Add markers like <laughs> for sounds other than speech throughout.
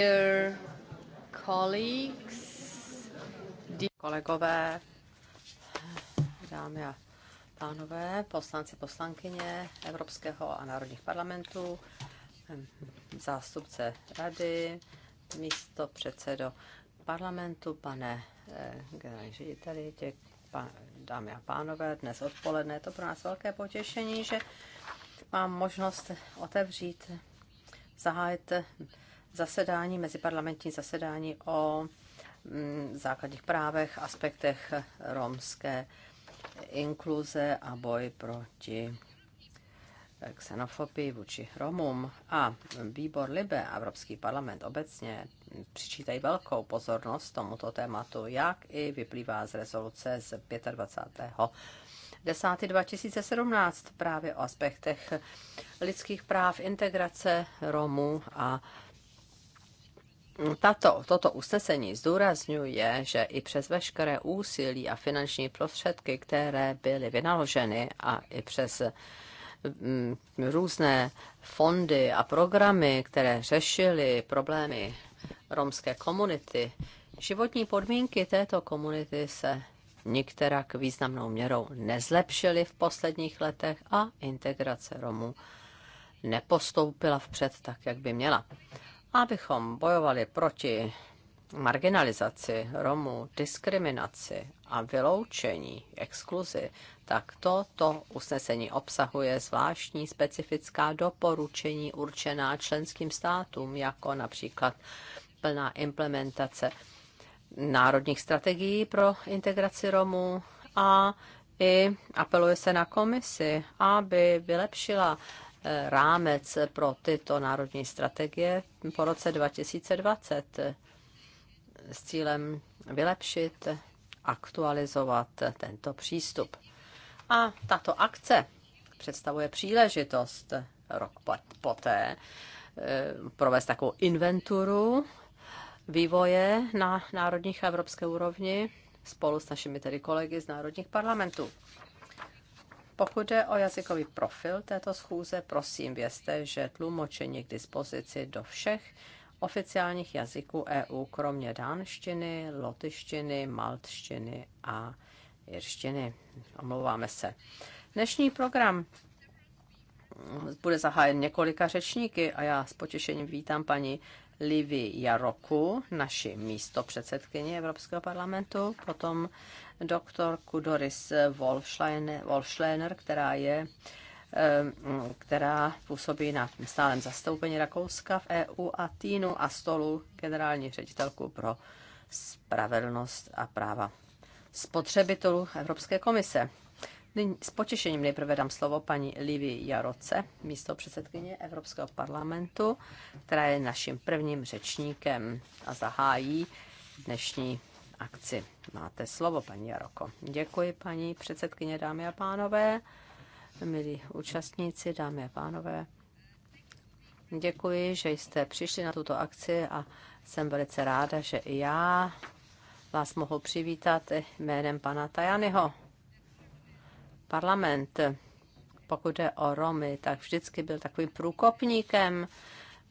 Dear colleagues, kolegové, dámy a pánové, poslanci, poslankyně Evropského a národních parlamentů, zástupce rady, místo předsedo parlamentu, pane eh, generální řediteli, dámy a pánové, dnes odpoledne je to pro nás velké potěšení, že mám možnost otevřít, zahájit zasedání, meziparlamentní zasedání o mm, základních právech, aspektech romské inkluze a boj proti xenofobii vůči Romům a výbor Libe a Evropský parlament obecně přičítají velkou pozornost tomuto tématu, jak i vyplývá z rezoluce z 25. 10. 2017 právě o aspektech lidských práv, integrace Romů a tato, toto usnesení zdůrazňuje, že i přes veškeré úsilí a finanční prostředky, které byly vynaloženy a i přes mm, různé fondy a programy, které řešily problémy romské komunity, životní podmínky této komunity se nikterak významnou měrou nezlepšily v posledních letech a integrace Romů nepostoupila vpřed tak, jak by měla abychom bojovali proti marginalizaci Romů, diskriminaci a vyloučení, exkluzi, tak toto usnesení obsahuje zvláštní specifická doporučení určená členským státům, jako například plná implementace národních strategií pro integraci Romů a i apeluje se na komisi, aby vylepšila Eh, rámec pro tyto národní strategie po roce 2020 s cílem vylepšit, aktualizovat tento přístup. A tato akce představuje příležitost rok poté eh, provést takovou inventuru vývoje na národních a evropské úrovni spolu s našimi tedy kolegy z národních parlamentů. Pokud jde o jazykový profil této schůze, prosím vězte, že tlumočení k dispozici do všech oficiálních jazyků EU, kromě dánštiny, lotyštiny, maltštiny a jirštiny. Omlouváme se. Dnešní program bude zahájen několika řečníky a já s potěšením vítám paní Livy Jaroku, naši místo předsedkyně Evropského parlamentu, potom doktorku Doris Wolfschleiner, která je eh, která působí na stálem zastoupení Rakouska v EU a Týnu a stolu generální ředitelku pro spravedlnost a práva spotřebitelů Evropské komise. Nyní s potěšením nejprve dám slovo paní Livy Jaroce, místo předsedkyně Evropského parlamentu, která je naším prvním řečníkem a zahájí dnešní akci. Máte slovo, paní Jaroko. Děkuji, paní předsedkyně, dámy a pánové, milí účastníci, dámy a pánové. Děkuji, že jste přišli na tuto akci a jsem velice ráda, že i já vás mohu přivítat jménem pana Tajanyho, parlament, pokud jde o Romy, tak vždycky byl takovým průkopníkem.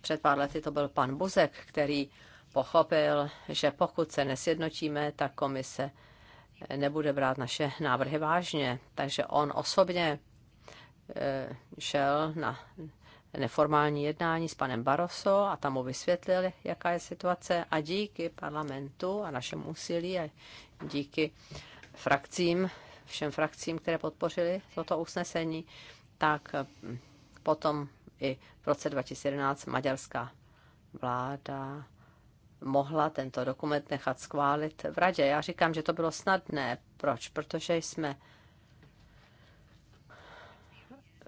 Před pár lety to byl pan Buzek, který pochopil, že pokud se nesjednotíme, tak komise nebude brát naše návrhy vážně. Takže on osobně eh, šel na neformální jednání s panem Barroso a tam mu vysvětlil, jaká je situace a díky parlamentu a našemu úsilí a díky frakcím všem frakcím, které podpořili toto usnesení, tak hm, potom i v roce 2011 maďarská vláda mohla tento dokument nechat schválit v radě. Já říkám, že to bylo snadné. Proč? Protože jsme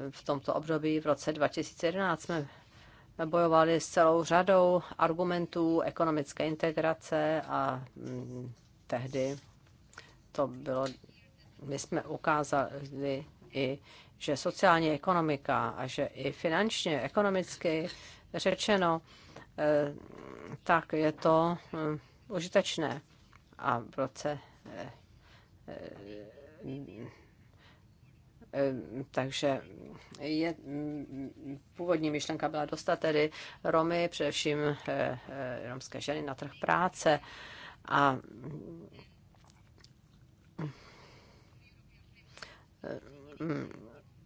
v tomto období v roce 2011 jsme bojovali s celou řadou argumentů ekonomické integrace a hm, tehdy to bylo my jsme ukázali i, že sociální ekonomika a že i finančně, ekonomicky řečeno, eh, tak je to eh, užitečné. A v roce eh, takže je, mm, původní myšlenka byla dostat tedy Romy, především romské ženy na trh práce a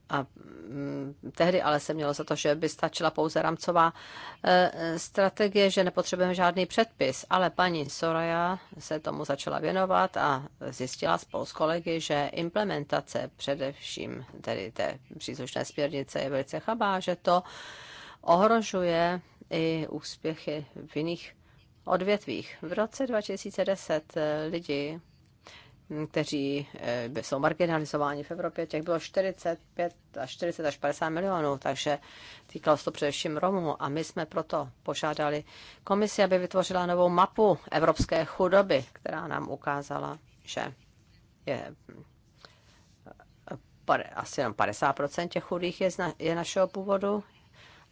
a mm, tehdy ale se mělo za to, že by stačila pouze rámcová e, strategie, že nepotřebujeme žádný předpis. Ale paní Soraya se tomu začala věnovat a zjistila spolu s kolegy, že implementace především tedy té příslušné směrnice je velice chabá, že to ohrožuje i úspěchy v jiných odvětvích. V roce 2010 e, lidi kteří eh, jsou marginalizováni v Evropě, těch bylo 45 až 40 až 50 milionů, takže týkalo se to především Romů. A my jsme proto požádali komisi, aby vytvořila novou mapu evropské chudoby, která nám ukázala, že je eh, asi jenom 50% těch chudých je, na, je našeho původu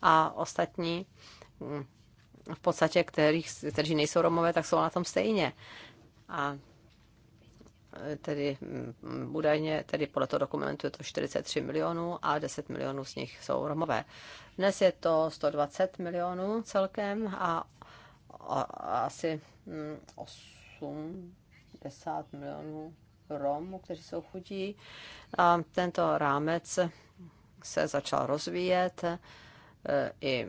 a ostatní hm, v podstatě, kterých, kteří nejsou Romové, tak jsou na tom stejně. A tedy mm, údajně, tedy podle toho dokumentu je to 43 milionů a 10 milionů z nich jsou Romové. Dnes je to 120 milionů celkem a, a, a asi 80 mm, milionů Romů, kteří jsou chudí. A tento rámec se začal rozvíjet e, i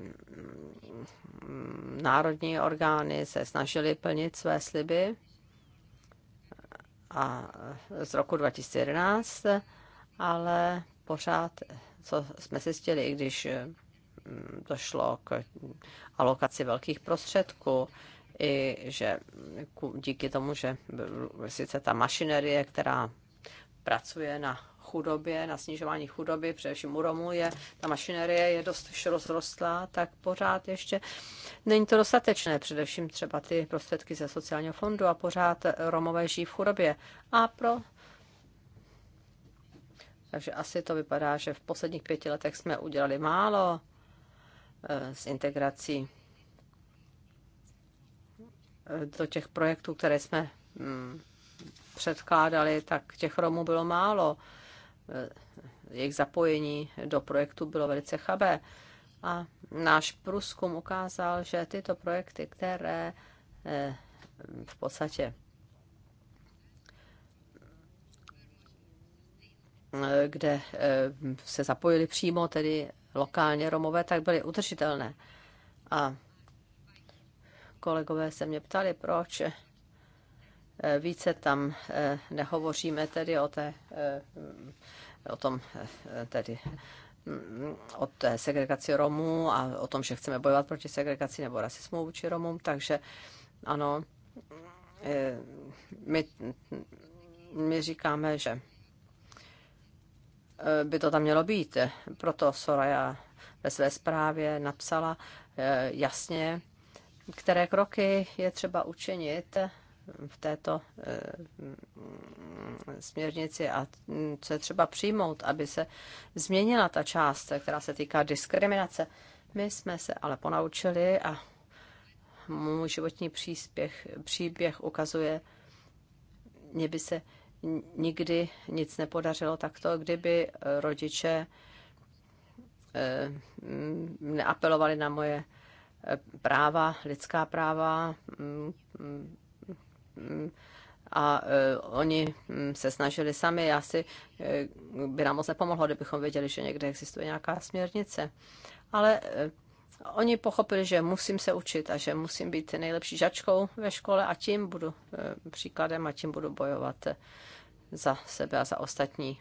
mm, národní orgány se snažily plnit své sliby a z roku 2011, ale pořád, co jsme zjistili, i když mm, došlo k alokaci velkých prostředků, i že díky tomu, že sice ta mašinerie, která pracuje na chudobě, na snižování chudoby, především u Romů, je, ta mašinerie je dost rozrostlá, tak pořád ještě Není to dostatečné, především třeba ty prostředky ze sociálního fondu a pořád Romové žijí v chudobě. A pro takže asi to vypadá, že v posledních pěti letech jsme udělali málo eh, s integrací eh, do těch projektů, které jsme mm, předkládali, tak těch Romů bylo málo. Eh, jejich zapojení do projektu bylo velice chabé. A náš průzkum ukázal, že tyto projekty, které eh, v podstatě eh, kde eh, se zapojili přímo tedy lokálně Romové, tak byly udržitelné. A kolegové se mě ptali, proč více tam nehovoříme tedy o, té, o tom tedy o té segregaci Romů a o tom, že chceme bojovat proti segregaci nebo rasismu vůči Romům, takže ano, eh, my, my říkáme, že eh, by to tam mělo být. Proto Soraya ve své zprávě napsala eh, jasně, které kroky je třeba učinit, v této eh, směrnici a co je třeba přijmout, aby se změnila ta část, která se týká diskriminace. My jsme se ale ponaučili a můj životní příspěch, příběh ukazuje, mě by se nikdy nic nepodařilo takto, kdyby rodiče eh, neapelovali na moje eh, práva, lidská práva, mm, mm, a e, oni mm, se snažili sami. Já si e, by nám moc nepomohlo, kdybychom věděli, že někde existuje nějaká směrnice. Ale e, oni pochopili, že musím se učit a že musím být nejlepší žačkou ve škole a tím budu příkladem a tím budu bojovat za sebe a za ostatní.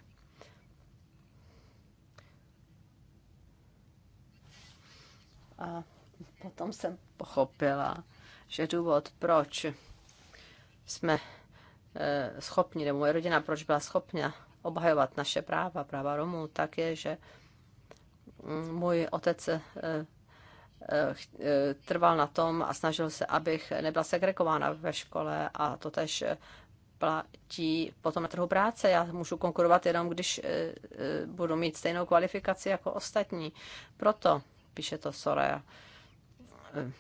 A potom jsem pochopila, že důvod, proč jsme eh, schopni, nebo moje rodina, proč byla schopna obhajovat naše práva, práva Romů, tak je, že mm, můj otec eh, eh, trval na tom a snažil se, abych nebyla segregována ve škole a to tež platí potom na trhu práce. Já můžu konkurovat jenom, když budu mít stejnou kvalifikaci jako ostatní. Proto, píše to Soraya, mm,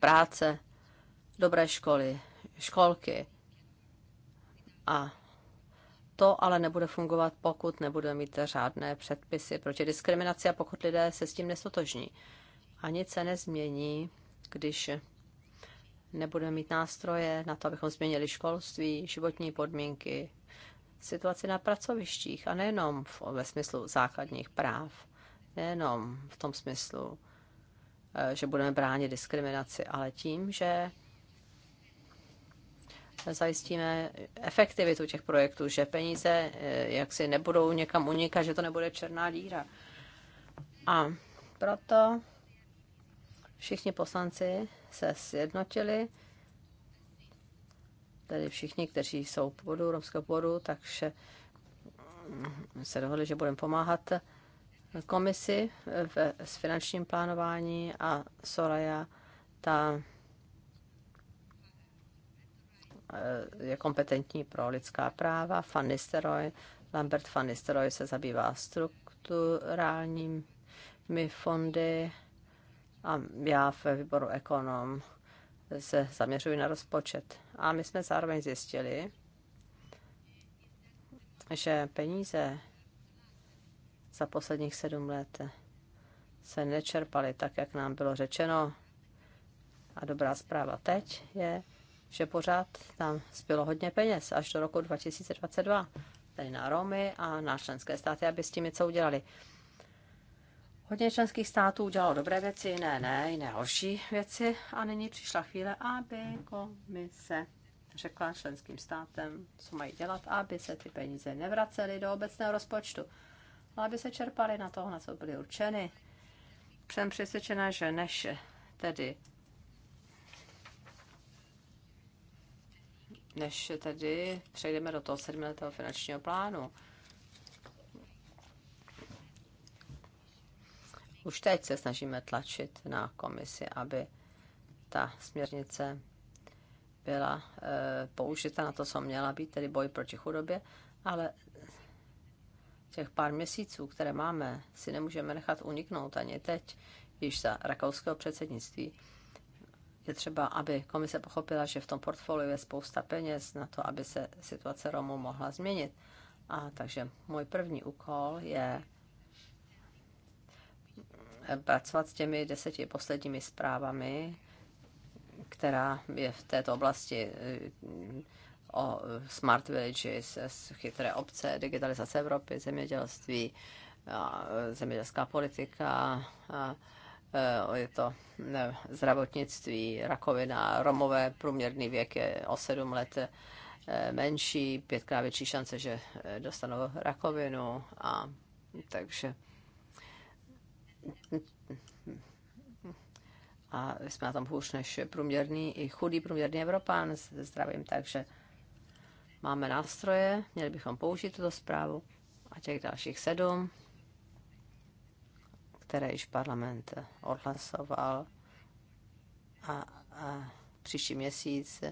práce dobré školy, školky. A to ale nebude fungovat, pokud nebudeme mít řádné předpisy proti diskriminaci a pokud lidé se s tím nestotožní. A nic se nezmění, když nebudeme mít nástroje na to, abychom změnili školství, životní podmínky, situaci na pracovištích a nejenom v, ve smyslu základních práv, nejenom v tom smyslu, eh, že budeme bránit diskriminaci, ale tím, že zajistíme efektivitu těch projektů, že peníze eh, jaksi nebudou někam unikat, že to nebude černá díra. A proto všichni poslanci se sjednotili, tedy všichni, kteří jsou původu, romského původu, takže mm, se dohodli, že budeme pomáhat komisi s finančním plánování a Soraya ta Eh, je kompetentní pro lidská práva. Van Lambert van se zabývá strukturálními fondy a já ve výboru ekonom se zaměřuji na rozpočet. A my jsme zároveň zjistili, že peníze za posledních sedm let se nečerpaly tak, jak nám bylo řečeno. A dobrá zpráva teď je, že pořád tam zbylo hodně peněz až do roku 2022, tedy na Romy a na členské státy, aby s tím něco udělali. Hodně členských států udělalo dobré věci, jiné ne, jiné horší věci a nyní přišla chvíle, aby komise řekla členským státem, co mají dělat, aby se ty peníze nevracely do obecného rozpočtu, ale aby se čerpaly na to, na co byly určeny. Jsem přesvědčena, že než tedy než tedy přejdeme do toho sedmiletého finančního plánu. Už teď se snažíme tlačit na komisi, aby ta směrnice byla e, použita na to, co měla být, tedy boj proti chudobě, ale těch pár měsíců, které máme, si nemůžeme nechat uniknout ani teď, již za rakouského předsednictví je třeba, aby komise pochopila, že v tom portfoliu je spousta peněz na to, aby se situace Romů mohla změnit. A takže můj první úkol je pracovat s těmi deseti posledními zprávami, která je v této oblasti eh, o smart villages, chytré obce, digitalizace Evropy, zemědělství, eh, zemědělská politika, Eh, je to ne, zdravotnictví, rakovina, romové, průměrný věk je o 7 let eh, menší, pětkrát větší šance, že eh, dostanou rakovinu a takže a jsme na tom hůř než průměrný, i chudý průměrný Evropán se zdravím, takže máme nástroje, měli bychom použít tuto zprávu a těch dalších sedm které již parlament odhlasoval a, a příští měsíc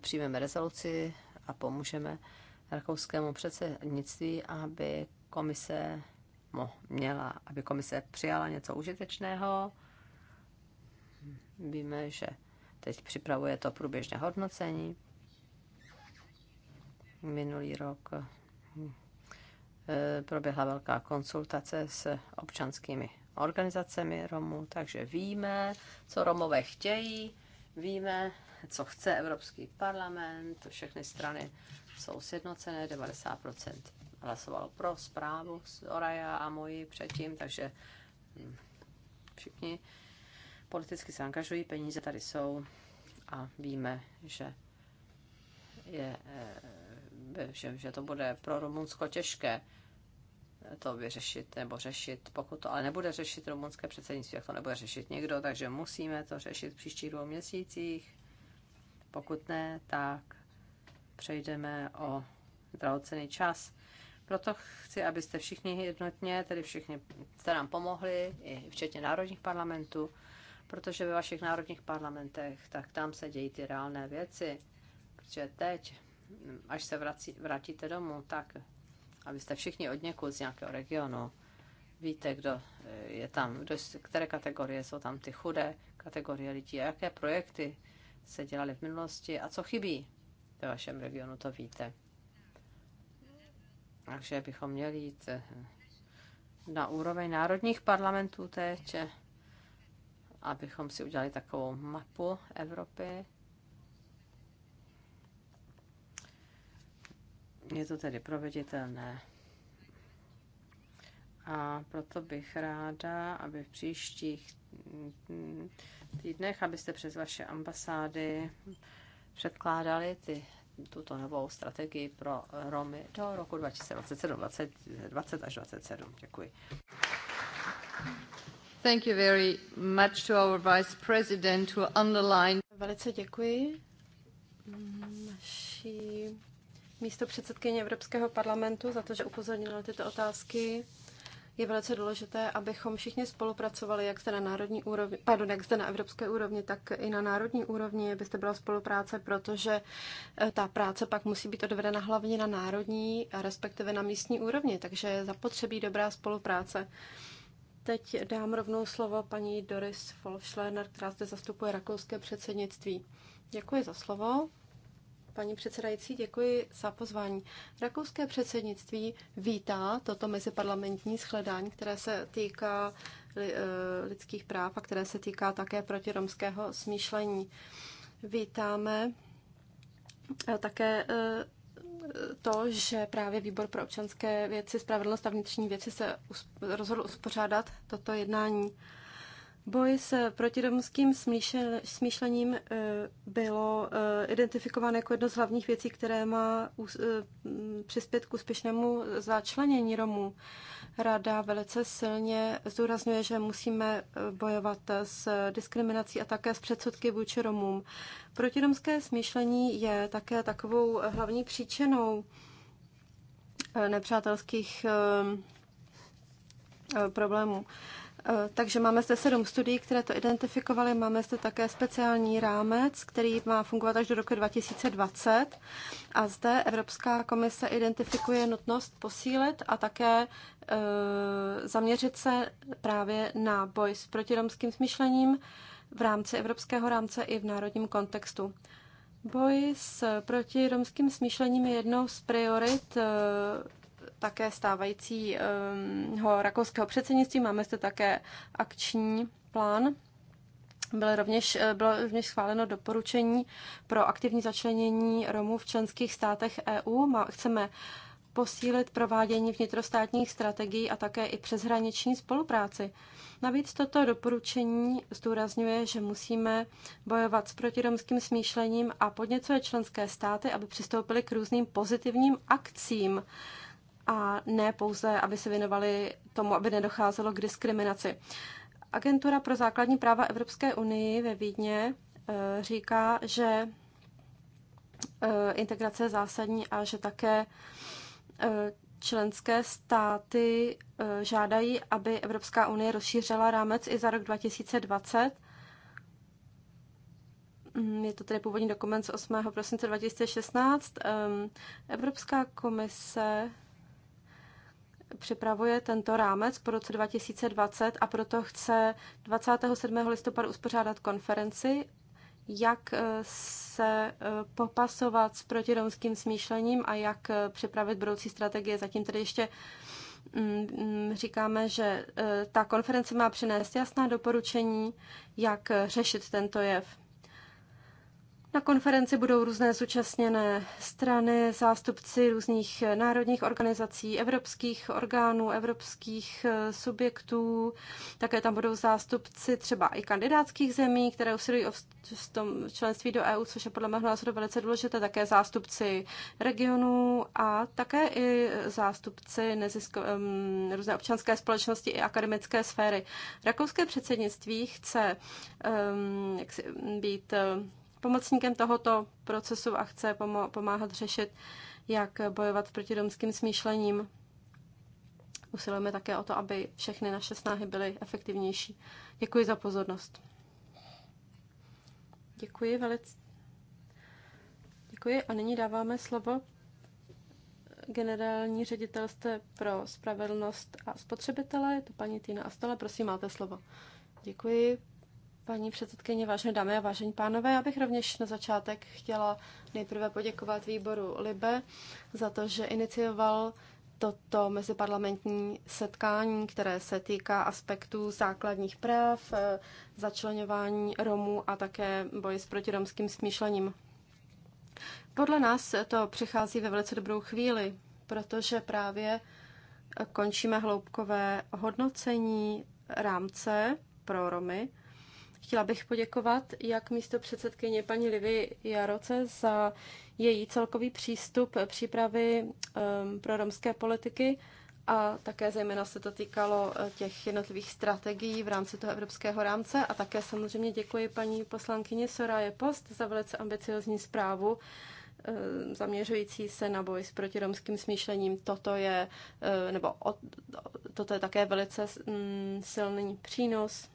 přijmeme rezoluci a pomůžeme rakouskému předsednictví, aby komise mo, měla, aby komise přijala něco užitečného. Víme, že teď připravuje to průběžné hodnocení. Minulý rok Eh, proběhla velká konsultace s občanskými organizacemi Romů, takže víme, co Romové chtějí, víme, co chce Evropský parlament, všechny strany jsou sjednocené, 90% hlasovalo pro zprávu Oraja a moji předtím, takže hm, všichni politicky se angažují, peníze tady jsou a víme, že je, eh, že, že to bude pro Rumunsko těžké to vyřešit nebo řešit, pokud to ale nebude řešit rumunské předsednictví, jak to nebude řešit někdo, takže musíme to řešit v příštích dvou měsících. Pokud ne, tak přejdeme o drahocený čas. Proto chci, abyste všichni jednotně, tedy všichni jste nám pomohli, i včetně národních parlamentů, protože ve vašich národních parlamentech, tak tam se dějí ty reálné věci. Protože teď, až se vrací, vrátíte domů, tak a vy jste všichni od někud z nějakého regionu, víte, kdo eh, je tam, kdo, které kategorie jsou tam ty chudé kategorie lidí a jaké projekty se dělaly v minulosti a co chybí ve vašem regionu, to víte. Takže bychom měli jít eh, na úroveň národních parlamentů teď, eh, abychom si udělali takovou mapu Evropy Je to tedy proveditelné. A proto bych ráda, aby v příštích týdnech, abyste přes vaše ambasády předkládali ty, tuto novou strategii pro Romy do roku 2027, 20, 20 až 27. Děkuji. Thank you very much to our vice president who underlined. Velice děkuji naší místo předsedkyně Evropského parlamentu za to, že upozornila tyto otázky. Je velice důležité, abychom všichni spolupracovali, jak zde na, národní úrovni, pardon, jak zde na evropské úrovni, tak i na národní úrovni, abyste byla spolupráce, protože eh, ta práce pak musí být odvedena hlavně na národní, a respektive na místní úrovni, takže je zapotřebí dobrá spolupráce. Teď dám rovnou slovo paní Doris Folschlener, která zde zastupuje rakouské předsednictví. Děkuji za slovo paní předsedající, děkuji za pozvání. Rakouské předsednictví vítá toto meziparlamentní shledání, které se týká eh, lidských práv a které se týká také protiromského smýšlení. Vítáme eh, také eh, to, že právě výbor pro občanské věci, spravedlnost a vnitřní věci se rozhodl uspořádat toto jednání. Boj s protiromským smýšlením eh, bylo eh, identifikováno jako jedno z hlavních věcí, které má eh, přispět k úspěšnému začlenění Romů. Rada velice silně zdůrazňuje, že musíme bojovat s diskriminací a také s předsudky vůči Romům. Protiromské smýšlení je také takovou hlavní příčinou nepřátelských problémů. Eh, takže máme zde sedm studií, které to identifikovaly. Máme zde také speciální rámec, který má fungovat až do roku 2020. A zde Evropská komise identifikuje nutnost posílit a také eh, zaměřit se právě na boj s protiromským smyšlením v rámci evropského rámce i v národním kontextu. Boj s protiromským smýšlením je jednou z priorit eh, také stávajícího rakouského předsednictví. Máme zde také akční plán. Bylo rovněž, eh, bylo rovněž schváleno doporučení pro aktivní začlenění Romů v členských státech EU. Chceme posílit provádění vnitrostátních strategií a také i přeshraniční spolupráci. Navíc toto doporučení zdůrazňuje, že musíme bojovat s protiromským smýšlením a podněcuje členské státy, aby přistoupili k různým pozitivním akcím a ne pouze, aby se věnovali tomu, aby nedocházelo k diskriminaci. Agentura pro základní práva Evropské unii ve Vídně eh, říká, že eh, integrace je zásadní a že také eh, členské státy žádají, aby Evropská unie rozšířila rámec i za rok 2020. Mm, je to tedy původní dokument z 8. prosince 2016. Evropská komise připravuje tento rámec po roce 2020 a proto chce 27. listopadu uspořádat konferenci, jak eh, se eh, popasovat s protiromským smýšlením a jak eh, připravit budoucí strategie. Zatím tedy ještě mm, mm, říkáme, že ta konference má přinést jasná doporučení, jak řešit tento jev. Na konferenci budou různé zúčastněné strany, zástupci různých národních organizací, evropských orgánů, evropských eh, subjektů. Také tam budou zástupci třeba i kandidátských zemí, které usilují o členství do EU, což je podle mého názoru velice důležité. Také zástupci regionů a také i zástupci nezisko, um, různé občanské společnosti i akademické sféry. Rakouské předsednictví chce um, jak si, být um, pomocníkem tohoto procesu a chce pomáhat řešit, jak bojovat proti romským smýšlením. Usilujeme také o to, aby všechny naše snahy byly efektivnější. Děkuji za pozornost. Děkuji velice. Děkuji a nyní dáváme slovo generální ředitelství pro spravedlnost a spotřebitele, je to paní Týna Astola, prosím, máte slovo. Děkuji, Paní předsedkyně, vážené dámy a vážení pánové, já bych rovněž na začátek chtěla nejprve poděkovat výboru Libe za to, že inicioval toto meziparlamentní setkání, které se týká aspektů základních práv, eh, začlenování Romů a také boji s protiromským smýšlením. Podle nás to přichází ve velice dobrou chvíli, protože právě končíme hloubkové hodnocení rámce pro Romy, Chtěla bych poděkovat jak místo předsedkyně paní Livy Jaroce za její celkový přístup přípravy um, pro romské politiky a také zejména se to týkalo eh, těch jednotlivých strategií v rámci toho evropského rámce a také samozřejmě děkuji paní poslankyni Soraje Post za velice ambiciozní zprávu ehm, zaměřující se na boj s protiromským smýšlením. Toto je, eh, nebo toto je také velice mm, silný přínos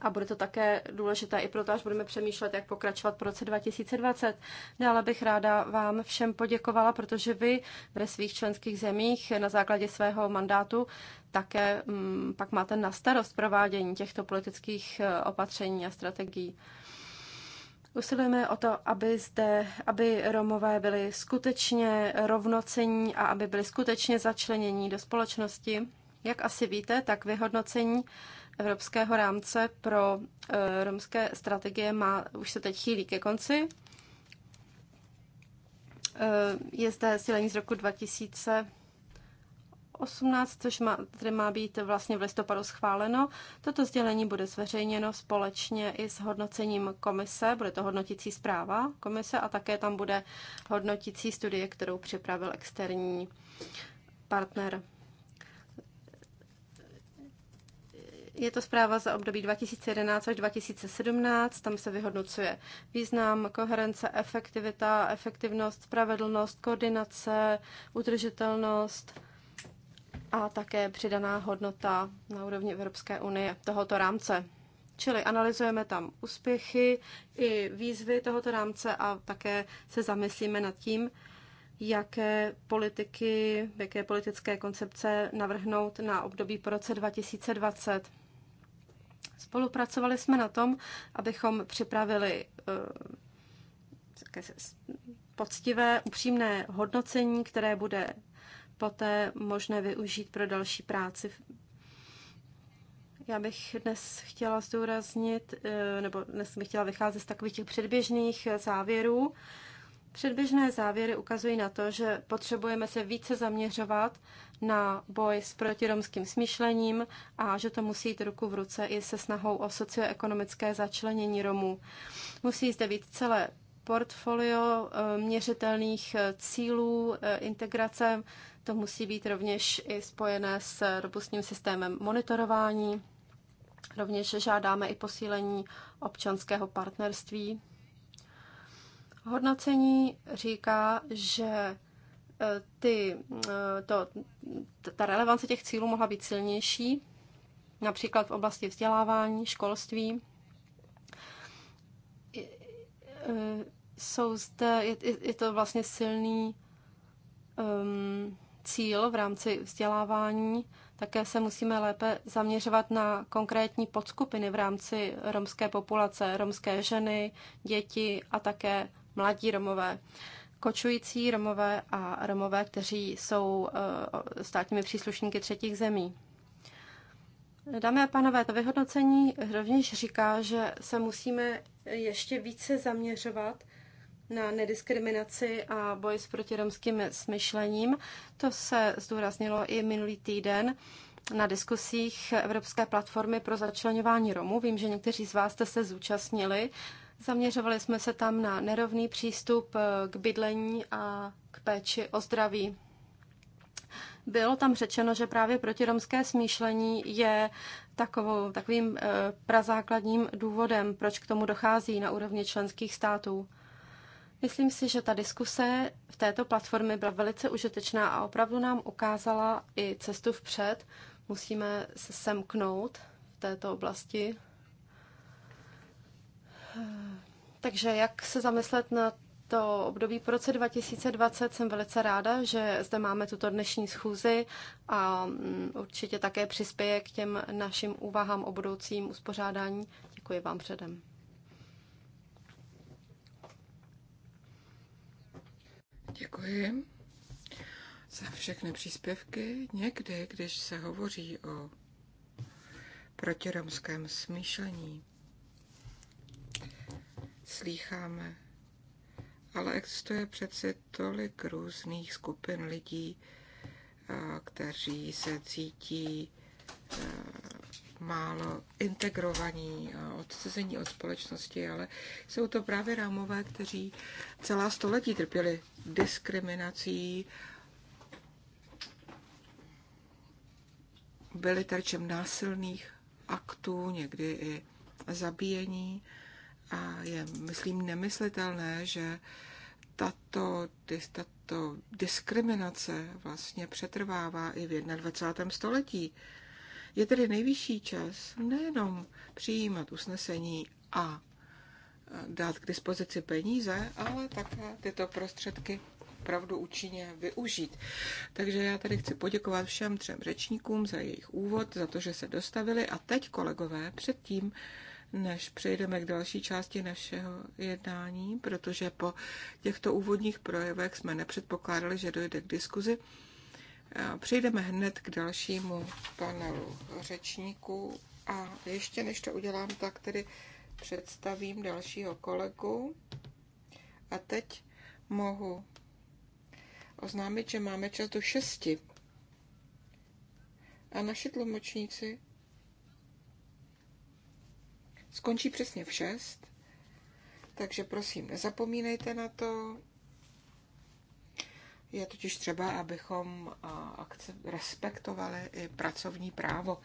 a bude to také důležité i proto, až budeme přemýšlet, jak pokračovat v roce 2020. Dále bych ráda vám všem poděkovala, protože vy ve svých členských zemích na základě svého mandátu také m, mm, pak máte na starost provádění těchto politických e, opatření a strategií. Usilujeme o to, aby zde, aby Romové byli skutečně rovnocení a aby byli skutečně začlenění do společnosti. Jak asi víte, tak vyhodnocení evropského rámce pro eh, romské strategie má, už se teď chýlí ke konci. Eh, je zde sdělení z roku 2000 18, což má, tedy má být vlastně v listopadu schváleno. Toto sdělení bude zveřejněno společně i s hodnocením komise, bude to hodnotící zpráva komise a také tam bude hodnotící studie, kterou připravil externí partner. Je to zpráva za období 2011 až 2017, tam se vyhodnocuje význam, koherence, efektivita, efektivnost, spravedlnost, koordinace, udržitelnost a také přidaná hodnota na úrovni Evropské unie tohoto rámce. Čili analyzujeme tam úspěchy i výzvy tohoto rámce a také se zamyslíme nad tím, jaké politiky, jaké politické koncepce navrhnout na období po roce 2020. Spolupracovali jsme na tom, abychom připravili eh, poctivé, upřímné hodnocení, které bude poté možné využít pro další práci. Já bych dnes chtěla zdůraznit, eh, nebo dnes bych chtěla vycházet z takových těch předběžných závěrů. Předběžné závěry ukazují na to, že potřebujeme se více zaměřovat na boj s protiromským smýšlením a že to musí jít ruku v ruce i se snahou o socioekonomické začlenění Romů. Musí zde být celé portfolio eh, měřitelných eh, cílů eh, integrace. To musí být rovněž i spojené s robustním systémem monitorování. Rovněž žádáme i posílení občanského partnerství. Hodnocení říká, že Eh, ty, eh, to, ta relevance těch cílů mohla být silnější, například v oblasti vzdělávání, školství. Eh, jsou zde, je, je to vlastně silný um, cíl v rámci vzdělávání. Také se musíme lépe zaměřovat na konkrétní podskupiny v rámci romské populace, romské ženy, děti a také mladí Romové. Uh, kočující Romové a Romové, kteří jsou eh, státními příslušníky třetích zemí. Dámy a pánové, to vyhodnocení rovněž říká, že se musíme ještě více zaměřovat na nediskriminaci a boj s protiromským smyšlením. To se zdůraznilo i minulý týden na diskusích Evropské platformy pro začlenování Romů. Vím, že někteří z vás jste se zúčastnili Zaměřovali jsme se tam na nerovný přístup eh, k bydlení a k péči o zdraví. Bylo tam řečeno, že právě protiromské smýšlení je takovou, takovým eh, prazákladním důvodem, proč k tomu dochází na úrovni členských států. Myslím si, že ta diskuse v této platformě byla velice užitečná a opravdu nám ukázala i cestu vpřed. Musíme se semknout v této oblasti takže jak se zamyslet na to období po roce 2020 jsem velice ráda, že zde máme tuto dnešní schůzi a mm, určitě také přispěje k těm našim úvahám o budoucím uspořádání. Děkuji vám předem. Děkuji za všechny příspěvky. Někdy, když se hovoří o protiromském smýšlení, slýcháme. Ale existuje přeci tolik různých skupin lidí, eh, kteří se cítí eh, málo integrovaní a odcizení od společnosti, ale jsou to právě rámové, kteří celá století trpěli diskriminací, byli terčem násilných aktů, někdy i zabíjení. A je, myslím, nemyslitelné, že tato, tato diskriminace vlastně přetrvává i v 21. století. Je tedy nejvyšší čas nejenom přijímat usnesení a e, dát k dispozici peníze, ale také tyto prostředky opravdu účinně využít. Takže já tady chci poděkovat všem třem řečníkům za jejich úvod, za to, že se dostavili a teď, kolegové, předtím, než přejdeme k další části našeho jednání, protože po těchto úvodních projevech jsme nepředpokládali, že dojde k diskuzi. Přejdeme hned k dalšímu panelu řečníků a ještě než to udělám, tak tedy představím dalšího kolegu. A teď mohu oznámit, že máme čas do šesti. A naši tlumočníci Skončí přesně v 6, takže prosím, nezapomínejte na to. Je totiž třeba, abychom respektovali i pracovní právo.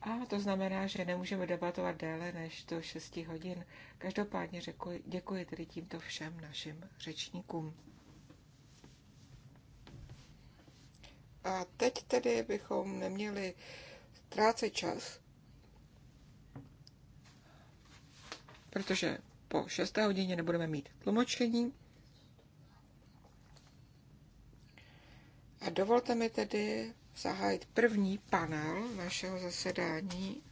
A to znamená, že nemůžeme debatovat déle než do 6 hodin. Každopádně děkuji, děkuji tedy tímto všem našim řečníkům. A teď tedy bychom neměli ztrácet čas protože po 6. hodině nebudeme mít tlumočení. A dovolte mi tedy zahájit první panel našeho zasedání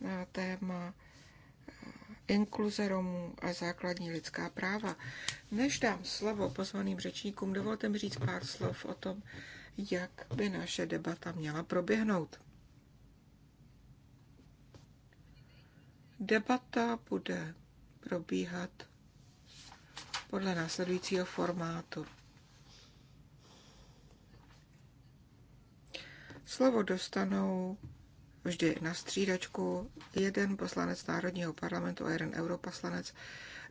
na téma eh, inkluze Romů a základní lidská práva. Než dám slovo pozvaným řečníkům, dovolte mi říct pár slov o tom, jak by naše debata měla proběhnout. Debata bude probíhat podle následujícího formátu. Slovo dostanou vždy na střídačku jeden poslanec Národního parlamentu a jeden europoslanec,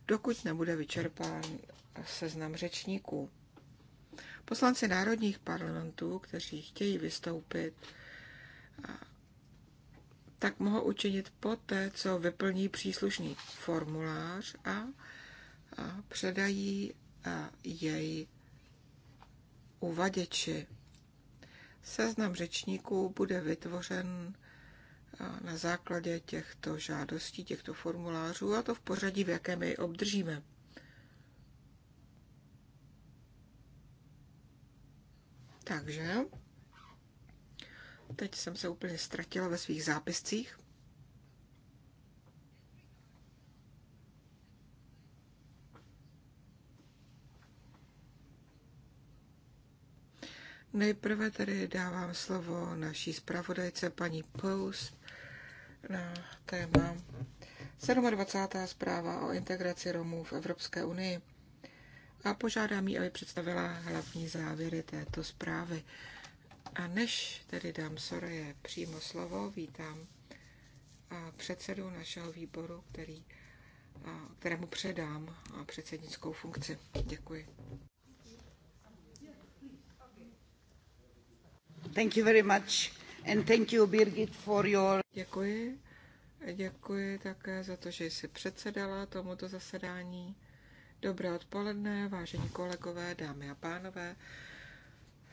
dokud nebude vyčerpán seznam řečníků. Poslanci národních parlamentů, kteří chtějí vystoupit, tak mohou učinit poté, co vyplní příslušný formulář a, a předají a jej uvaděči. Seznam řečníků bude vytvořen na základě těchto žádostí, těchto formulářů a to v pořadí, v jakém jej obdržíme. Takže Teď jsem se úplně ztratila ve svých zápiscích. Nejprve tedy dávám slovo naší zpravodajce paní Post na téma 27. zpráva o integraci Romů v Evropské unii a požádám ji, aby představila hlavní závěry této zprávy. A než tedy dám Soraje přímo slovo, vítám předsedu našeho výboru, který, kterému předám předsednickou funkci. Děkuji. Thank you very much and thank you Birgit for your... Děkuji. Děkuji také za to, že jsi předsedala tomuto zasedání. Dobré odpoledne, vážení kolegové, dámy a pánové.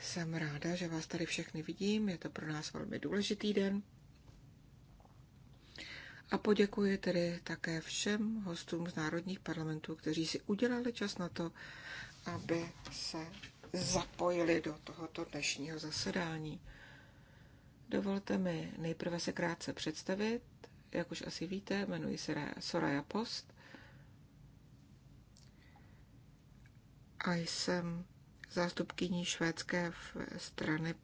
Jsem ráda, že vás tady všechny vidím, je to pro nás velmi důležitý den. A poděkuji tedy také všem hostům z národních parlamentů, kteří si udělali čas na to, aby se zapojili do tohoto dnešního zasedání. Dovolte mi nejprve se krátce představit. Jak už asi víte, jmenuji se Soraya Post a jsem zástupkyní švédské strany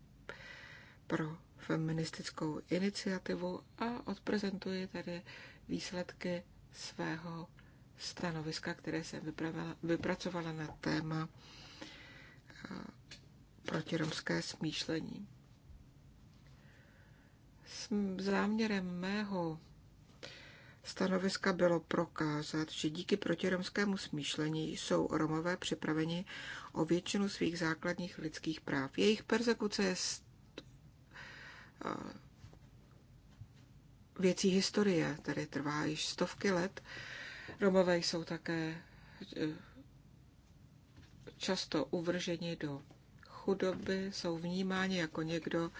pro feministickou iniciativu a odprezentuji tady výsledky svého stanoviska, které jsem vypracovala na téma eh, protiromské smýšlení. S záměrem mého stanoviska bylo prokázat, že díky protiromskému smýšlení jsou Romové připraveni o většinu svých základních lidských práv. Jejich persekuce je eh, věcí historie, tedy trvá již stovky let. Romové jsou také eh, často uvrženi do chudoby, jsou vnímáni jako někdo,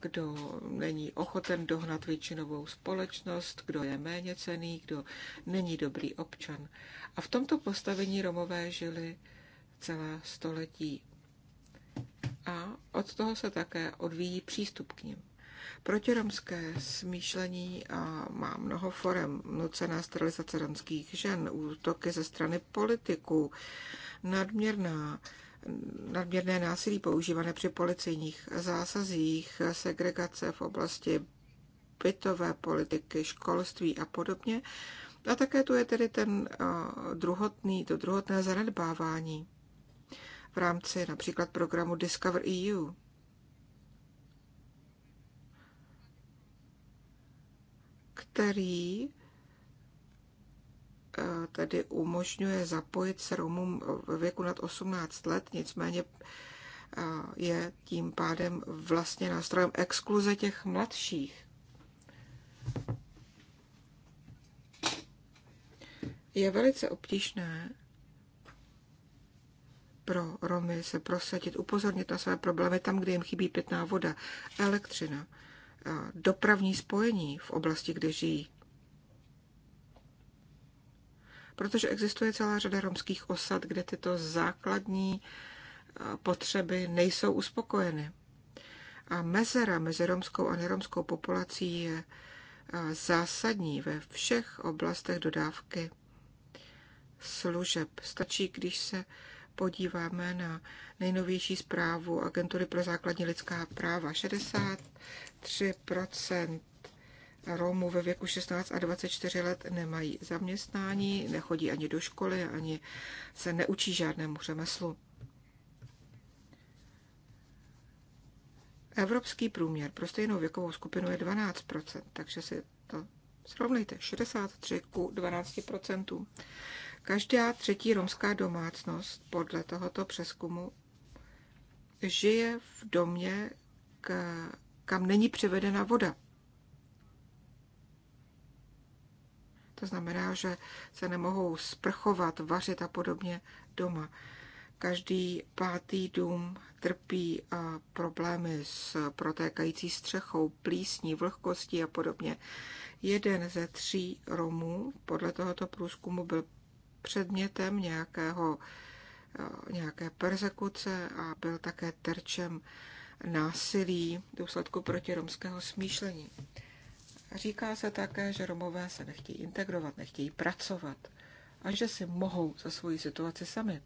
kdo není ochoten dohnat většinovou společnost, kdo je méně cený, kdo není dobrý občan. A v tomto postavení Romové žili celá století. A od toho se také odvíjí přístup k ním. Protiromské smýšlení a má mnoho forem. Nucená sterilizace romských žen, útoky ze strany politiků, nadměrná nadměrné násilí používané při policejních zásazích, segregace v oblasti bytové politiky, školství a podobně. A také tu je tedy ten eh, druhotný, to druhotné zanedbávání v rámci například programu Discover EU. který tedy umožňuje zapojit se Romům ve věku nad 18 let, nicméně je tím pádem vlastně nástrojem exkluze těch mladších. Je velice obtížné pro Romy se prosadit, upozornit na své problémy tam, kde jim chybí pitná voda, elektřina, dopravní spojení v oblasti, kde žijí protože existuje celá řada romských osad, kde tyto základní eh, potřeby nejsou uspokojeny. A mezera mezi romskou a neromskou populací je eh, zásadní ve všech oblastech dodávky služeb. Stačí, když se podíváme na nejnovější zprávu Agentury pro základní lidská práva. 63% Romů ve věku 16 a 24 let nemají zaměstnání, nechodí ani do školy, ani se neučí žádnému řemeslu. Evropský průměr pro stejnou věkovou skupinu je 12%, takže si to srovnejte. 63 ku 12%. Každá třetí romská domácnost podle tohoto přeskumu žije v domě, k, kam není přivedena voda. To znamená, že se nemohou sprchovat, vařit a podobně doma. Každý pátý dům trpí problémy s protékající střechou, plísní, vlhkostí a podobně. Jeden ze tří Romů podle tohoto průzkumu byl předmětem nějakého, nějaké persekuce a byl také terčem násilí v důsledku protiromského smýšlení. Říká se také, že Romové se nechtějí integrovat, nechtějí pracovat a že si mohou za svoji situaci sami.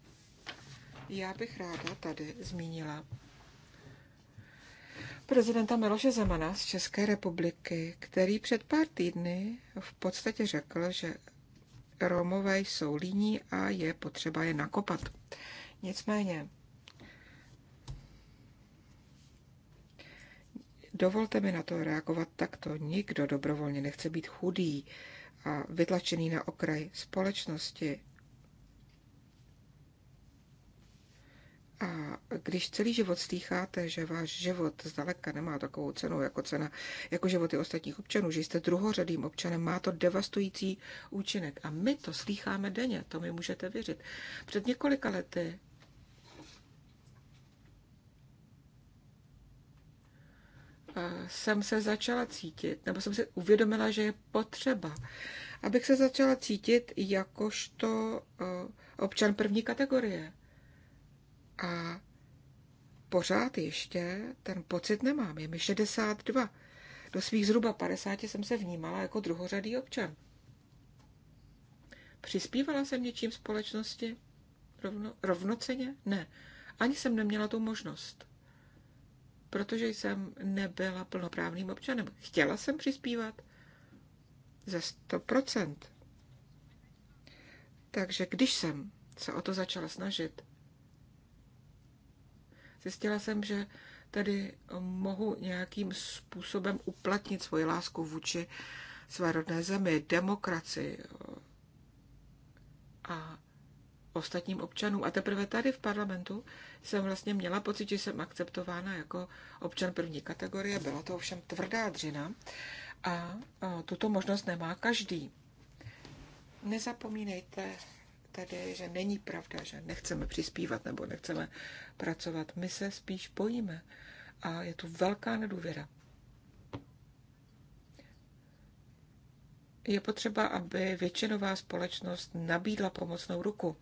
Já bych ráda tady zmínila prezidenta Miloše Zemana z České republiky, který před pár týdny v podstatě řekl, že Romové jsou líní a je potřeba je nakopat. Nicméně Dovolte mi na to reagovat takto. Nikdo dobrovolně nechce být chudý a vytlačený na okraj společnosti. A když celý život slýcháte, že váš život zdaleka nemá takovou cenu jako cena, jako životy ostatních občanů, že jste druhořadým občanem, má to devastující účinek. A my to slýcháme denně, to mi můžete věřit. Před několika lety jsem se začala cítit, nebo jsem si uvědomila, že je potřeba, abych se začala cítit jakožto občan první kategorie. A pořád ještě ten pocit nemám. Je mi 62. Do svých zhruba 50 jsem se vnímala jako druhořadý občan. Přispívala jsem něčím společnosti? Rovno, rovnoceně? Ne. Ani jsem neměla tu možnost protože jsem nebyla plnoprávným občanem. Chtěla jsem přispívat ze 100%. Takže když jsem se o to začala snažit, zjistila jsem, že tedy mohu nějakým způsobem uplatnit svoji lásku vůči své rodné zemi, demokracii a ostatním občanům. A teprve tady v parlamentu jsem vlastně měla pocit, že jsem akceptována jako občan první kategorie. Byla to ovšem tvrdá dřina a tuto možnost nemá každý. Nezapomínejte tedy, že není pravda, že nechceme přispívat nebo nechceme pracovat. My se spíš bojíme a je tu velká nedůvěra. Je potřeba, aby většinová společnost nabídla pomocnou ruku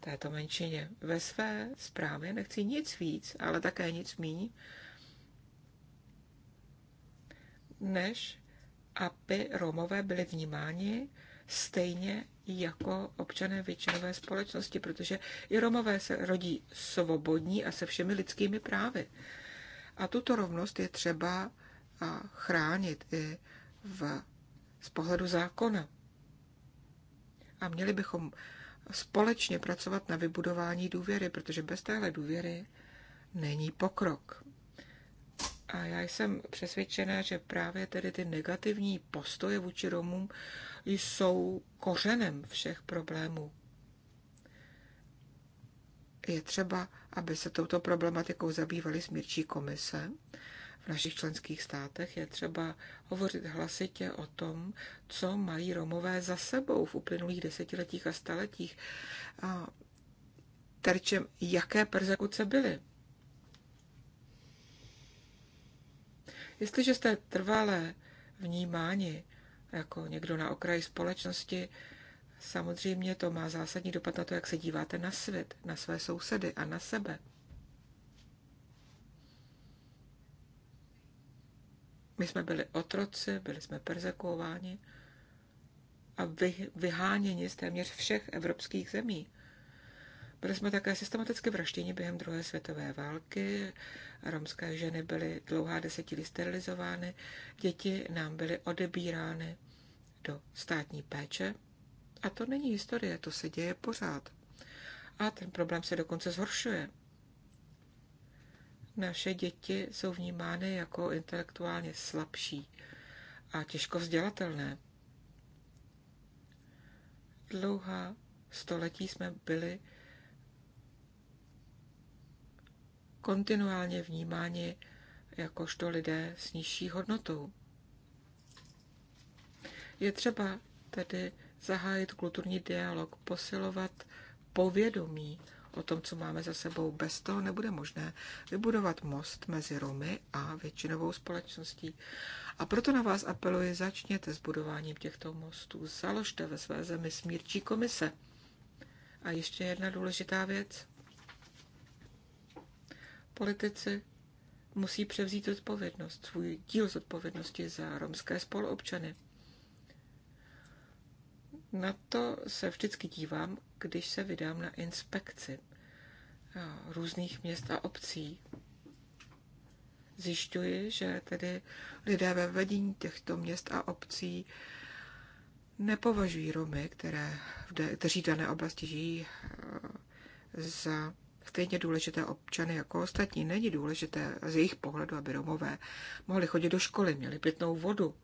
této menšině. Ve své zprávě nechci nic víc, ale také nic míň, než aby Romové byli vnímáni stejně jako občané většinové společnosti, protože i Romové se rodí svobodní a se všemi lidskými právy. A tuto rovnost je třeba chránit i v, z pohledu zákona. A měli bychom společně pracovat na vybudování důvěry, protože bez téhle důvěry není pokrok. A já jsem přesvědčená, že právě tedy ty negativní postoje vůči Romům jsou kořenem všech problémů. Je třeba, aby se touto problematikou zabývaly smírčí komise, našich členských státech, je třeba hovořit hlasitě o tom, co mají Romové za sebou v uplynulých desetiletích a staletích. A terčem jaké persekuce byly. Jestliže jste trvalé vnímáni jako někdo na okraji společnosti, samozřejmě to má zásadní dopad na to, jak se díváte na svět, na své sousedy a na sebe. My jsme byli otroci, byli jsme persekuováni a vy, vyháněni z téměř všech evropských zemí. Byli jsme také systematicky vraštěni během druhé světové války, romské ženy byly dlouhá desetiletí sterilizovány, děti nám byly odebírány do státní péče. A to není historie, to se děje pořád. A ten problém se dokonce zhoršuje naše děti jsou vnímány jako intelektuálně slabší a těžko vzdělatelné. Dlouhá století jsme byli kontinuálně vnímáni jakožto lidé s nižší hodnotou. Je třeba tedy zahájit kulturní dialog, posilovat povědomí o tom, co máme za sebou. Bez toho nebude možné vybudovat most mezi Romy a většinovou společností. A proto na vás apeluji, začněte s budováním těchto mostů, založte ve své zemi smírčí komise. A ještě jedna důležitá věc. Politici musí převzít odpovědnost, svůj díl z odpovědnosti za romské spoluobčany. Na to se vždycky dívám, když se vydám na inspekci eh, různých měst a obcí. Zjišťuji, že tedy lidé ve vedení těchto měst a obcí nepovažují Romy, které, kteří v dané oblasti žijí, eh, za stejně důležité občany jako ostatní. Není důležité z jejich pohledu, aby Romové mohli chodit do školy, měli pitnou vodu,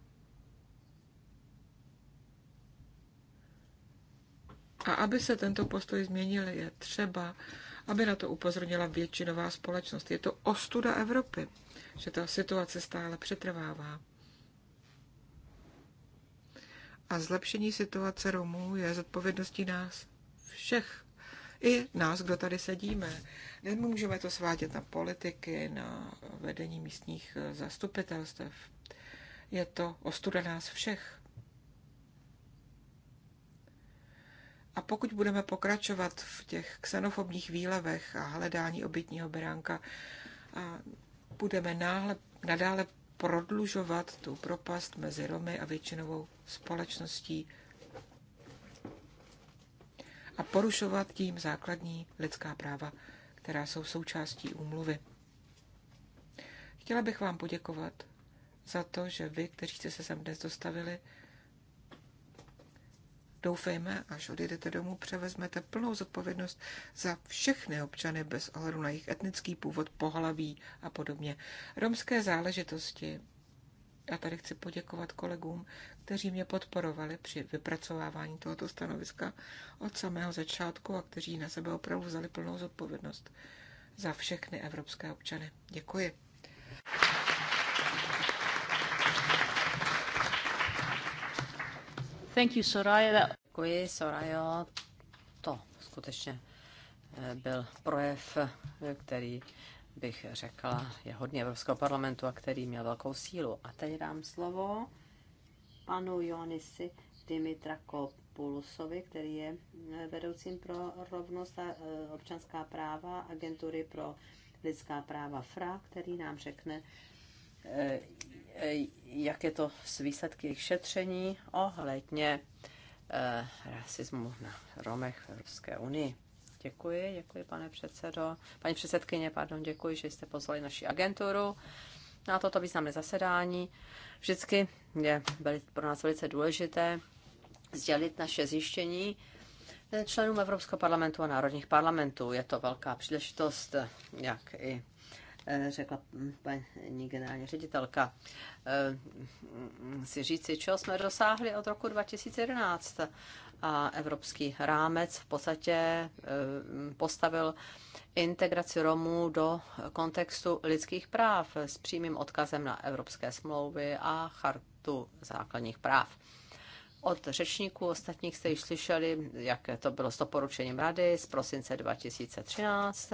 A aby se tento postoj změnil, je třeba, aby na to upozornila většinová společnost. Je to ostuda Evropy, že ta situace stále přetrvává. A zlepšení situace Romů je zodpovědností nás všech. I nás, kdo tady sedíme. Nemůžeme to svádět na politiky, na vedení místních zastupitelstev. Je to ostuda nás všech. A pokud budeme pokračovat v těch xenofobních výlevech a hledání obytního beránka, a budeme náhle, nadále prodlužovat tu propast mezi Romy a většinovou společností a porušovat tím základní lidská práva, která jsou součástí úmluvy. Chtěla bych vám poděkovat za to, že vy, kteří jste se sem dnes dostavili, Doufejme, až odjedete domů, převezmete plnou zodpovědnost za všechny občany bez ohledu na jejich etnický původ, pohlaví a podobně. Romské záležitosti. Já tady chci poděkovat kolegům, kteří mě podporovali při vypracovávání tohoto stanoviska od samého začátku a kteří na sebe opravdu vzali plnou zodpovědnost za všechny evropské občany. Děkuji. Thank you, Soraya. Děkuji, Soraya. To skutečně eh, byl projev, eh, který bych řekla, je hodně Evropského parlamentu a který měl velkou sílu. A teď dám slovo panu Jonisi Dimitra Kopulusovi, který je eh, vedoucím pro rovnost a občanská práva agentury pro lidská práva FRA, který nám řekne Eh, eh, jak je to s výsledky jejich šetření ohledně eh, rasismu na Romech v Evropské unii. Děkuji, děkuji pane předsedo. Paní předsedkyně, pardon, děkuji, že jste pozvali naši agenturu na toto významné zasedání. Vždycky je pro nás velice důležité sdělit naše zjištění členům Evropského parlamentu a národních parlamentů. Je to velká příležitost, jak i Eh, řekla paní generální ředitelka, eh, si říci, čeho jsme dosáhli od roku 2011. A evropský rámec v podstatě eh, postavil integraci Romů do kontextu lidských práv s přímým odkazem na evropské smlouvy a chartu základních práv. Od řečníků ostatních jste již slyšeli, jak to bylo s doporučením rady z prosince 2013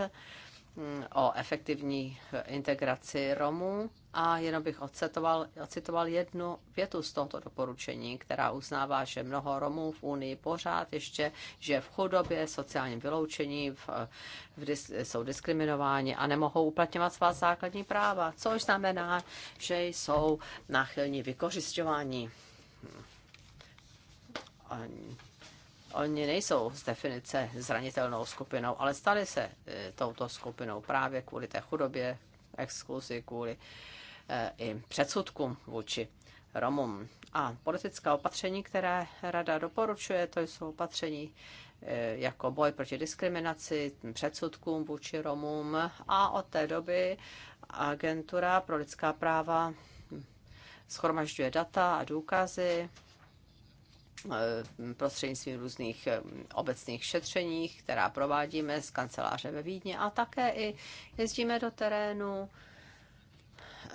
o efektivní integraci Romů a jenom bych ocitoval, ocitoval jednu větu z tohoto doporučení, která uznává, že mnoho Romů v Unii pořád ještě že v chudobě, sociálním vyloučení, v, v dis, jsou diskriminováni a nemohou uplatňovat svá základní práva, což znamená, že jsou náchylní vykořišťování. Oni nejsou z definice zranitelnou skupinou, ale stali se eh, touto skupinou právě kvůli té chudobě, exkluzi, kvůli eh, i předsudkům vůči Romům. A politická opatření, které rada doporučuje, to jsou opatření eh, jako boj proti diskriminaci, předsudkům vůči Romům a od té doby agentura pro lidská práva hm, schromažďuje data a důkazy Eh, prostřednictvím různých eh, obecných šetření, která provádíme z kanceláře ve Vídně a také i jezdíme do terénu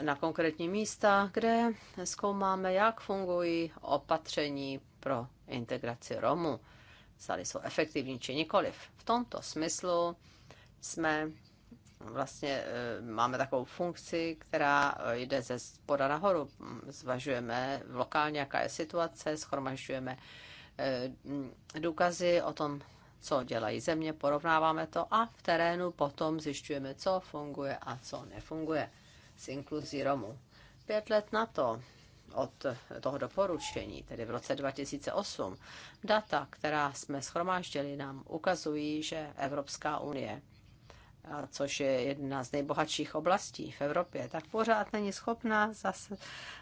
na konkrétní místa, kde zkoumáme, jak fungují opatření pro integraci Romů. zda jsou efektivní či nikoliv. V tomto smyslu jsme vlastně eh, máme takovou funkci, která eh, jde ze spoda nahoru. Zvažujeme lokálně, jaká je situace, schromažďujeme eh, důkazy o tom, co dělají země, porovnáváme to a v terénu potom zjišťujeme, co funguje a co nefunguje s inkluzí Romů. Pět let na to, od toho doporučení, tedy v roce 2008, data, která jsme schromáždili, nám ukazují, že Evropská unie což je jedna z nejbohatších oblastí v Evropě, tak pořád není schopná zase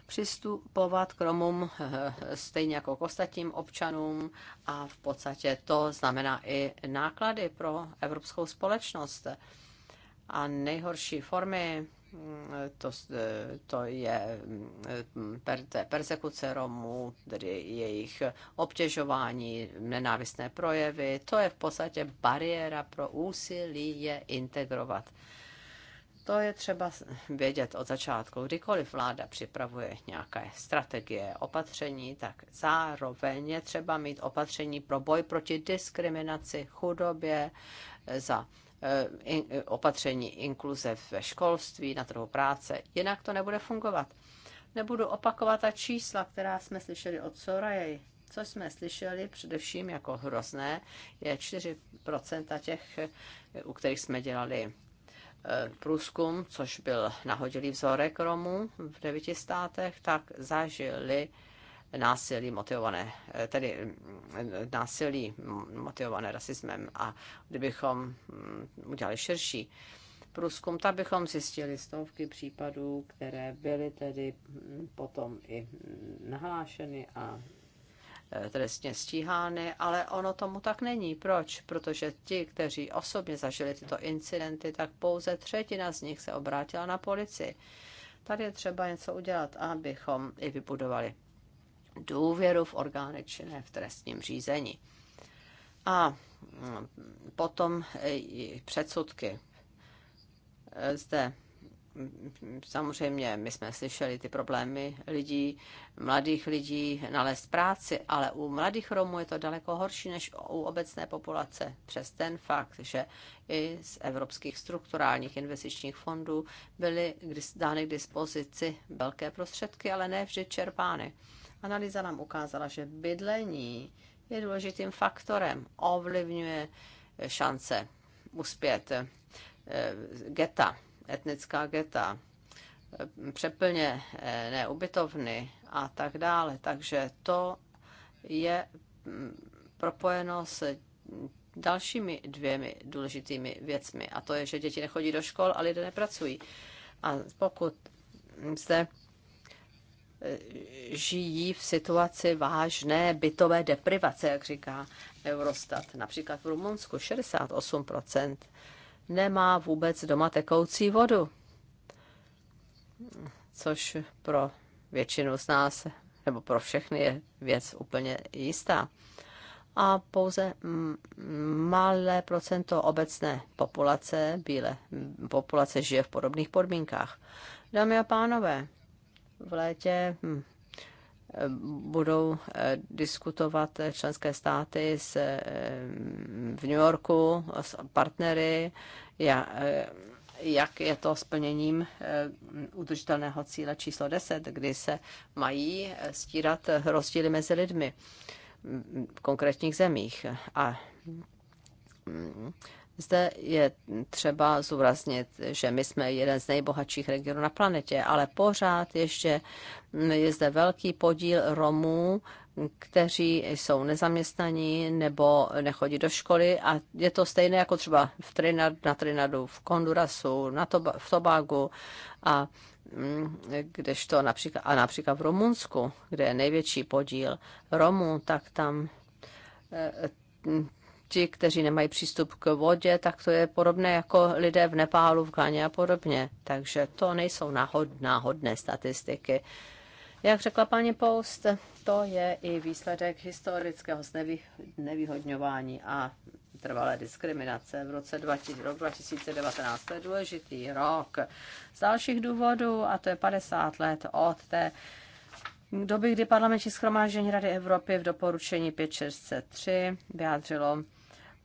přistupovat k Romům <laughs> stejně jako k ostatním občanům a v podstatě to znamená i náklady pro evropskou společnost. A nejhorší formy to, e, mm, e, to, je, persekuce Romů, tedy jejich obtěžování, nenávistné projevy. To je v podstatě bariéra pro úsilí je integrovat. To je třeba vědět od začátku. Kdykoliv vláda připravuje nějaké strategie, opatření, tak zároveň je třeba mít opatření pro boj proti diskriminaci, chudobě, e, za Eh, opatření inkluze ve školství, na trhu práce. Jinak to nebude fungovat. Nebudu opakovat ta čísla, která jsme slyšeli od Soraje. Co jsme slyšeli především jako hrozné, je 4% těch, eh, u kterých jsme dělali eh, průzkum, což byl nahodilý vzorek Romů v devíti státech, tak zažili násilí motivované, tedy mm, násilí motivované rasismem. A kdybychom mm, udělali širší průzkum, tak bychom zjistili stovky případů, které byly tedy mm, potom i nahlášeny a e, trestně stíhány, ale ono tomu tak není. Proč? Protože ti, kteří osobně zažili tyto incidenty, tak pouze třetina z nich se obrátila na policii. Tady je třeba něco udělat, abychom i vybudovali důvěru v orgány činné v trestním řízení. A mm, potom i předsudky. Zde mm, samozřejmě my jsme slyšeli ty problémy lidí, mladých lidí nalézt práci, ale u mladých Romů je to daleko horší než u obecné populace. Přes ten fakt, že i z evropských strukturálních investičních fondů byly dány k dispozici velké prostředky, ale ne vždy čerpány. Analýza nám ukázala, že bydlení je důležitým faktorem, ovlivňuje eh, šance uspět. Eh, geta, etnická geta, eh, přeplně neubytovny a tak dále. Takže to je mm, propojeno s dalšími dvěmi důležitými věcmi. A to je, že děti nechodí do škol a lidé nepracují. A pokud zde žijí v situaci vážné bytové deprivace, jak říká Eurostat. Například v Rumunsku 68% nemá vůbec doma tekoucí vodu, což pro většinu z nás, nebo pro všechny je věc úplně jistá. A pouze malé procento obecné populace, bílé populace, žije v podobných podmínkách. Dámy a pánové, v létě hm, budou eh, diskutovat eh, členské státy s, eh, v New Yorku s partnery, jak je to splněním udržitelného cíle číslo 10, kdy se mají stírat rozdíly mezi lidmi v konkrétních zemích. A hm, zde je třeba zúraznit, že my jsme jeden z nejbohatších regionů na planetě, ale pořád ještě je zde velký podíl Romů, kteří jsou nezaměstnaní nebo nechodí do školy a je to stejné jako třeba v Trinad, na Trinadu, v Kondurasu, na to, v Tobagu a mm, kdežto například, a například v Rumunsku, kde je největší podíl Romů, tak tam eh, ti, kteří nemají přístup k vodě, tak to je podobné jako lidé v Nepálu, v Ghaně a podobně. Takže to nejsou náhod, náhodné statistiky. Jak řekla paní Post, to je i výsledek historického znevý, nevýhodňování a trvalé diskriminace. V roce 20, rok 2019 to je důležitý rok z dalších důvodů a to je 50 let od té doby, kdy parlamentní schromáždění Rady Evropy v doporučení 563 vyjádřilo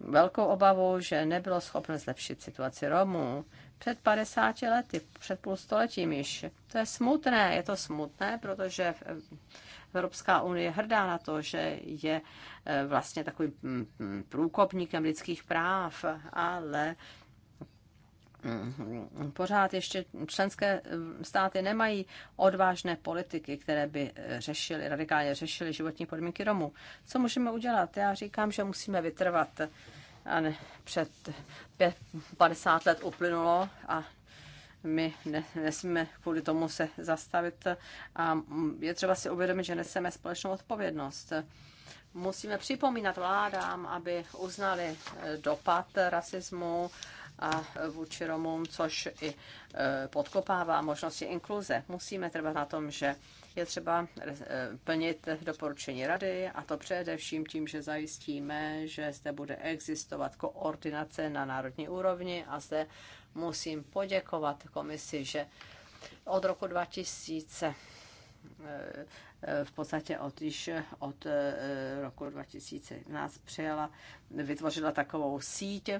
velkou obavu, že nebylo schopno zlepšit situaci Romů. Před 50 lety, před půl stoletím již. To je smutné, je to smutné, protože eh, Evropská unie je hrdá na to, že je eh, vlastně takovým mm, mm, průkopníkem lidských práv, ale Mhm. pořád ještě členské eh, státy nemají odvážné politiky, které by eh, řešily, radikálně řešily životní podmínky Romů. Co můžeme udělat? Já říkám, že musíme vytrvat. Eh, a ne, před pět, 50 let uplynulo a my ne, nesmíme kvůli tomu se zastavit a mm, je třeba si uvědomit, že neseme společnou odpovědnost. Musíme připomínat vládám, aby uznali dopad rasismu, a vůči Romům, což i e, podkopává možnosti inkluze. Musíme trvat na tom, že je třeba e, plnit doporučení rady a to především tím, že zajistíme, že zde bude existovat koordinace na národní úrovni a zde musím poděkovat komisi, že od roku 2000 Eh, v podstatě od, již eh, od eh, roku 2011 přijala, vytvořila takovou síť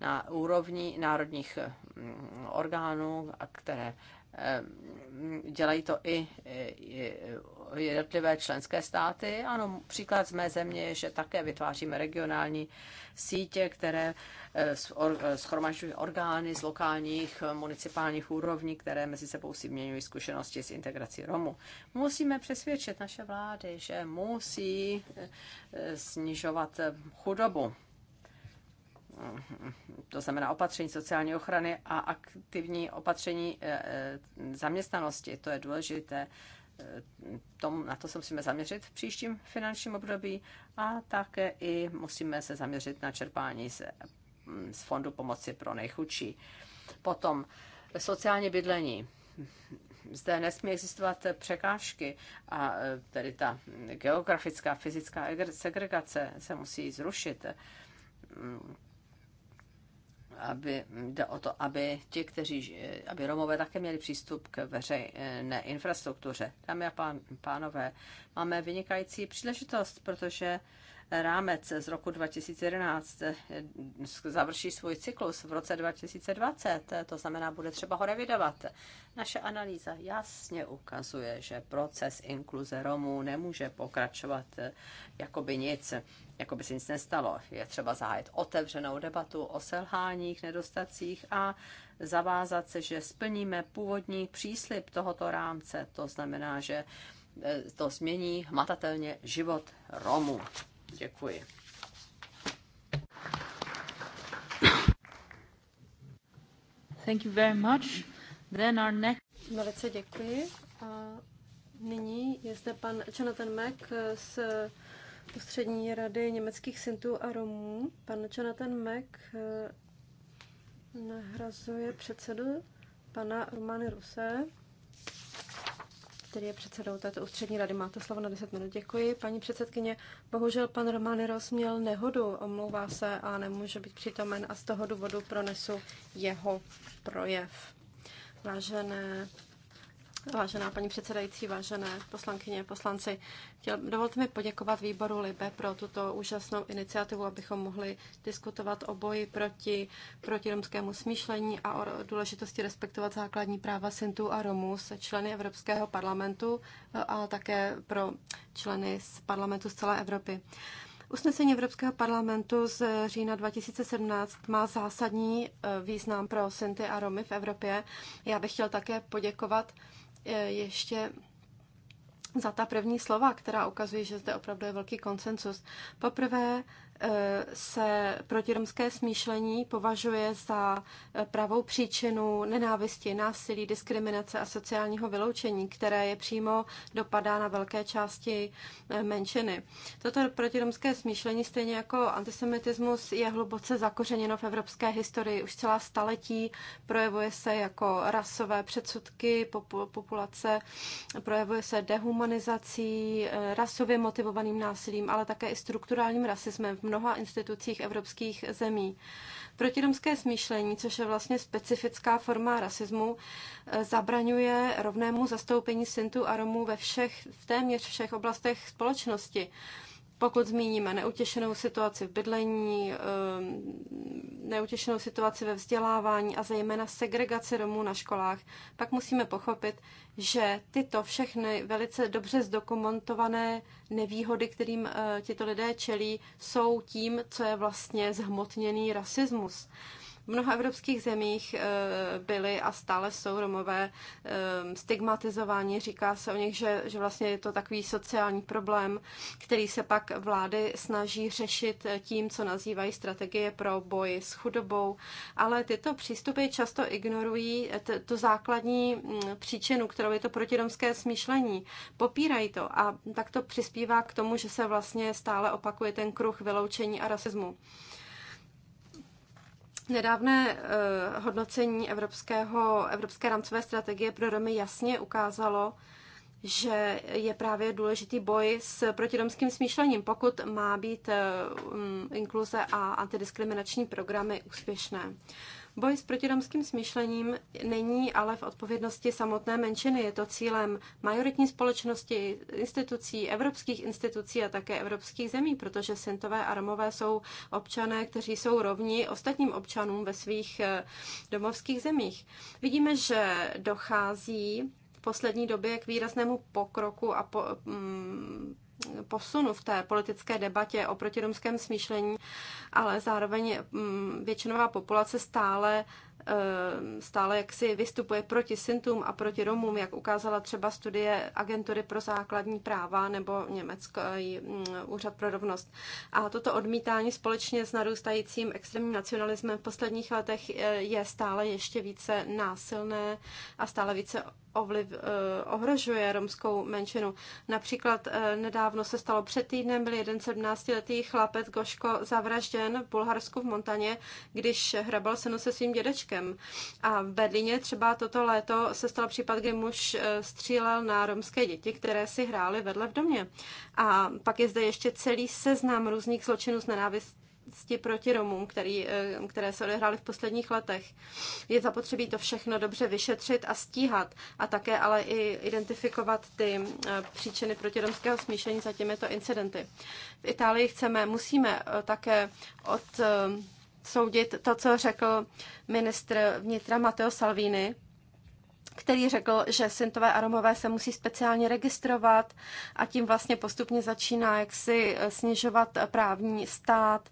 na úrovni národních mm, orgánů, které Ehm, dělají to i jednotlivé členské státy. Ano, příklad z mé země je, že také vytváříme regionální sítě, které eh, schromažďují eh, orgány z lokálních eh, municipálních úrovní, které mezi sebou si měňují zkušenosti s integrací Romů. Musíme přesvědčit naše vlády, že musí snižovat chudobu to znamená opatření sociální ochrany a aktivní opatření eh, eh, zaměstnanosti. To je důležité. Eh, tom, na to se musíme zaměřit v příštím finančním období a také i musíme se zaměřit na čerpání z, mm, z fondu pomoci pro nejchudší. Potom sociální bydlení. Zde nesmí existovat překážky a tedy ta geografická, fyzická segregace se musí zrušit mm, aby, jde o to, aby ti, kteří, aby Romové také měli přístup k veřejné infrastruktuře. Dámy a pán, pánové, máme vynikající příležitost, protože rámec z roku 2011 eh, završí svůj cyklus v roce 2020, to znamená, bude třeba ho revidovat. Naše analýza jasně ukazuje, že proces inkluze Romů nemůže pokračovat eh, jako by nic, jako by se nic nestalo. Je třeba zahájit otevřenou debatu o selháních, nedostacích a zavázat se, že splníme původní příslip tohoto rámce. To znamená, že eh, to změní hmatatelně život Romů. Děkuji. Thank you very much. Then our next... Velice děkuji. A nyní je zde pan Jonathan Mack z Ústřední rady německých syntů a Romů. Pan Jonathan Mack eh, nahrazuje předsedu pana Romany Ruse který je předsedou této ústřední rady. Máte slovo na 10 minut. Děkuji, paní předsedkyně. Bohužel pan Romány Ros měl nehodu, omlouvá se a nemůže být přítomen a z toho důvodu pronesu jeho projev. Vážené Vážená paní předsedající, vážené poslankyně, poslanci, chtěl, dovolte mi poděkovat výboru LIBE pro tuto úžasnou iniciativu, abychom mohli diskutovat o boji proti, proti romskému smýšlení a o důležitosti respektovat základní práva Sintů a Romů se členy Evropského parlamentu eh, a také pro členy z parlamentu z celé Evropy. Usnesení Evropského parlamentu z října 2017 má zásadní eh, význam pro Sinty a Romy v Evropě. Já bych chtěl také poděkovat Eh, ještě za ta první slova, která ukazují, že zde opravdu je velký konsensus. Poprvé se protiromské smýšlení považuje za eh, pravou příčinu nenávisti, násilí, diskriminace a sociálního vyloučení, které je přímo dopadá na velké části eh, menšiny. Toto protiromské smýšlení, stejně jako antisemitismus, je hluboce zakořeněno v evropské historii už celá staletí, projevuje se jako rasové předsudky populace, projevuje se dehumanizací, eh, rasově motivovaným násilím, ale také i strukturálním rasismem v mnoha institucích evropských zemí. Protiromské smýšlení, což je vlastně specifická forma rasismu, eh, zabraňuje rovnému zastoupení Sintů a Romů ve všech, v téměř všech oblastech společnosti. Pokud zmíníme neutěšenou situaci v bydlení, ehm, neutěšenou situaci ve vzdělávání a zejména segregaci Romů na školách, pak musíme pochopit, že tyto všechny velice dobře zdokumentované nevýhody, kterým eh, tito lidé čelí, jsou tím, co je vlastně zhmotněný rasismus. V mnoha evropských zemích eh, byly a stále jsou Romové eh, stigmatizováni. Říká se o nich, že, že vlastně je to takový sociální problém, který se pak vlády snaží řešit tím, co nazývají strategie pro boj s chudobou. Ale tyto přístupy často ignorují tu základní mm, příčinu, kterou je to protiromské smýšlení. Popírají to a tak to přispívá k tomu, že se vlastně stále opakuje ten kruh vyloučení a rasismu. Nedávné eh, hodnocení Evropského, Evropské rámcové strategie pro Romy jasně ukázalo, že je právě důležitý boj s protiromským smýšlením, pokud má být eh, inkluze a antidiskriminační programy úspěšné. Boj s protiromským smýšlením není ale v odpovědnosti samotné menšiny. Je to cílem majoritní společnosti, institucí, evropských institucí a také evropských zemí, protože Sintové a Romové jsou občané, kteří jsou rovní ostatním občanům ve svých eh, domovských zemích. Vidíme, že dochází v poslední době k výraznému pokroku a po, mm, posunu v té politické debatě o protiromském smýšlení, ale zároveň mm, většinová populace stále Ehm, stále jaksi vystupuje proti syntům a proti Romům, jak ukázala třeba studie Agentury pro základní práva nebo Německý mm, úřad pro rovnost. A toto odmítání společně s narůstajícím extrémním nacionalismem v posledních letech eh, je stále ještě více násilné a stále více ovliv, eh, ohrožuje romskou menšinu. Například eh, nedávno se stalo před týdnem, byl jeden 17-letý chlapec Goško zavražděn v Bulharsku v Montaně, když hrabal senu se svým dědečkem Maškem. A v Berlíně třeba toto léto se stal případ, kdy muž eh, střílel na romské děti, které si hrály vedle v domě. A pak je zde ještě celý seznam různých zločinů z nenávist proti Romům, který, eh, které se odehrály v posledních letech. Je zapotřebí to všechno dobře vyšetřit a stíhat a také ale i identifikovat ty eh, příčiny protiromského smíšení za těmito incidenty. V Itálii chceme, musíme také od soudit to, co řekl ministr vnitra Matteo Salvini, který řekl, že syntové a romové se musí speciálně registrovat a tím vlastně postupně začíná jaksi snižovat právní stát.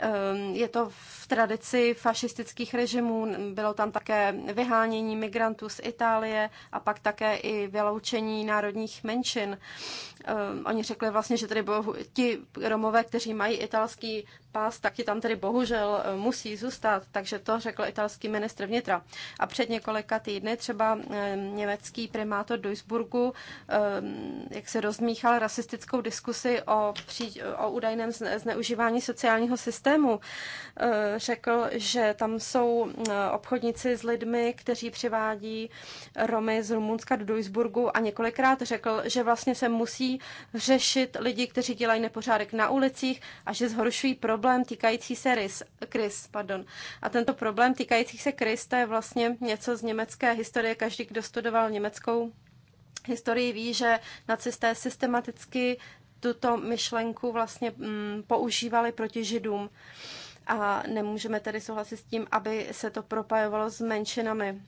Ehm, je to v tradici fašistických režimů. Bylo tam také vyhánění migrantů z Itálie a pak také i vyloučení národních menšin. Ehm, oni řekli vlastně, že tedy bohu, ti Romové, kteří mají italský pás, tak ti tam tedy bohužel eh, musí zůstat. Takže to řekl italský ministr vnitra. A před několika týdny třeba ehm, německý primátor Duisburgu ehm, jak se rozmíchal rasistickou diskusi o, pří, o údajném zneužívání sociálního systému řekl, že tam jsou eh, obchodníci s lidmi, kteří přivádí Romy z Rumunska do Duisburgu a několikrát řekl, že vlastně se musí řešit lidi, kteří dělají nepořádek na ulicích a že zhoršují problém týkající se rys, krys. Pardon. A tento problém týkající se krys, to je vlastně něco z německé historie. Každý, kdo studoval německou historii, ví, že nacisté systematicky tuto myšlenku vlastně mm, používali proti židům. Uh, a nemůžeme tedy souhlasit s tím, aby se to propajovalo s menšinami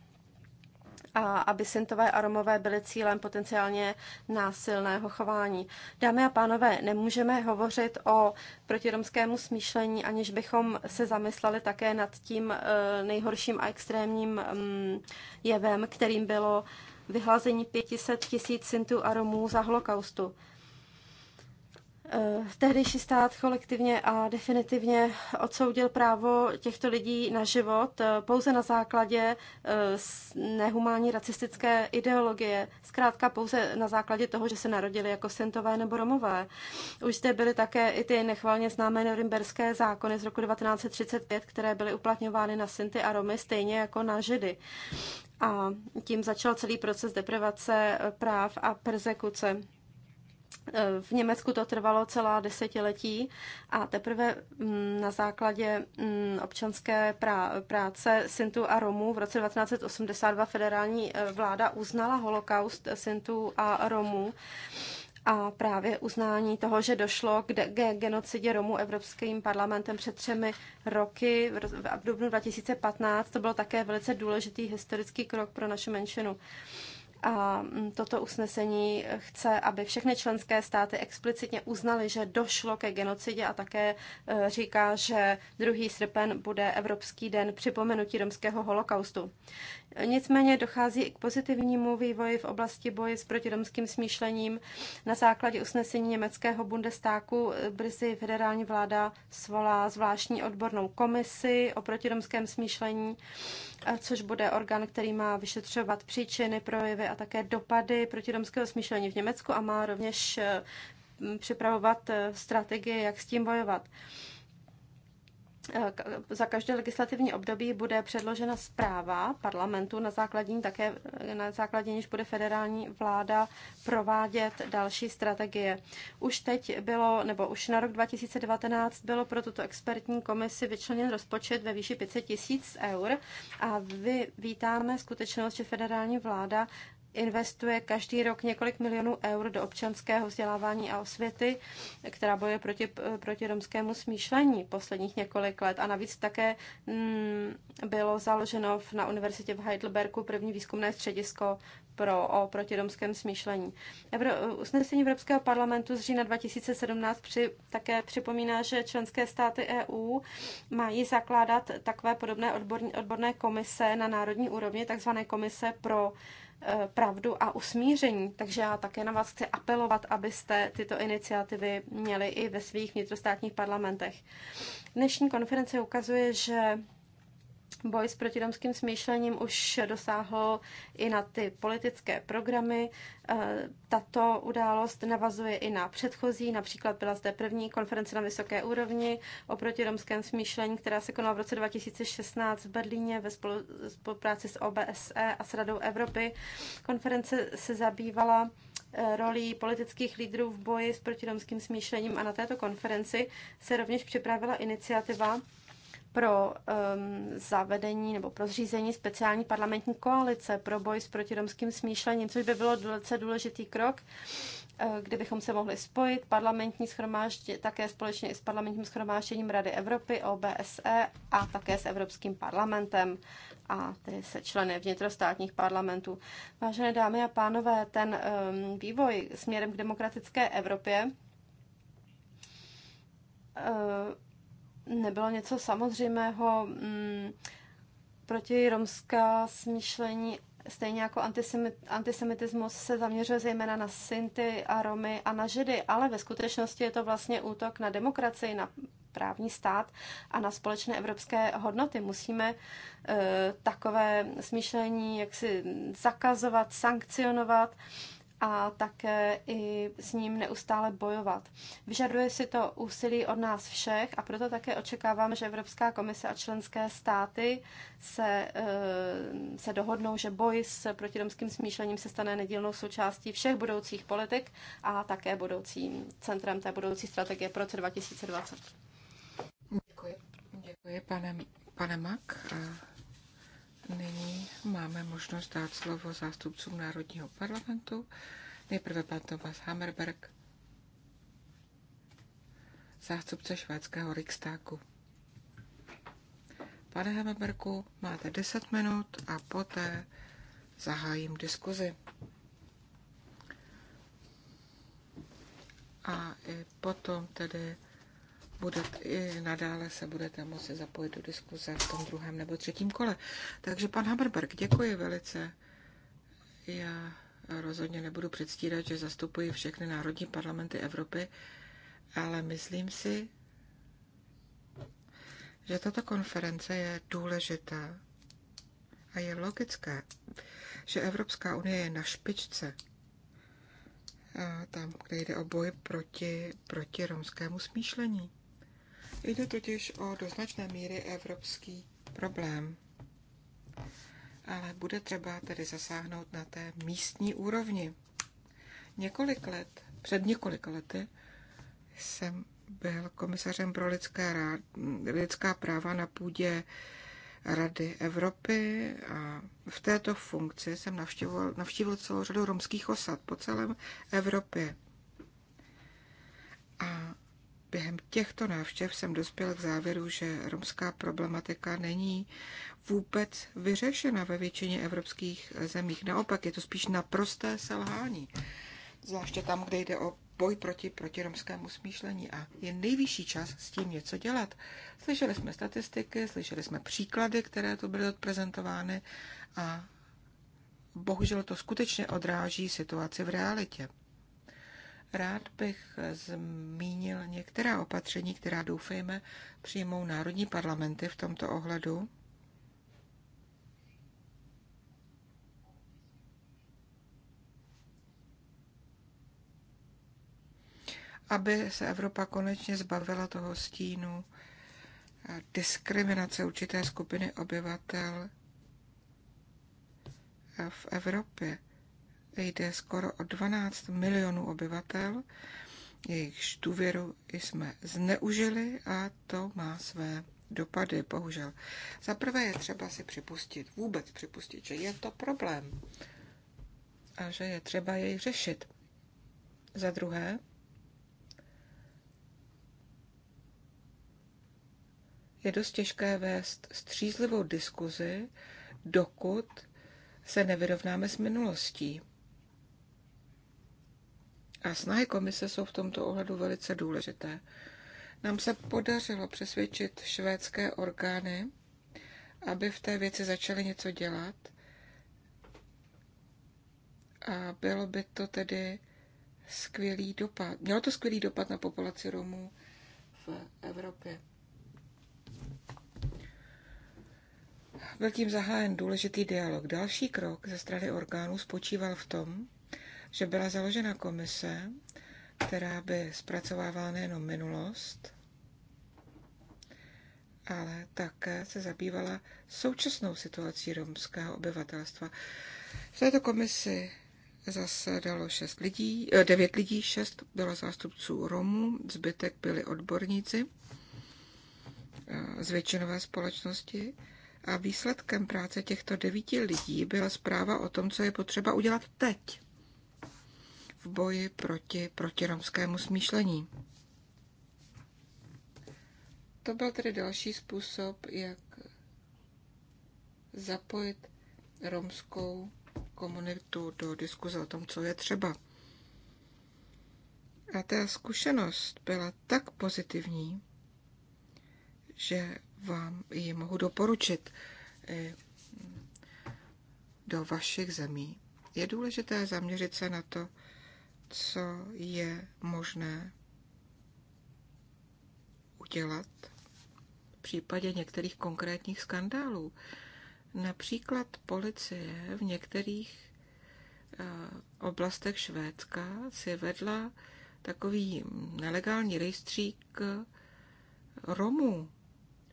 a aby syntové a romové byly cílem potenciálně násilného chování. Dámy a pánové, nemůžeme hovořit o protiromskému smýšlení, aniž bychom se zamysleli také nad tím eh, nejhorším a extrémním mm, jevem, kterým bylo vyhlazení 500 tisíc syntů a romů za holokaustu. Eh, tehdejší stát kolektivně a definitivně odsoudil právo těchto lidí na život eh, pouze na základě eh, nehumánní racistické ideologie, zkrátka pouze na základě toho, že se narodili jako sentové nebo romové. Už zde byly také i ty nechvalně známé norimberské zákony z roku 1935, které byly uplatňovány na Sinty a Romy stejně jako na Židy. A tím začal celý proces deprivace práv a persekuce. V Německu to trvalo celá desetiletí a teprve mm, na základě mm, občanské práce Sintu a Romů v roce 1982 federální eh, vláda uznala holokaust Sintu a Romů. A právě uznání toho, že došlo k genocidě Romů Evropským parlamentem před třemi roky v dubnu 2015, to bylo také velice důležitý historický krok pro naši menšinu. A mm, toto usnesení chce, aby všechny členské státy explicitně uznaly, že došlo ke genocidě a také e, říká, že 2. srpen bude Evropský den připomenutí romského holokaustu. Nicméně dochází i k pozitivnímu vývoji v oblasti boje s protiromským smýšlením. Na základě usnesení německého Bundestáku eh, brzy federální vláda svolá zvláštní odbornou komisi o protiromském smýšlení, eh, což bude orgán, který má vyšetřovat příčiny, projevy a také dopady protiromského smýšlení v Německu a má rovněž eh, připravovat strategie, jak s tím bojovat. Eh, za každé legislativní období bude předložena zpráva parlamentu na základní, také eh, na základě níž bude federální vláda provádět další strategie. Už teď bylo, nebo už na rok 2019 bylo pro tuto expertní komisi vyčleněn rozpočet ve výši 500 tisíc eur a vy vítáme skutečnost, že federální vláda investuje každý rok několik milionů eur do občanského vzdělávání a osvěty, která boje proti, proti romskému smýšlení posledních několik let. A navíc také mm, bylo založeno v, na univerzitě v Heidelbergu první výzkumné středisko pro, o protiromském smýšlení. Evro, usnesení Evropského parlamentu z října 2017 při, také připomíná, že členské státy EU mají zakládat takové podobné odborní, odborné komise na národní úrovni, takzvané komise pro Eh, pravdu a usmíření. Takže já také na vás chci apelovat, abyste tyto iniciativy měli i ve svých vnitrostátních parlamentech. Dnešní konference ukazuje, že Boj s protidomským smýšlením už dosáhl i na ty politické programy. E, tato událost navazuje i na předchozí, například byla zde první konference na vysoké úrovni o protidomském smýšlení, která se konala v roce 2016 v Berlíně ve spolupráci s OBSE a s Radou Evropy. Konference se zabývala e, rolí politických lídrů v boji s protidomským smýšlením a na této konferenci se rovněž připravila iniciativa pro um, zavedení nebo pro zřízení speciální parlamentní koalice pro boj s protiromským smýšlením, což by bylo velice důležitý krok, eh, kdybychom se mohli spojit parlamentní schromáždě, také společně i s parlamentním schromážděním Rady Evropy, OBSE a také s Evropským parlamentem a tedy se členy vnitrostátních parlamentů. Vážené dámy a pánové, ten um, vývoj směrem k demokratické Evropě uh, nebylo něco samozřejmého. Mm, proti romská smýšlení, stejně jako antisemit, antisemitismus, se zaměřuje zejména na Sinty a Romy a na Židy, ale ve skutečnosti je to vlastně útok na demokracii, na právní stát a na společné evropské hodnoty. Musíme e, takové smýšlení jaksi zakazovat, sankcionovat. E, a také i s ním neustále bojovat. Vyžaduje si to úsilí od nás všech a proto také očekávám, že Evropská komise a členské státy se, eh, se dohodnou, že boj s protiromským smýšlením se stane nedílnou součástí všech budoucích politik a také budoucím centrem té budoucí strategie pro roce 2020. Děkuji. Děkuji, pane, pane Mak. Nyní máme možnost dát slovo zástupcům Národního parlamentu. Nejprve pan Thomas Hammerberg, zástupce švédského Rikstáku. Pane Hammerbergu, máte 10 minut a poté zahájím diskuzi. A i potom tedy budete, i nadále se budete moci zapojit do diskuze v tom druhém nebo třetím kole. Takže pan Haberberg, děkuji velice. Já rozhodně nebudu předstírat, že zastupuji všechny národní parlamenty Evropy, ale myslím si, že tato konference je důležitá a je logické, že Evropská unie je na špičce tam, kde jde o boj proti, proti romskému smýšlení. Jde totiž o do značné míry evropský problém. Ale bude třeba tedy zasáhnout na té místní úrovni. Několik let, před několika lety, jsem byl komisařem pro lidské, lidská práva na půdě Rady Evropy a v této funkci jsem navštívil, navštívil celou řadu romských osad po celém Evropě. A Během těchto návštěv jsem dospěl k závěru, že romská problematika není vůbec vyřešena ve většině evropských zemích. Naopak je to spíš naprosté selhání, zvláště tam, kde jde o boj proti proti romskému smýšlení a je nejvyšší čas s tím něco dělat. Slyšeli jsme statistiky, slyšeli jsme příklady, které tu byly odprezentovány a bohužel to skutečně odráží situaci v realitě. Rád bych zmínil některá opatření, která doufejme přijmou národní parlamenty v tomto ohledu. aby se Evropa konečně zbavila toho stínu diskriminace určité skupiny obyvatel v Evropě jde skoro o 12 milionů obyvatel, jejichž důvěru jsme zneužili a to má své dopady, bohužel. Za prvé je třeba si připustit, vůbec připustit, že je to problém a že je třeba jej řešit. Za druhé, je dost těžké vést střízlivou diskuzi, dokud se nevyrovnáme s minulostí a snahy komise jsou v tomto ohledu velice důležité. Nám se podařilo přesvědčit švédské orgány, aby v té věci začaly něco dělat. A bylo by to tedy skvělý dopad. Mělo to skvělý dopad na populaci Romů v Evropě. Byl tím zahájen důležitý dialog. Další krok ze strany orgánů spočíval v tom, že byla založena komise, která by zpracovávala nejenom minulost, ale také se zabývala současnou situací romského obyvatelstva. V této komisi zasedalo šest lidí, eh, devět lidí, šest bylo zástupců Romů, zbytek byli odborníci eh, z většinové společnosti. A výsledkem práce těchto devíti lidí byla zpráva o tom, co je potřeba udělat teď v boji proti protiromskému smýšlení. To byl tedy další způsob, jak zapojit romskou komunitu do diskuze o tom, co je třeba. A ta zkušenost byla tak pozitivní, že vám ji mohu doporučit do vašich zemí. Je důležité zaměřit se na to, co je možné udělat v případě některých konkrétních skandálů. Například policie v některých eh, oblastech Švédska si vedla takový nelegální rejstřík eh, Romů,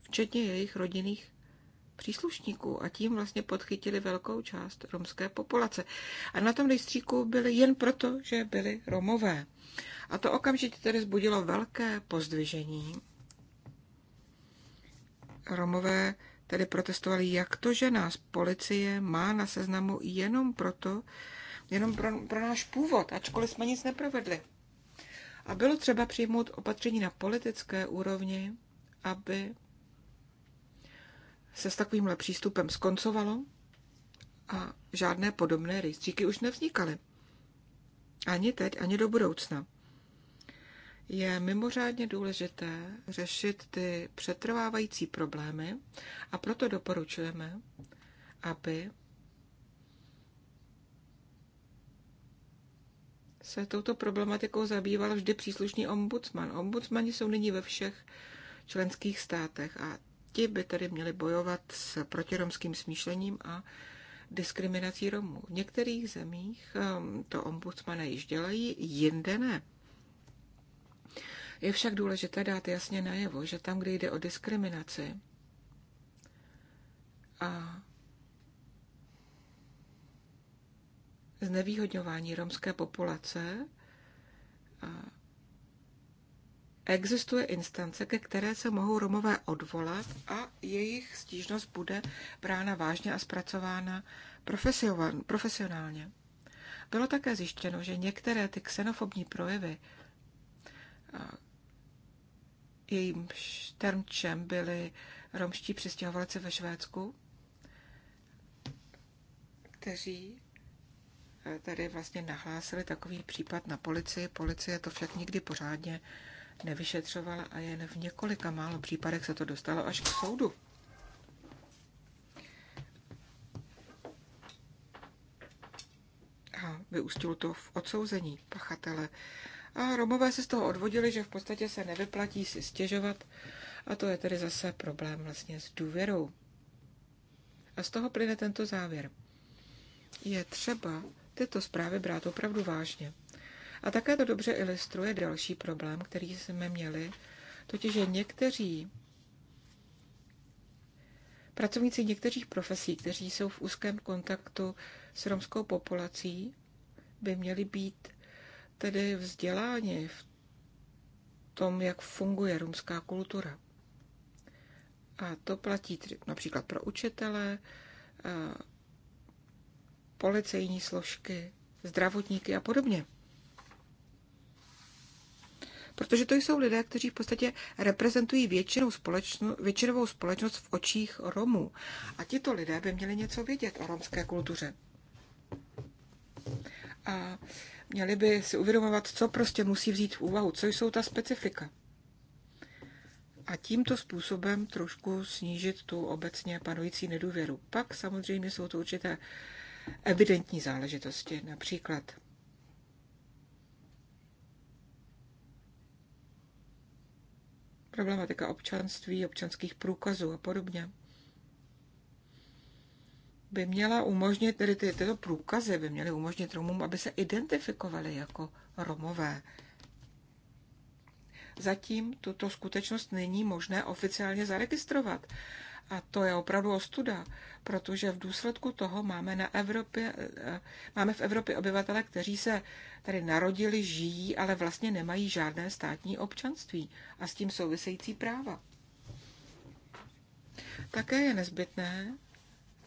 včetně jejich rodinných příslušníků a tím vlastně podchytili velkou část romské populace. A na tom rejstříku byli jen proto, že byli Romové. A to okamžitě tedy zbudilo velké pozdvižení. Romové tedy protestovali, jak to, že nás policie má na seznamu jenom proto, jenom pro, pro náš původ, ačkoliv jsme nic neprovedli. A bylo třeba přijmout opatření na politické úrovni, aby se s takovýmhle přístupem skoncovalo a žádné podobné rejstříky už nevznikaly. Ani teď, ani do budoucna. Je mimořádně důležité řešit ty přetrvávající problémy a proto doporučujeme, aby se touto problematikou zabýval vždy příslušný ombudsman. Ombudsmani jsou nyní ve všech členských státech a Ti by tedy měli bojovat s protiromským smýšlením a diskriminací Romů. V některých zemích ehm, to ombudsmana již dělají, jinde ne. Je však důležité dát jasně najevo, že tam, kde jde o diskriminaci a znevýhodňování romské populace, a existuje instance, ke které se mohou Romové odvolat a jejich stížnost bude brána vážně a zpracována profesionálně. Bylo také zjištěno, že některé ty xenofobní projevy, jejím termčem byli romští přistěhovalci ve Švédsku, kteří e, tady vlastně nahlásili takový případ na policii. Policie to však nikdy pořádně nevyšetřovala a jen v několika málo případech se to dostalo až k soudu. A vyústilo to v odsouzení pachatele. A Romové se z toho odvodili, že v podstatě se nevyplatí si stěžovat a to je tedy zase problém vlastně s důvěrou. A z toho plyne tento závěr. Je třeba tyto zprávy brát opravdu vážně. A také to dobře ilustruje další problém, který jsme měli, totiž že někteří pracovníci některých profesí, kteří jsou v úzkém kontaktu s romskou populací, by měli být tedy vzděláni v tom, jak funguje romská kultura. A to platí například pro učitele, policejní složky, zdravotníky a podobně protože to jsou lidé, kteří v podstatě reprezentují většinou společno, většinovou společnost v očích Romů. A tito lidé by měli něco vědět o romské kultuře. A měli by si uvědomovat, co prostě musí vzít v úvahu, co jsou ta specifika. A tímto způsobem trošku snížit tu obecně panující nedůvěru. Pak samozřejmě jsou to určité evidentní záležitosti, například problematika občanství, občanských průkazů a podobně, by měla umožnit, tedy ty, tyto průkazy by měly umožnit Romům, aby se identifikovali jako Romové. Zatím tuto skutečnost není možné oficiálně zaregistrovat. A to je opravdu ostuda, protože v důsledku toho máme, na Evropě, eh, máme v Evropě obyvatele, kteří se tady narodili, žijí, ale vlastně nemají žádné státní občanství a s tím související práva. Také je nezbytné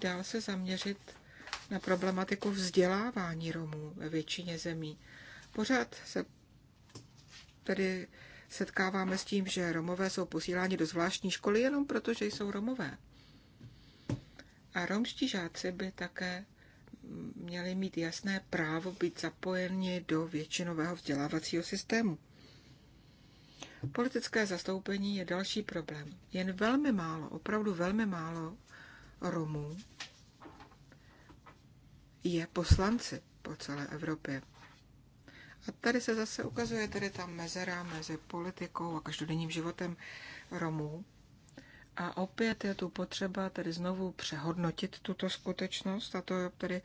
dál se zaměřit na problematiku vzdělávání Romů ve většině zemí. Pořád se tedy setkáváme s tím, že Romové jsou posíláni do zvláštní školy jenom proto, že jsou Romové. A romští žáci by také měli mít jasné právo být zapojeni do většinového vzdělávacího systému. Politické zastoupení je další problém. Jen velmi málo, opravdu velmi málo Romů je poslanci po celé Evropě. A tady se zase ukazuje tedy ta mezera mezi politikou a každodenním životem Romů. A opět je tu potřeba tedy znovu přehodnotit tuto skutečnost a to je tedy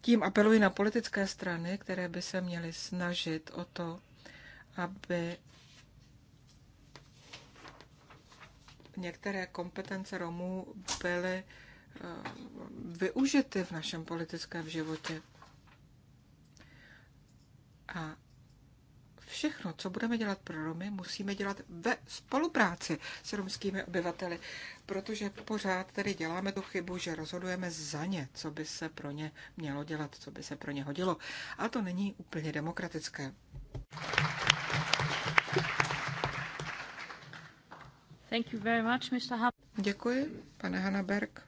tím apeluji na politické strany, které by se měly snažit o to, aby některé kompetence Romů byly eh, využity v našem politickém životě. A všechno, co budeme dělat pro Romy, musíme dělat ve spolupráci s romskými obyvateli, protože pořád tady děláme tu chybu, že rozhodujeme za ně, co by se pro ně mělo dělat, co by se pro ně hodilo. A to není úplně demokratické. Thank you very much, Mr. Děkuji, pane Hanaberg.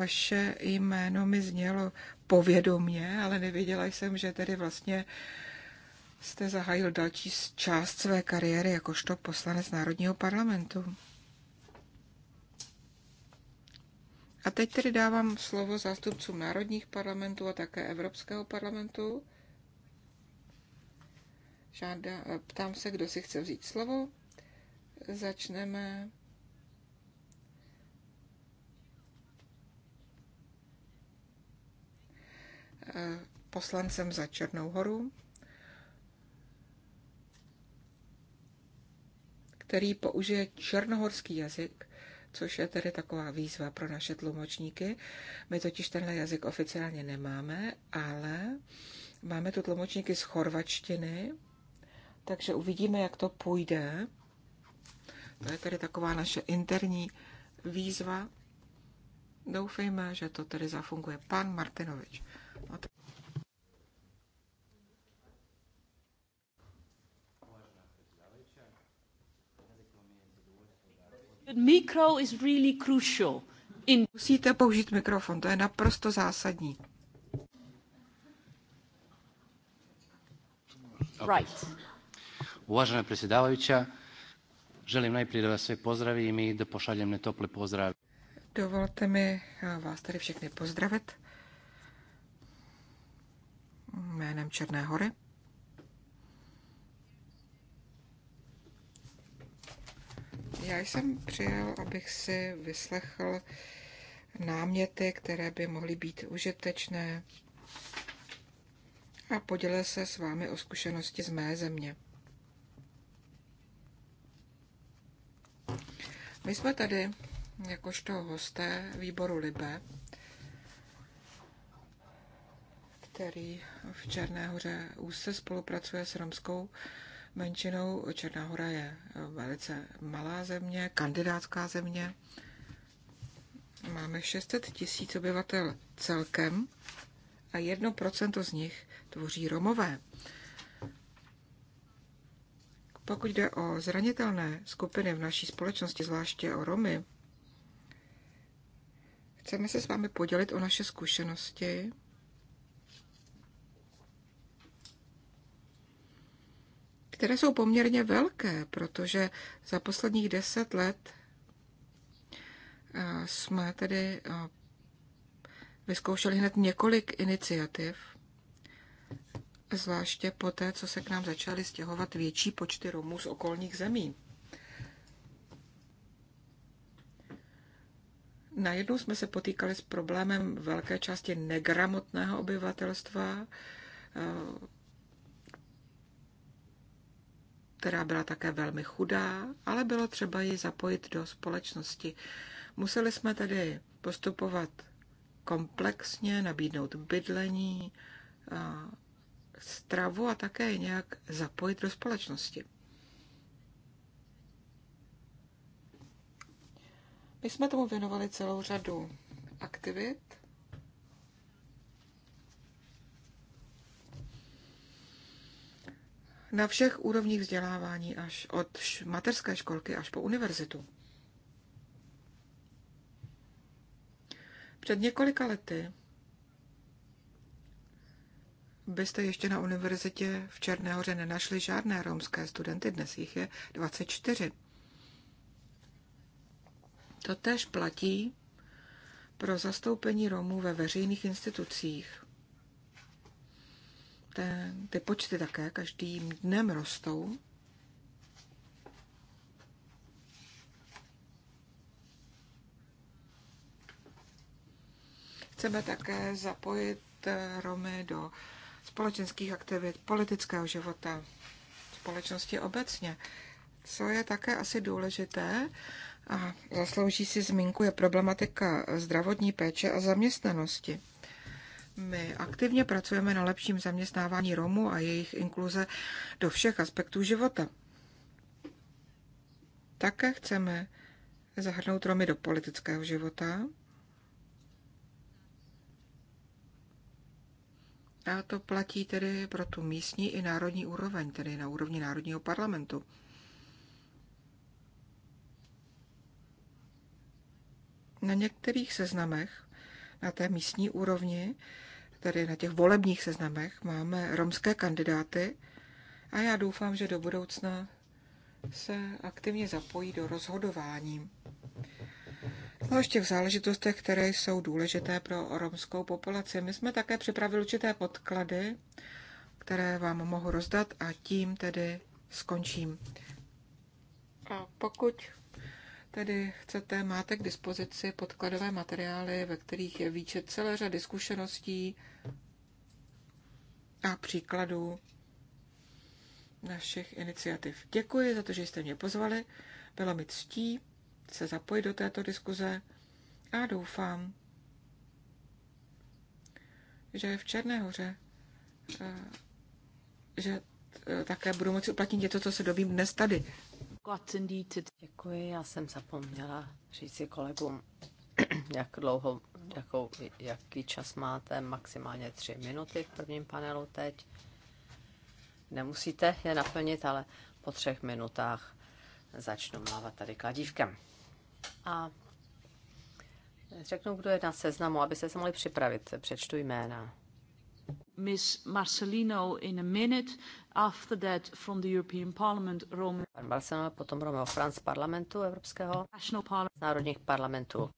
Vaše jméno mi znělo povědomě, ale nevěděla jsem, že tedy vlastně jste zahájil další část své kariéry jakožto poslanec Národního parlamentu. A teď tedy dávám slovo zástupcům národních parlamentů a také Evropského parlamentu. Žádá, ptám se, kdo si chce vzít slovo. Začneme Eh, poslancem za Černou horu, který použije černohorský jazyk, což je tedy taková výzva pro naše tlumočníky. My totiž tenhle jazyk oficiálně nemáme, ale máme tu tlumočníky z chorvačtiny, takže uvidíme, jak to půjde. To je tedy taková naše interní výzva. Doufejme, že to tedy zafunguje. Pan Martinovič. Micro is really crucial. In... Musíte použít mikrofon, to je naprosto zásadní. Right. Uvažena predsjedavajuća, želim najprije da vas sve pozdravim i da pošaljem netople pozdrav. Dovolte mi vás tady všechny pozdravit jménem Černé hory. Já jsem přijel, abych si vyslechl náměty, které by mohly být užitečné a podělil se s vámi o zkušenosti z mé země. My jsme tady jakožto hosté výboru Libe který v Černé hoře úzce spolupracuje s romskou menšinou. Černá hora je velice malá země, kandidátská země. Máme 600 tisíc obyvatel celkem a 1% z nich tvoří Romové. Pokud jde o zranitelné skupiny v naší společnosti, zvláště o Romy, chceme se s vámi podělit o naše zkušenosti které jsou poměrně velké, protože za posledních deset let eh, jsme tedy eh, vyzkoušeli hned několik iniciativ, zvláště po té, co se k nám začaly stěhovat větší počty Romů z okolních zemí. Najednou jsme se potýkali s problémem velké části negramotného obyvatelstva, eh, která byla také velmi chudá, ale bylo třeba ji zapojit do společnosti. Museli jsme tedy postupovat komplexně, nabídnout bydlení, stravu a také nějak zapojit do společnosti. My jsme tomu věnovali celou řadu aktivit na všech úrovních vzdělávání, až od mateřské školky až po univerzitu. Před několika lety byste ještě na univerzitě v Černé hoře nenašli žádné romské studenty, dnes jich je 24. To též platí pro zastoupení Romů ve veřejných institucích. Te, ty počty také každým dnem rostou. Chceme také zapojit eh, Romy do společenských aktivit, politického života, společnosti obecně. Co je také asi důležité a zaslouží si zmínku, je problematika zdravotní péče a zaměstnanosti. My aktivně pracujeme na lepším zaměstnávání Romů a jejich inkluze do všech aspektů života. Také chceme zahrnout Romy do politického života. A to platí tedy pro tu místní i národní úroveň, tedy na úrovni Národního parlamentu. Na některých seznamech na té místní úrovni tedy na těch volebních seznamech máme romské kandidáty a já doufám, že do budoucna se aktivně zapojí do rozhodování. No, ještě v záležitostech, které jsou důležité pro romskou populaci. My jsme také připravili určité podklady, které vám mohu rozdat a tím tedy skončím. A pokud tedy chcete, máte k dispozici podkladové materiály, ve kterých je výčet celé řady zkušeností a příkladů našich iniciativ. Děkuji za to, že jste mě pozvali. Bylo mi ctí se zapojit do této diskuze a doufám, že v Černé hoře, eh, že eh, také budu moci uplatnit něco, co se dovím dnes tady. Děkuji, já jsem zapomněla říci kolegům, <clears throat> jak dlouho, jakou, jaký čas máte, maximálně tři minuty v prvním panelu teď. Nemusíte je naplnit, ale po třech minutách začnu mávat tady kladívkem. A řeknu, kdo je na seznamu, aby se mohli připravit. Přečtu jména. Ms. Marcelino in a minute. After that, from the European Parliament, Roman... Pan Balsamo, potom Romeo Franz parlamentu Evropského, National Parliament. z národních parlamentů.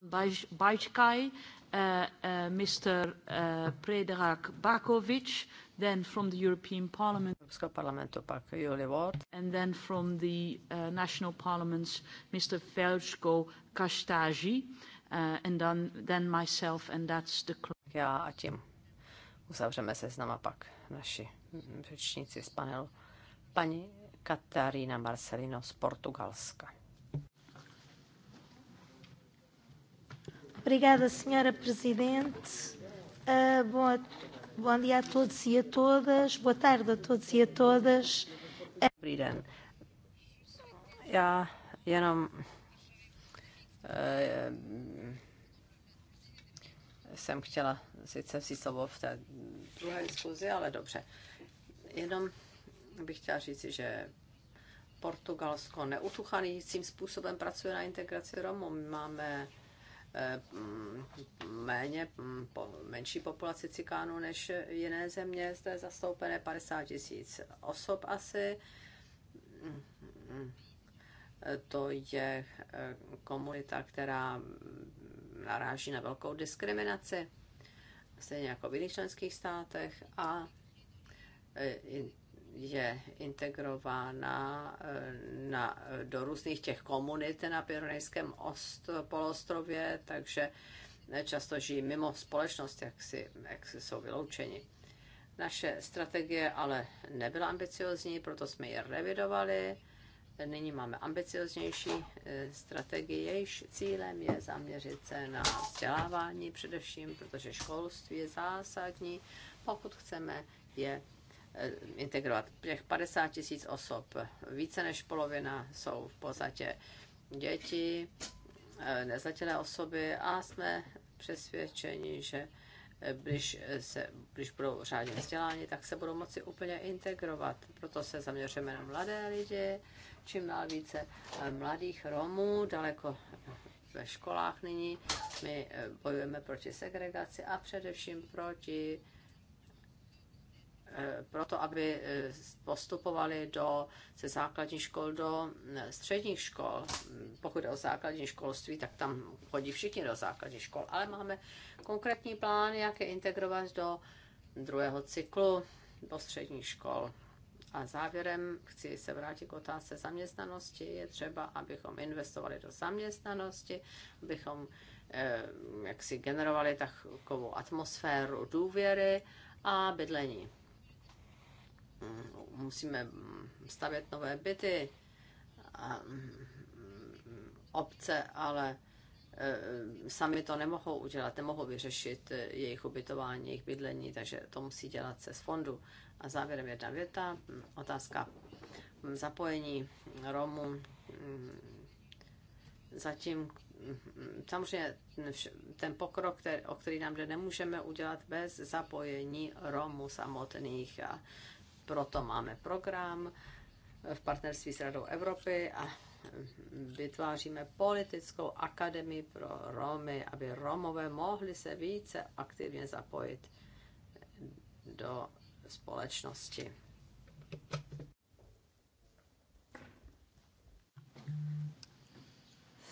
Bajčkaj, uh, eh, uh, eh, Mr. Uh, eh, Predrag Bakovic, then from the European Parliament. Evropského parlamentu pak Julie Ward. And then from the uh, National Parliaments, Mr. Velčko Kastaji, uh, and then, then myself, and that's the... Já a tím uzavřeme se s náma pak naši řečníci z panelu. Paní Katarína Marcelino z Portugalska. Obrigada, senhora presidente. Uh, ah, bom, bom dia a todos e a todas. Boa tarde a todos e a todas. Dobrý den. Já jenom uh, jsem chtěla sice si slovo v té druhé diskuzi, ale dobře. Jenom bych chtěla říct, že Portugalsko neutuchanícím způsobem pracuje na integraci Romů. My máme eh, mm, méně, mm, menší populaci cikánů než jiné země, zde zastoupené 50 tisíc osob asi. Mm, to je eh, komunita, která naráží na velkou diskriminaci, stejně jako v jiných členských státech a e, je integrována e, na, do různých těch komunit na Pyrenejském polostrově, takže e, často žijí mimo společnost, jak si, jak si jsou vyloučeni. Naše strategie ale nebyla ambiciozní, proto jsme ji revidovali Nyní máme ambicioznější eh, strategii, jejíž cílem je zaměřit se na vzdělávání především, protože školství je zásadní, pokud chceme je eh, integrovat. Těch 50 tisíc osob, více než polovina jsou v podstatě děti, eh, nezletilé osoby a jsme přesvědčeni, že když, se, když budou řádně vzděláni, tak se budou moci úplně integrovat. Proto se zaměřujeme na mladé lidi, čím dál více eh, mladých Romů, daleko eh, ve školách nyní. My eh, bojujeme proti segregaci a především proti Eh, proto, aby eh, postupovali do, ze základních škol do mm, středních škol. Mm, pokud je o základní školství, tak tam chodí všichni do základních škol. Ale máme konkrétní plán, jak je integrovat do druhého cyklu do středních škol. A závěrem chci se vrátit k otázce zaměstnanosti. Je třeba, abychom investovali do zaměstnanosti, abychom eh, jak si generovali takovou atmosféru důvěry a bydlení musíme stavět nové byty, a, obce, ale e, sami to nemohou udělat, nemohou vyřešit jejich ubytování, jejich bydlení, takže to musí dělat se z fondu. A závěrem jedna věta, otázka zapojení Romů. Zatím, samozřejmě ten pokrok, který, o který nám jde, nemůžeme udělat bez zapojení Romů samotných. A proto máme program v partnerství s Radou Evropy a vytváříme politickou akademii pro Romy, aby Romové mohli se více aktivně zapojit do společnosti.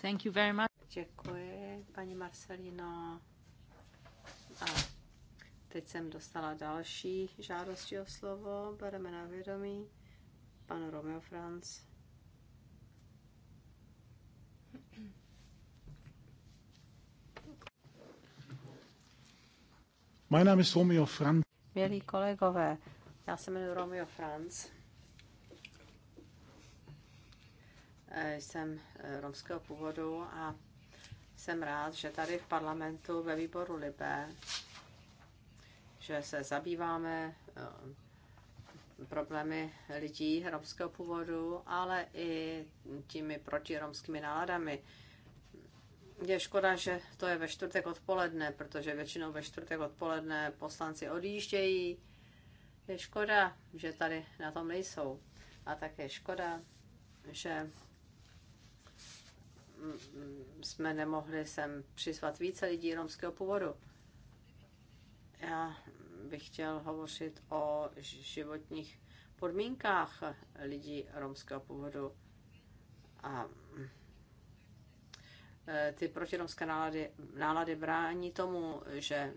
Thank you very much. Děkuji, paní Marcelino. A Teď jsem dostala další žádosti o slovo, bereme na vědomí. Pan Romeo Franz. Mein Name ist Romeo Franz. Milí kolegové, já se jmenuji Romeo Franz. Eh, jsem eh, romského původu a jsem rád, že tady v parlamentu ve výboru Libé že se zabýváme eh, problémy lidí romského původu, ale i těmi protiromskými náladami. Je škoda, že to je ve čtvrtek odpoledne, protože většinou ve čtvrtek odpoledne poslanci odjíždějí. Je škoda, že tady na tom nejsou. A také škoda, že mm, mm, jsme nemohli sem přizvat více lidí romského původu. Já bych chtěl hovořit o životních podmínkách lidí romského původu. A e, ty protiromské nálady, nálady brání tomu, že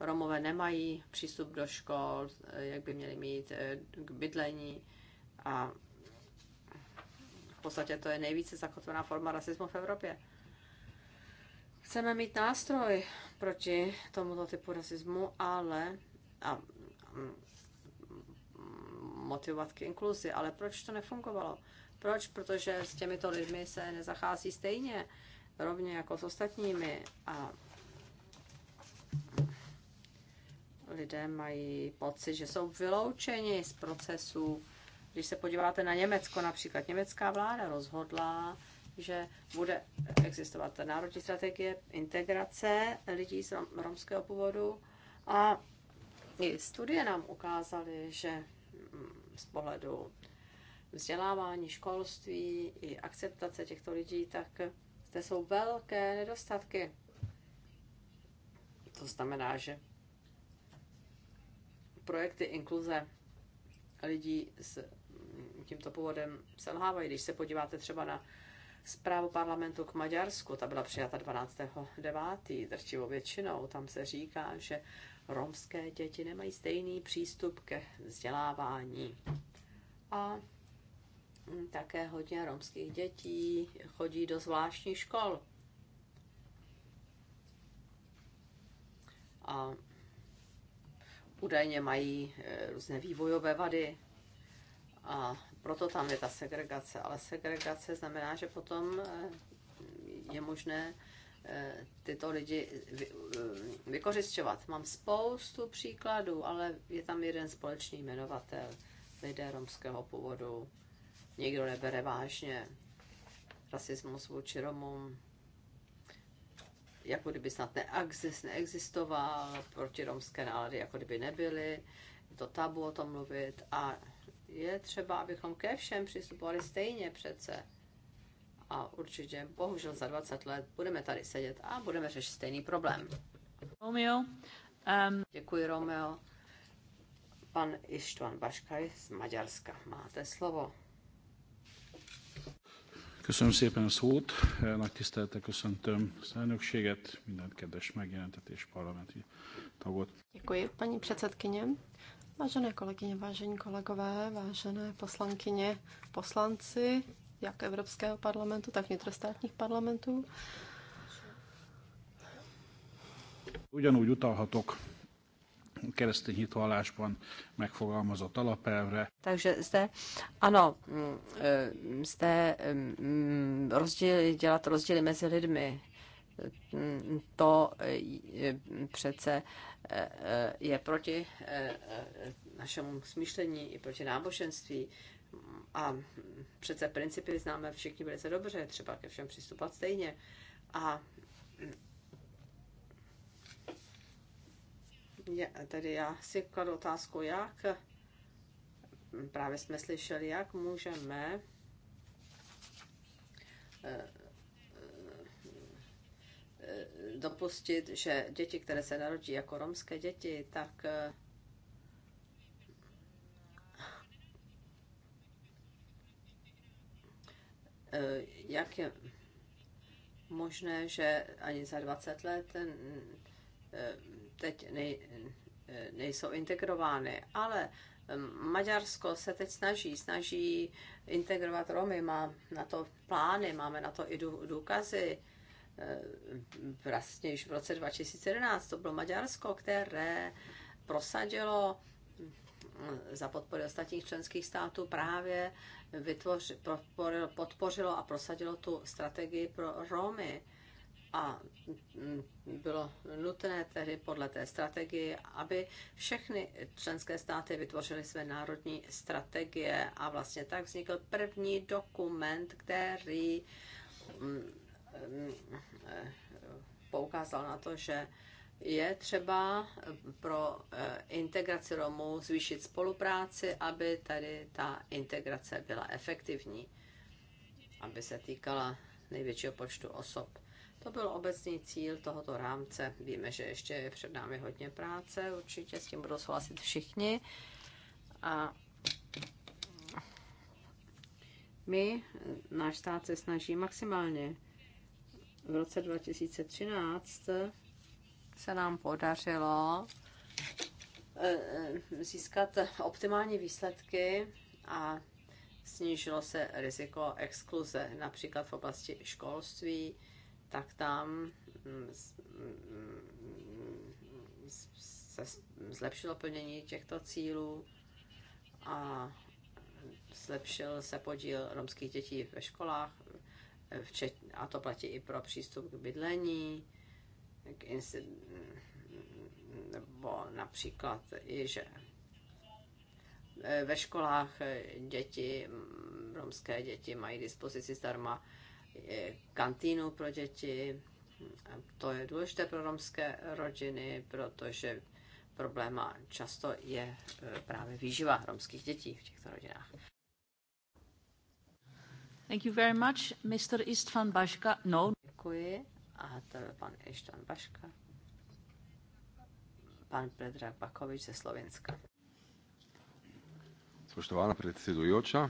Romové nemají přístup do škol, e, jak by měli mít e, k bydlení a v podstatě to je nejvíce zakotvená forma rasismu v Evropě. Chceme mít nástroj proti tomuto typu rasismu, ale a, motivovat k inkluzi. Ale proč to nefungovalo? Proč? Protože s těmito lidmi se nezachází stejně, rovně jako s ostatními. A lidé mají pocit, že jsou vyloučeni z procesu. Když se podíváte na Německo, například německá vláda rozhodla že bude existovat národní strategie integrace lidí z romského původu a i studie nám ukázaly, že mm, z pohledu vzdělávání, školství i akceptace těchto lidí, tak zde jsou velké nedostatky. To znamená, že projekty inkluze lidí s mm, tímto původem selhávají. Když se podíváte třeba na zprávu parlamentu k Maďarsku, ta byla přijata 12.9. drtivou většinou. Tam se říká, že romské děti nemají stejný přístup ke vzdělávání. A také hodně romských dětí chodí do zvláštních škol. A údajně mají eh, různé vývojové vady a proto tam je ta segregace. Ale segregace znamená, že potom eh, je možné eh, tyto lidi eh, vykořišťovat. Mám spoustu příkladů, ale je tam jeden společný jmenovatel. Lidé romského původu. Nikdo nebere vážně rasismus vůči Romům. Jako kdyby snad neexist, neexistoval, proti romské nálady jako kdyby nebyly. Je to tabu o tom mluvit a je třeba, abychom ke všem přistupovali stejně přece. A určitě, bohužel za 20 let budeme tady sedět a budeme řešit stejný problém. Romeo. Um... Děkuji, Romeo. Pan Ištvan Baškaj z Maďarska. Máte slovo. Köszönöm szépen a szót, nagy tisztelettel köszöntöm az elnökséget, minden kedves megjelentetés parlamenti tagot. Děkuji, paní předsedkyně. Vážené kolegyně, vážení kolegové, vážené poslankyně, poslanci, jak Evropského parlamentu, tak vnitrostátních parlamentů. Ugyanúgy utalhatok keresztény hitvallásban megfogalmazott alapelvre. Takže zde, ano, mm, e, zde mm, rozdíl, dělat rozdíly mezi lidmi, to eh, přece eh, je proti eh, našemu smýšlení i proti náboženství. A přece principy známe všichni velice dobře, třeba ke všem přistupovat stejně. A je, tedy já si kladu otázku, jak právě jsme slyšeli, jak můžeme dopustit, že děti, které se narodí jako romské děti, tak eh, jak je možné, že ani za 20 let eh, teď nej, eh, nejsou integrovány, ale Maďarsko se teď snaží, snaží integrovat Romy, má na to plány, máme na to i důkazy. Eh, vlastně již v roce 2011, to bylo Maďarsko, které prosadilo eh, za podpory ostatních členských států právě vytvoři, podpořilo a prosadilo tu strategii pro Romy. A mm, bylo nutné tedy podle té strategie, aby všechny členské státy vytvořily své národní strategie a vlastně tak vznikl první dokument, který mm, Eh, poukázal na to, že je třeba pro eh, integraci Romů zvýšit spolupráci, aby tady ta integrace byla efektivní, aby se týkala největšího počtu osob. To byl obecný cíl tohoto rámce. Víme, že ještě je před námi hodně práce, určitě s tím budou souhlasit všichni. A my, náš stát se snaží maximálně v roce 2013 se nám podařilo eh, eh, získat optimální výsledky a snížilo se riziko exkluze, například v oblasti školství, tak tam mm, mm, se zlepšilo plnění těchto cílů a zlepšil se podíl romských dětí ve školách, včet, a to platí i pro přístup k bydlení, k insti- nebo například i, že e, ve školách e, děti, romské děti mají dispozici zdarma e, kantýnu pro děti. To je důležité pro romské rodiny, protože problém často je právě výživa romských dětí v těchto rodinách. Thank you Pane much, Mr. Istvan no. Děkuji. Spoštovana predsedujoča,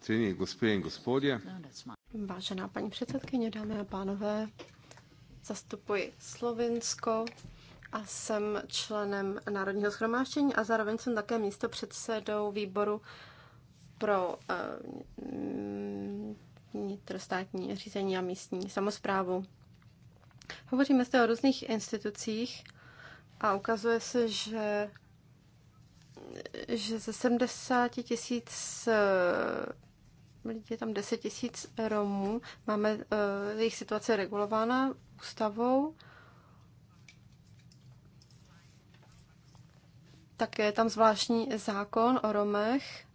cení gospe in gospodje. No, Vážená paní předsedkyně, dámy a pánové, zastupuji Slovinsko a jsem členem Národního shromáždění a zároveň jsem také místopředsedou předsedou výboru pro eh, vnitrostátní řízení a místní samozprávu. Hovoříme zde o různých institucích a ukazuje se, že, že ze 70 tisíc eh, je tam 10 tisíc Romů, máme uh, jejich situace regulována ústavou. Také je tam zvláštní zákon o Romech,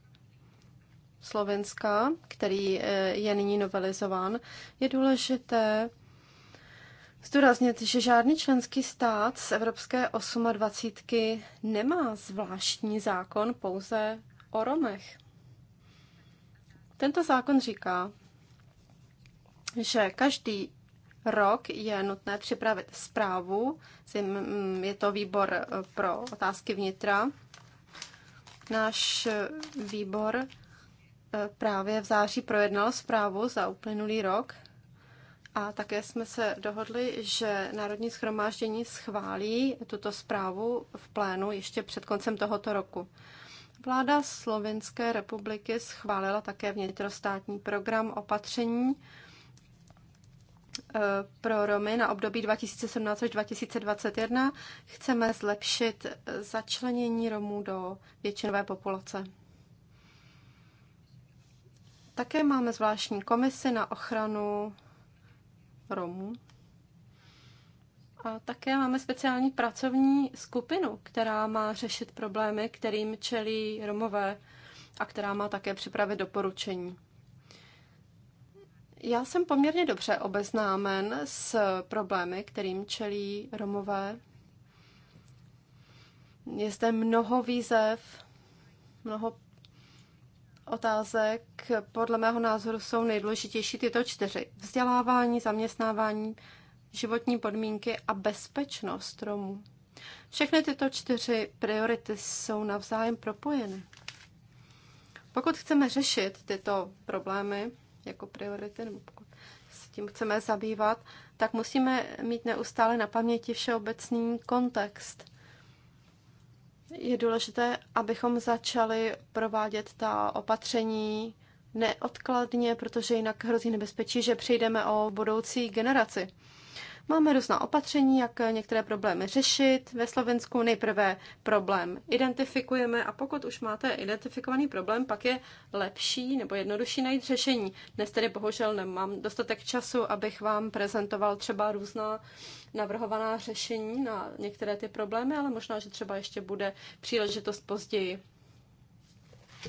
Slovenska, který eh, je nyní novelizován, je důležité zdůraznit, že žádný členský stát z Evropské 28 nemá zvláštní zákon pouze o Romech. Tento zákon říká, že každý rok je nutné připravit zprávu, mm, je to výbor eh, pro otázky vnitra. Náš eh, výbor právě v září projednal zprávu za uplynulý rok a také jsme se dohodli, že Národní schromáždění schválí tuto zprávu v plénu ještě před koncem tohoto roku. Vláda Slovenské republiky schválila také vnitrostátní program opatření e, pro Romy na období 2017 až 2021. Chceme zlepšit začlenění Romů do většinové populace. Také máme zvláštní komisi na ochranu Romů. A také máme speciální pracovní skupinu, která má řešit problémy, kterým čelí Romové a která má také připravit doporučení. Já jsem poměrně dobře obeznámen s problémy, kterým čelí Romové. Je zde mnoho výzev, mnoho otázek podle mého názoru jsou nejdůležitější tyto čtyři. Vzdělávání, zaměstnávání, životní podmínky a bezpečnost Romů. Všechny tyto čtyři priority jsou navzájem propojeny. Pokud chceme řešit tyto problémy jako priority, nebo pokud s tím chceme zabývat, tak musíme mít neustále na paměti všeobecný kontext – je důležité, abychom začali provádět ta opatření neodkladně, protože jinak hrozí nebezpečí, že přijdeme o budoucí generaci. Máme různá opatření, jak některé problémy řešit. Ve Slovensku nejprve problém identifikujeme a pokud už máte identifikovaný problém, pak je lepší nebo jednodušší najít řešení. Dnes tedy bohužel nemám dostatek času, abych vám prezentoval třeba různá navrhovaná řešení na některé ty problémy, ale možná, že třeba ještě bude příležitost později.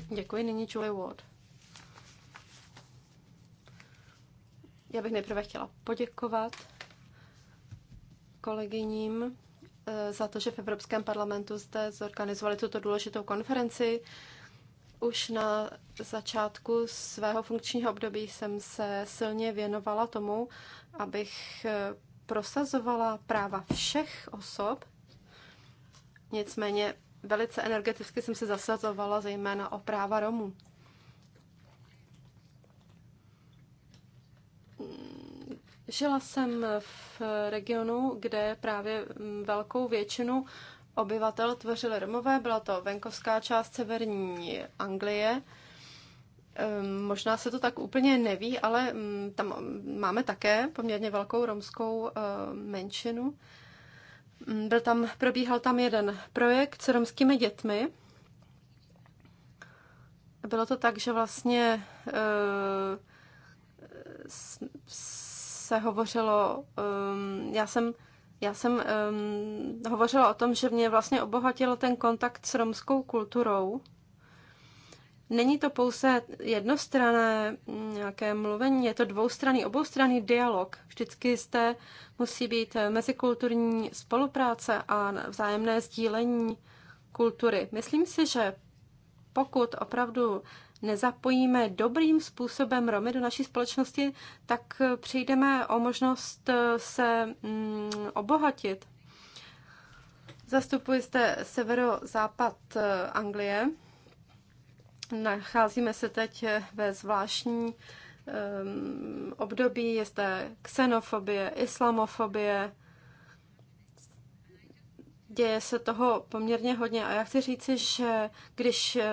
Děkuji, nyní Julie Ward. Já bych nejprve chtěla poděkovat kolegyním eh, za to, že v Evropském parlamentu jste zorganizovali tuto důležitou konferenci. Už na začátku svého funkčního období jsem se silně věnovala tomu, abych eh, prosazovala práva všech osob. Nicméně velice energeticky jsem se zasazovala zejména o práva Romů. Žila jsem v regionu, kde právě velkou většinu obyvatel tvořili Romové. Byla to venkovská část severní Anglie. Ehm, možná se to tak úplně neví, ale mm, tam máme také poměrně velkou romskou ehm, menšinu. Mm, byl tam, probíhal tam jeden projekt s romskými dětmi. Bylo to tak, že vlastně ehm, s, s se hovořilo, um, já jsem, já jsem um, hovořila o tom, že mě vlastně obohatil ten kontakt s romskou kulturou. Není to pouze jednostrané mm, nějaké mluvení, je to dvoustranný, oboustranný dialog. Vždycky jste, musí být mezikulturní spolupráce a vzájemné sdílení kultury. Myslím si, že pokud opravdu nezapojíme dobrým způsobem Romy do naší společnosti, tak eh, přijdeme o možnost eh, se mm, obohatit. Zastupuji jste severozápad eh, Anglie. Nacházíme se teď ve zvláštní um, období. Je zde ksenofobie, islamofobie, Děje se toho poměrně hodně a já chci říci, že když eh,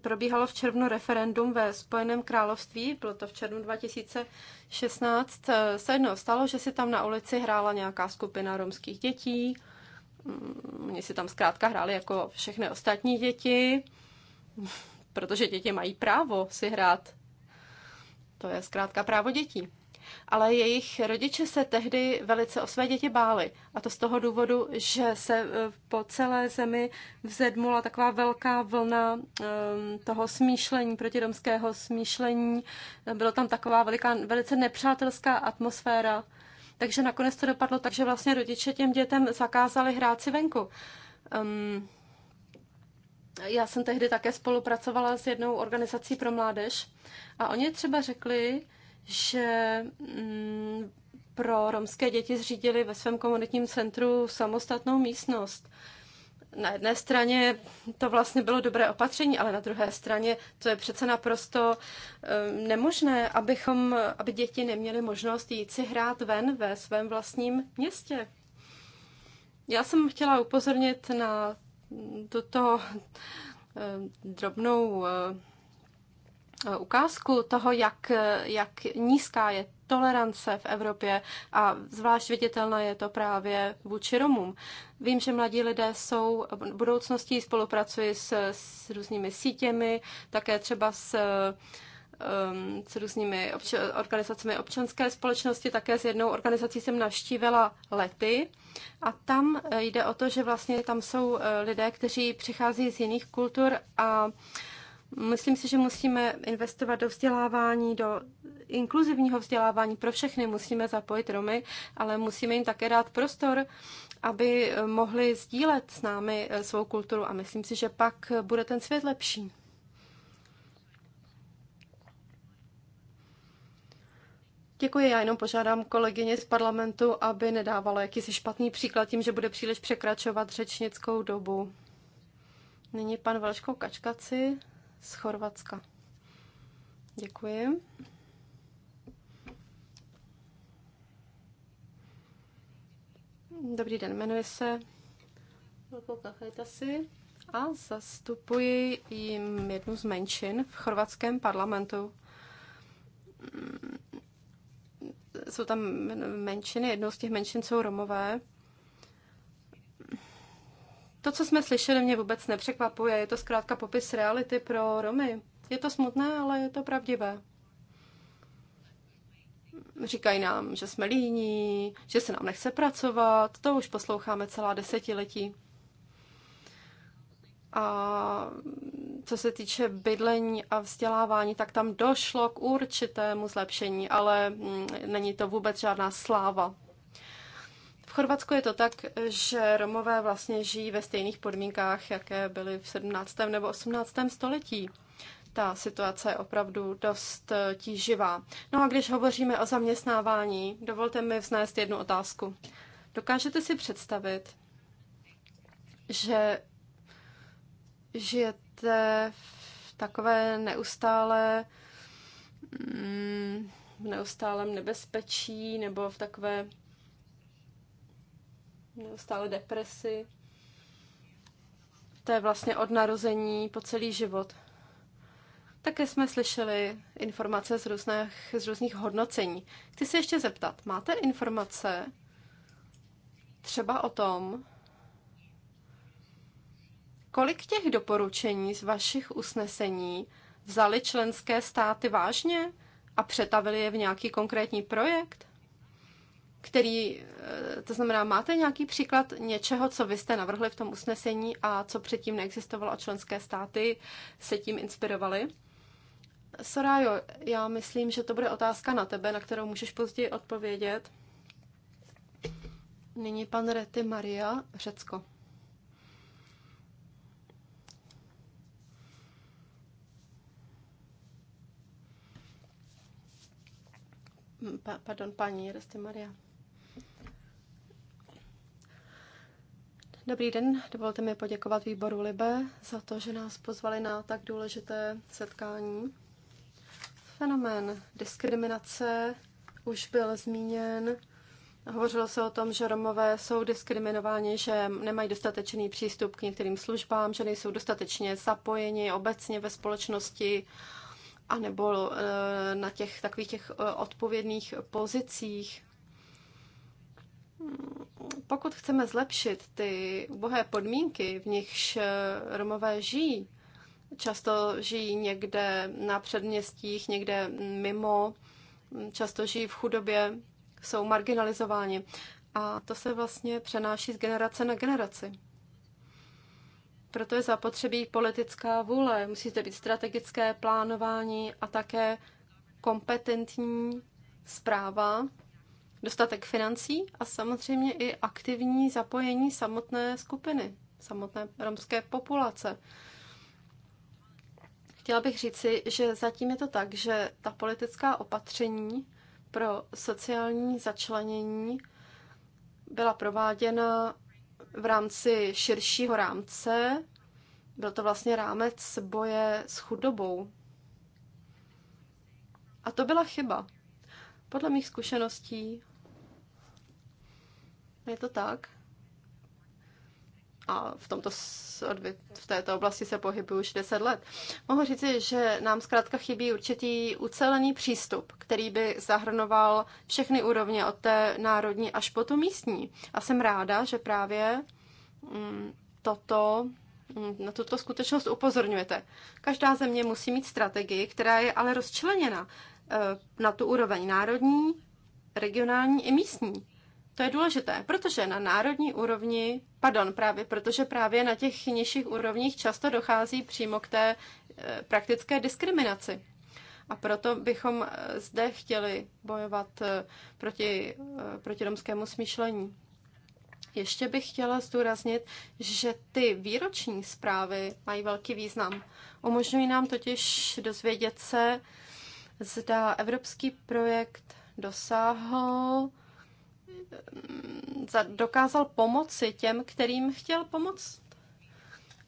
probíhalo v červnu referendum ve Spojeném království, bylo to v červnu 2016, eh, se jednou stalo, že si tam na ulici hrála nějaká skupina romských dětí. Mm, oni si tam zkrátka hráli jako všechny ostatní děti, <laughs> protože děti mají právo si hrát. To je zkrátka právo dětí ale jejich rodiče se tehdy velice o své děti báli. A to z toho důvodu, že se eh, po celé zemi vzedmula taková velká vlna eh, toho smýšlení, protiromského smýšlení. Bylo tam taková veliká, velice nepřátelská atmosféra. Takže nakonec to dopadlo tak, že vlastně rodiče těm dětem zakázali hrát si venku. Um, já jsem tehdy také spolupracovala s jednou organizací pro mládež a oni třeba řekli, že mm, pro romské děti zřídili ve svém komunitním centru samostatnou místnost. Na jedné straně to vlastně bylo dobré opatření, ale na druhé straně to je přece naprosto ehm, nemožné, abychom, aby děti neměly možnost jít si hrát ven ve svém vlastním městě. Já jsem chtěla upozornit na tuto ehm, drobnou ehm, Eh, ukázku toho, jak, eh, jak nízká je tolerance v Evropě a zvlášť viditelné je to právě vůči Romům. Vím, že mladí lidé jsou v budoucnosti, spolupracují s, s různými sítěmi, také třeba s, ehm, s různými obč- organizacemi občanské společnosti, také s jednou organizací jsem navštívila lety a tam eh, jde o to, že vlastně tam jsou lidé, kteří přichází z jiných kultur a uh, Myslím si, že musíme investovat do vzdělávání, do inkluzivního vzdělávání pro všechny. Musíme zapojit Romy, ale musíme jim také dát prostor, aby eh, mohli sdílet s námi eh, svou kulturu a myslím si, že pak eh, bude ten svět lepší. Děkuji, já jenom požádám kolegyně z parlamentu, aby nedávala jakýsi špatný příklad tím, že bude příliš překračovat řečnickou dobu. Nyní pan Velško Kačkaci z Chorvatska. Děkuji. Dobrý den, jmenuji se Velkou Kachetasi a zastupuji jim jednu z menšin v chorvatském parlamentu. Jsou tam menšiny, jednou z těch menšin jsou Romové, to, co jsme slyšeli, mě vůbec nepřekvapuje. Je to zkrátka popis reality pro Romy. Je to smutné, ale je to pravdivé. Říkají nám, že jsme líní, že se nám nechce pracovat. To už posloucháme celá desetiletí. A co se týče bydlení a vzdělávání, tak tam došlo k určitému zlepšení, ale mm, není to vůbec žádná sláva Chorvatsku je to tak, že Romové vlastně žijí ve stejných podmínkách, jaké byly v 17. nebo 18. století. Ta situace je opravdu dost eh, tíživá. No a když hovoříme o zaměstnávání, dovolte mi vznést jednu otázku. Dokážete si představit, že žijete v takové neustále mm, v neustálém nebezpečí nebo v takové neustále depresi. To je vlastně od narození po celý život. Také jsme slyšeli informace z různých, z různých hodnocení. Chci se ještě zeptat, máte informace třeba o tom, kolik těch doporučení z vašich usnesení vzali členské státy vážně a přetavili je v nějaký konkrétní projekt? který, eh, to znamená, máte nějaký příklad něčeho, co vy jste navrhli v tom usnesení a co předtím neexistovalo a členské státy se tím inspirovaly? Sorájo, já myslím, že to bude otázka na tebe, na kterou můžeš později odpovědět. Nyní pan Rety Maria, Řecko. Pa, pardon, paní Rety Maria. Dobrý den, dovolte mi poděkovat výboru Libe za to, že nás pozvali na tak důležité setkání. Fenomén diskriminace už byl zmíněn. Hovořilo se o tom, že Romové jsou diskriminováni, že nemají dostatečný přístup k některým službám, že nejsou dostatečně zapojeni obecně ve společnosti anebo e, na těch takových těch e, odpovědných pozicích pokud chceme zlepšit ty ubohé podmínky, v nichž eh, Romové žijí, často žijí někde na předměstích, někde mimo, hm, často žijí v chudobě, jsou marginalizováni. A to se vlastně přenáší z generace na generaci. Proto je zapotřebí politická vůle, musíte být strategické plánování a také kompetentní zpráva dostatek financí a samozřejmě i aktivní zapojení samotné skupiny, samotné romské populace. Chtěla bych říci, že zatím je to tak, že ta politická opatření pro sociální začlenění byla prováděna v rámci širšího rámce. Byl to vlastně rámec boje s chudobou. A to byla chyba. Podle mých zkušeností je to tak? a v, tomto, v této oblasti se pohybuju už 10 let. Mohu říci, že nám zkrátka chybí určitý ucelený přístup, který by zahrnoval všechny úrovně od té národní až po tu místní. A jsem ráda, že právě mm, toto, mm, na tuto skutečnost upozorňujete. Každá země musí mít strategii, která je ale rozčleněna eh, na tu úroveň národní, regionální i místní. To je důležité, protože na národní úrovni, pardon, právě protože právě na těch nižších úrovních často dochází přímo k té e, praktické diskriminaci. A proto bychom e, zde chtěli bojovat e, proti, proti romskému smýšlení. Ještě bych chtěla zdůraznit, že ty výroční zprávy mají velký význam. Umožňují nám totiž dozvědět se, zda evropský projekt dosáhl Mm, dokázal pomoci těm, kterým chtěl pomoct.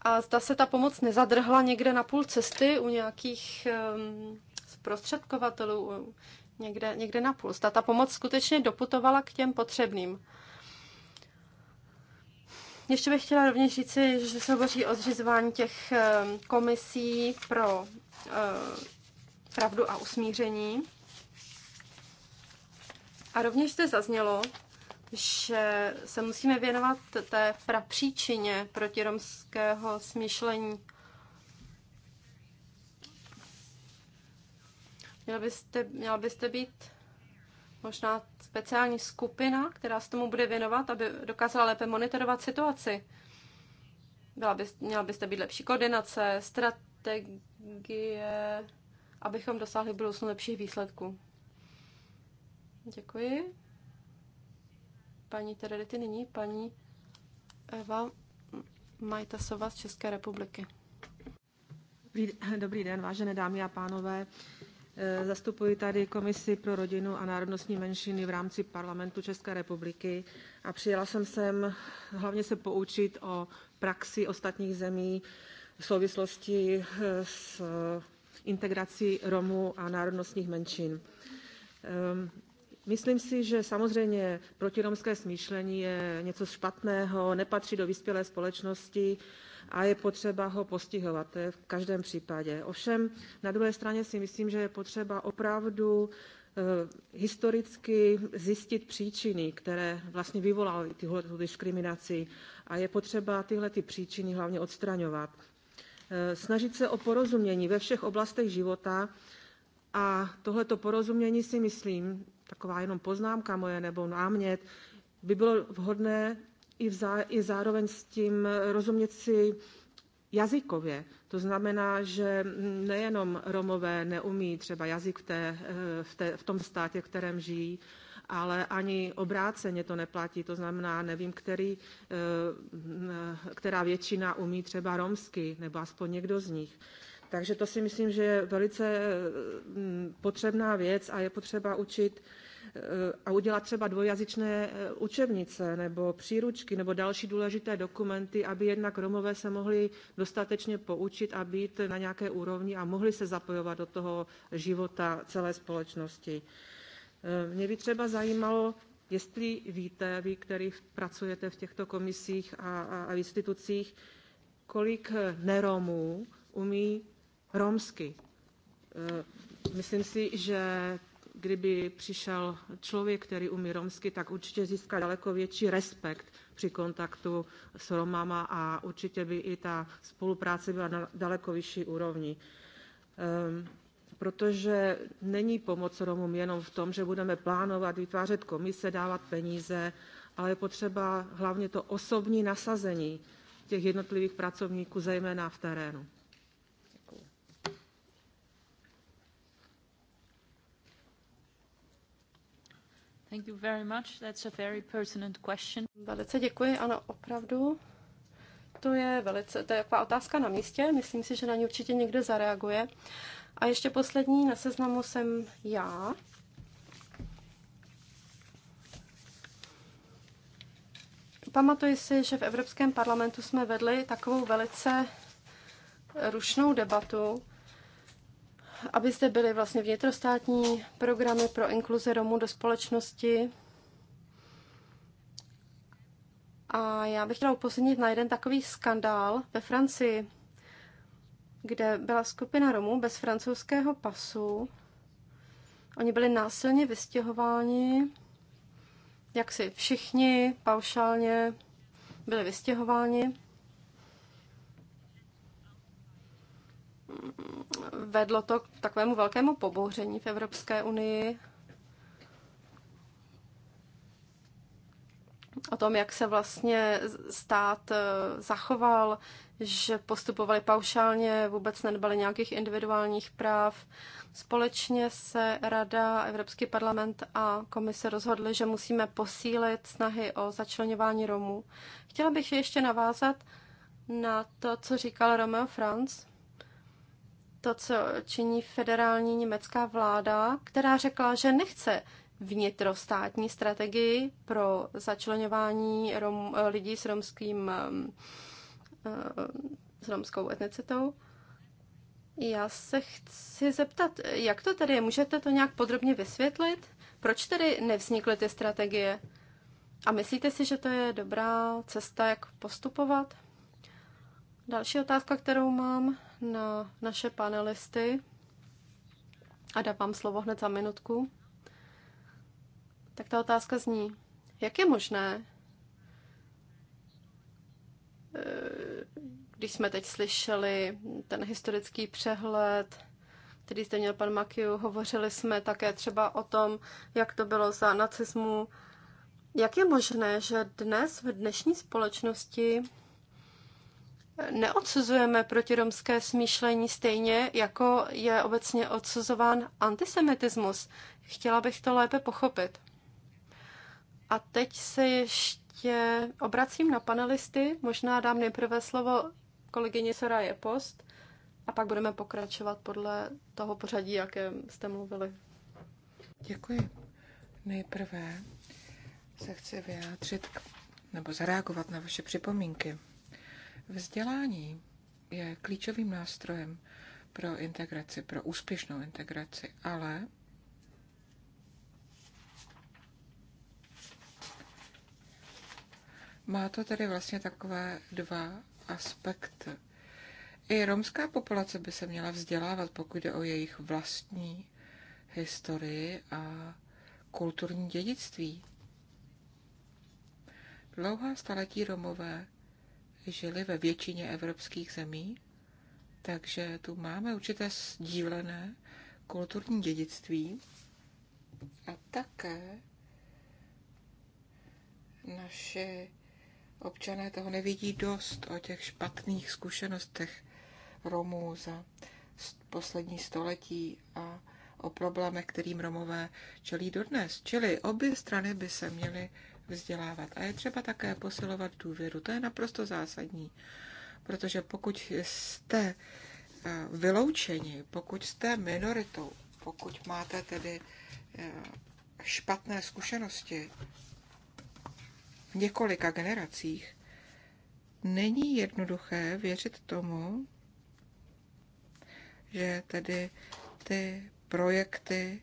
A zda se ta pomoc nezadrhla někde na půl cesty u nějakých um, zprostředkovatelů, někde, někde na půl. Zda ta pomoc skutečně doputovala k těm potřebným. Ještě bych chtěla rovněž říci, že se hovoří o zřizování těch komisí pro um, pravdu a usmíření. A rovněž zde zaznělo, že se musíme věnovat té prapříčině protiromského smýšlení. Měla byste, měla byste být možná speciální skupina, která se tomu bude věnovat, aby dokázala lépe monitorovat situaci. Byla by, měla byste být lepší koordinace, strategie, abychom dosáhli v budoucnu lepších výsledků. Děkuji. Paní Teredity, nyní paní Eva Majtasova z České republiky. <laughs> Dobrý den, vážené dámy a pánové. E, zastupuji tady Komisi pro rodinu a národnostní menšiny v rámci parlamentu České republiky a přijela jsem sem hlavně se poučit o praxi ostatních zemí v souvislosti e, s integrací Romů a národnostních menšin. Ehm, Myslím si, že samozřejmě protiromské smýšlení je něco špatného, nepatří do vyspělé společnosti a je potřeba ho postihovat, to je v každém případě. Ovšem na druhé straně si myslím, že je potřeba opravdu eh, historicky zjistit příčiny, které vlastně vyvolaly tyhle diskriminaci a je potřeba tyhle ty příčiny hlavně odstraňovat. Eh, snažit se o porozumění ve všech oblastech života a tohleto porozumění si myslím, taková jenom poznámka moje nebo námět, by bylo vhodné i, vzá, i zároveň s tím rozumět si jazykově. To znamená, že nejenom Romové neumí třeba jazyk v, té, eh, v, té, v tom státě, v kterém žijí, ale ani obráceně to neplatí. To znamená, nevím, který, eh, eh, která většina umí třeba romsky, nebo aspoň někdo z nich. Takže to si myslím, že je velice eh, potřebná věc a je potřeba učit eh, a udělat třeba dvojazyčné eh, učebnice nebo příručky nebo další důležité dokumenty, aby jednak Romové se mohli dostatečně poučit a být na nějaké úrovni a mohli se zapojovat do toho života celé společnosti. Mě by třeba zajímalo, jestli víte, vy, který pracujete v těchto komisích a, a, a institucích, kolik neromů umí romsky. Eh, myslím si, že kdyby přišel člověk, který umí romsky, tak určitě získá daleko větší respekt při kontaktu s Romama a určitě by i ta spolupráce byla na daleko vyšší úrovni. Ehm, protože není pomoc Romům jenom v tom, že budeme plánovat, vytvářet komise, dávat peníze, ale je potřeba hlavně to osobní nasazení těch jednotlivých pracovníků, zejména v terénu. Thank you very much. That's a very pertinent question. Velice děkuji, ano, opravdu. To je velice, to je taková otázka na místě, myslím si, že na ní určitě někdo zareaguje. A ještě poslední na seznamu jsem já. Pamatuji si, že v Evropském parlamentu jsme vedli takovou velice rušnou debatu aby zde byly vlastně vnitrostátní programy pro inkluzi Romů do společnosti. A já bych chtěla upozornit na jeden takový skandál ve Francii, kde byla skupina Romů bez francouzského pasu. Oni byli násilně vystěhováni, jak si všichni paušálně byli vystěhováni. vedlo to k takovému velkému pobouření v Evropské unii o tom, jak se vlastně stát eh, zachoval, že postupovali paušálně, vůbec nedbali nějakých individuálních práv. Společně se Rada, Evropský parlament a komise rozhodly, že musíme posílit snahy o začlenování Romů. Chtěla bych ještě navázat na to, co říkal Romeo Franz to, co činí federální německá vláda, která řekla, že nechce vnitrostátní strategii pro začlenování rom, lidí s romským um, uh, s romskou etnicitou. Já se chci zeptat, jak to tedy je? Můžete to nějak podrobně vysvětlit? Proč tedy nevznikly ty strategie? A myslíte si, že to je dobrá cesta, jak postupovat? Další otázka, kterou mám, na naše panelisty a dám vám slovo hned za minutku. Tak ta otázka zní, jak je možné, eh, když jsme teď slyšeli ten historický přehled, který zde měl pan Makiu, hovořili jsme také třeba o tom, jak to bylo za nacismu. Jak je možné, že dnes v dnešní společnosti neodsuzujeme protiromské smýšlení stejně, jako je obecně odsuzován antisemitismus. Chtěla bych to lépe pochopit. A teď se ještě obracím na panelisty. Možná dám nejprve slovo kolegyni Soraje Post a pak budeme pokračovat podle toho pořadí, jaké jste mluvili. Děkuji. Nejprve se chci vyjádřit nebo zareagovat na vaše připomínky. Vzdělání je klíčovým nástrojem pro integraci, pro úspěšnou integraci, ale má to tedy vlastně takové dva aspekty. I romská populace by se měla vzdělávat, pokud jde o jejich vlastní historii a kulturní dědictví. Dlouhá staletí Romové žili ve většině evropských zemí, takže tu máme určité sdílené kulturní dědictví a také naše občané toho nevidí dost o těch špatných zkušenostech Romů za poslední století a o problémech, kterým Romové čelí dodnes. Čili obě strany by se měly vzdělávat. A je třeba také posilovat důvěru. To je naprosto zásadní, protože pokud jste eh, vyloučeni, pokud jste minoritou, pokud máte tedy eh, špatné zkušenosti v několika generacích, není jednoduché věřit tomu, že tedy ty projekty,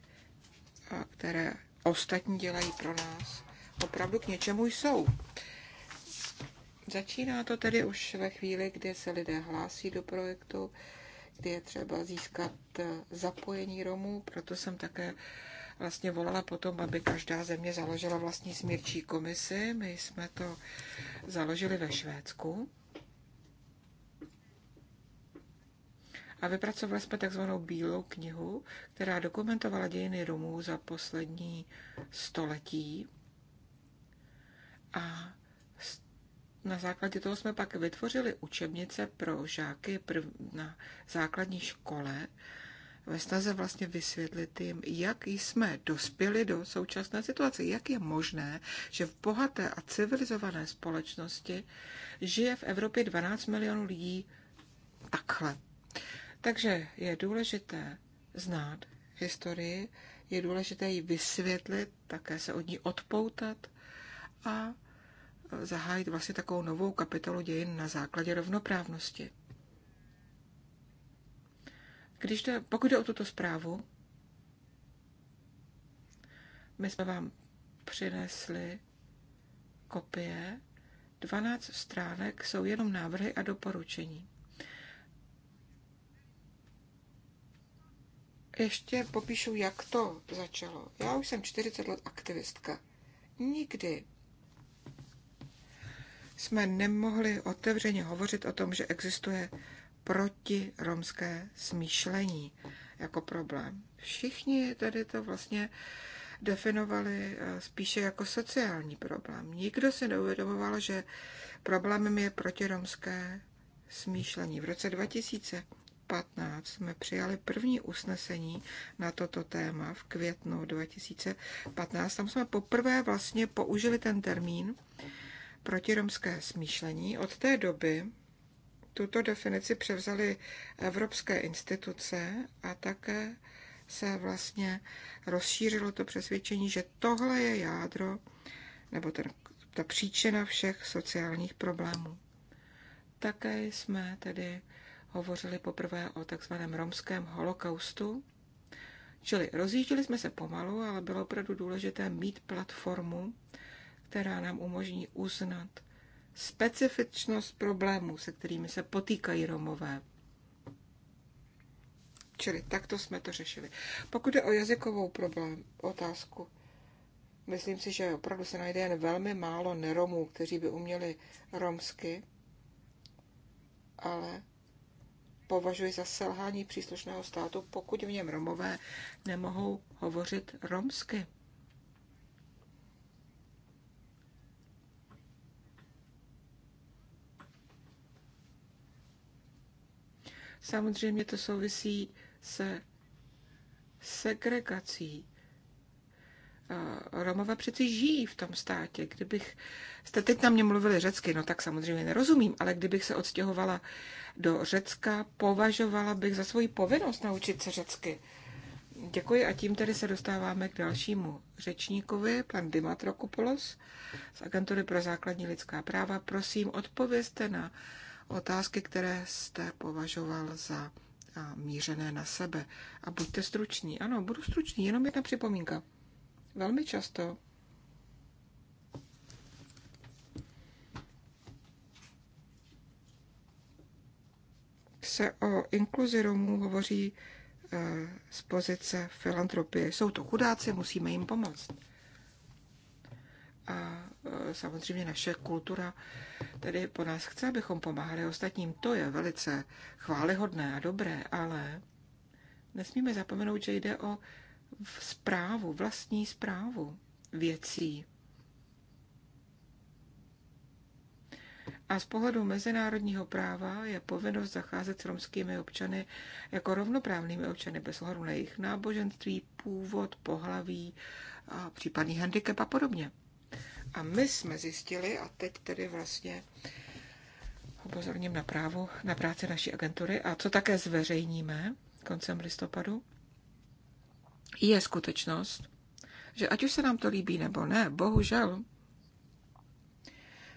eh, které ostatní dělají pro nás, opravdu k něčemu jsou. Začíná to tedy už ve chvíli, kdy se lidé hlásí do projektu, kdy je třeba získat eh, zapojení Romů, proto jsem také vlastně volala potom, aby každá země založila vlastní smírčí komisi. My jsme to založili ve Švédsku. A vypracovali jsme takzvanou bílou knihu, která dokumentovala dějiny Romů za poslední století. A na základě toho jsme pak vytvořili učebnice pro žáky na základní škole ve snaze vlastně vysvětlit jim, jak jsme dospěli do současné situace, jak je možné, že v bohaté a civilizované společnosti žije v Evropě 12 milionů lidí takhle. Takže je důležité znát historii, je důležité ji vysvětlit, také se od ní odpoutat a zahájit vlastně takovou novou kapitolu dějin na základě rovnoprávnosti. Když jde, pokud jde o tuto zprávu, my jsme vám přinesli kopie. 12 stránek jsou jenom návrhy a doporučení. Ještě popíšu, jak to začalo. Já už jsem 40 let aktivistka. Nikdy jsme nemohli otevřeně hovořit o tom, že existuje protiromské smýšlení jako problém. Všichni tady to vlastně definovali eh, spíše jako sociální problém. Nikdo si neuvědomoval, že problémem je protiromské smýšlení. V roce 2015 jsme přijali první usnesení na toto téma v květnu 2015. Tam jsme poprvé vlastně použili ten termín protiromské smýšlení. Od té doby tuto definici převzaly evropské instituce a také se vlastně rozšířilo to přesvědčení, že tohle je jádro nebo ten, ta příčina všech sociálních problémů. Také jsme tedy hovořili poprvé o takzvaném romském holokaustu, čili rozjížděli jsme se pomalu, ale bylo opravdu důležité mít platformu, která nám umožní uznat specifičnost problémů, se kterými se potýkají Romové. Čili takto jsme to řešili. Pokud je o jazykovou problém, otázku, myslím si, že opravdu se najde jen velmi málo neromů, kteří by uměli romsky, ale považuji za selhání příslušného státu, pokud v něm Romové nemohou hovořit romsky. Samozřejmě to souvisí se segregací. Romové přeci žijí v tom státě. Kdybych, jste teď na mě mluvili řecky, no tak samozřejmě nerozumím, ale kdybych se odstěhovala do Řecka, považovala bych za svoji povinnost naučit se řecky. Děkuji a tím tedy se dostáváme k dalšímu řečníkovi, pan Dimatrokopoulos z Agentury pro základní lidská práva. Prosím, odpovězte na otázky, které jste považoval za mířené na sebe. A buďte struční. Ano, budu stručný, jenom jedna připomínka. Velmi často se o inkluzi Romů hovoří e, z pozice filantropie. Jsou to chudáci, musíme jim pomoct a e, samozřejmě naše kultura tedy po nás chce, abychom pomáhali ostatním. To je velice chválihodné a dobré, ale nesmíme zapomenout, že jde o zprávu, vlastní zprávu věcí. A z pohledu mezinárodního práva je povinnost zacházet s romskými občany jako rovnoprávnými občany bez ohledu na jejich náboženství, původ, pohlaví, a případný handicap a podobně. A my jsme zjistili, a teď tedy vlastně upozorním na, právu, na práci naší agentury, a co také zveřejníme koncem listopadu, je skutečnost, že ať už se nám to líbí nebo ne, bohužel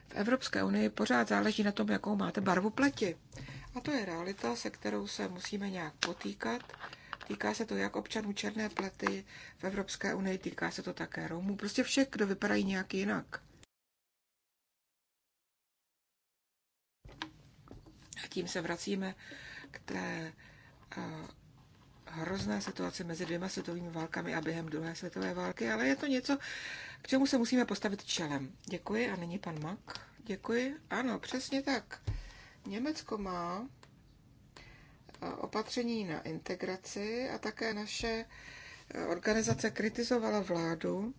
v Evropské unii pořád záleží na tom, jakou máte barvu pleti. A to je realita, se kterou se musíme nějak potýkat Týká se to jak občanů černé plety v Evropské unii, týká se to také Romů, prostě všech, kdo vypadají nějak jinak. A tím se vracíme k té hrozné situaci mezi dvěma světovými válkami a během druhé světové války, ale je to něco, k čemu se musíme postavit čelem. Děkuji a není pan Mak. Děkuji. Ano, přesně tak. Německo má opatření na integraci a také naše eh, organizace kritizovala vládu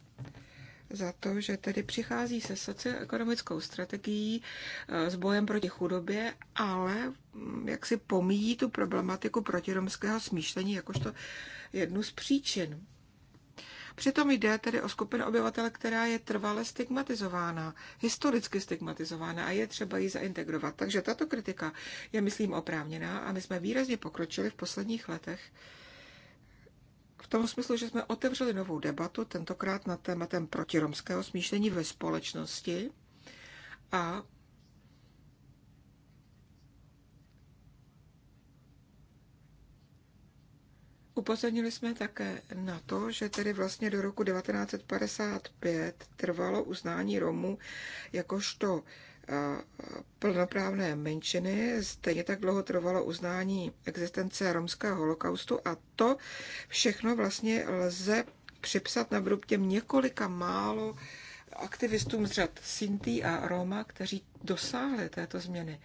za to, že tedy přichází se socioekonomickou strategií eh, s bojem proti chudobě, ale mm, jak si pomíjí tu problematiku protiromského smýšlení jakožto jednu z příčin Přitom jde tedy o skupinu obyvatel, která je trvale stigmatizována, historicky stigmatizována a je třeba ji zaintegrovat. Takže tato kritika je, myslím, oprávněná a my jsme výrazně pokročili v posledních letech v tom smyslu, že jsme otevřeli novou debatu, tentokrát nad tématem protiromského smýšlení ve společnosti a Upozornili jsme také na to, že tedy vlastně do roku 1955 trvalo uznání Romů jakožto eh, plnoprávné menšiny, stejně tak dlouho trvalo uznání existence romského holokaustu a to všechno vlastně lze připsat na těm několika málo aktivistům z řad Sinti a Roma, kteří dosáhli této změny.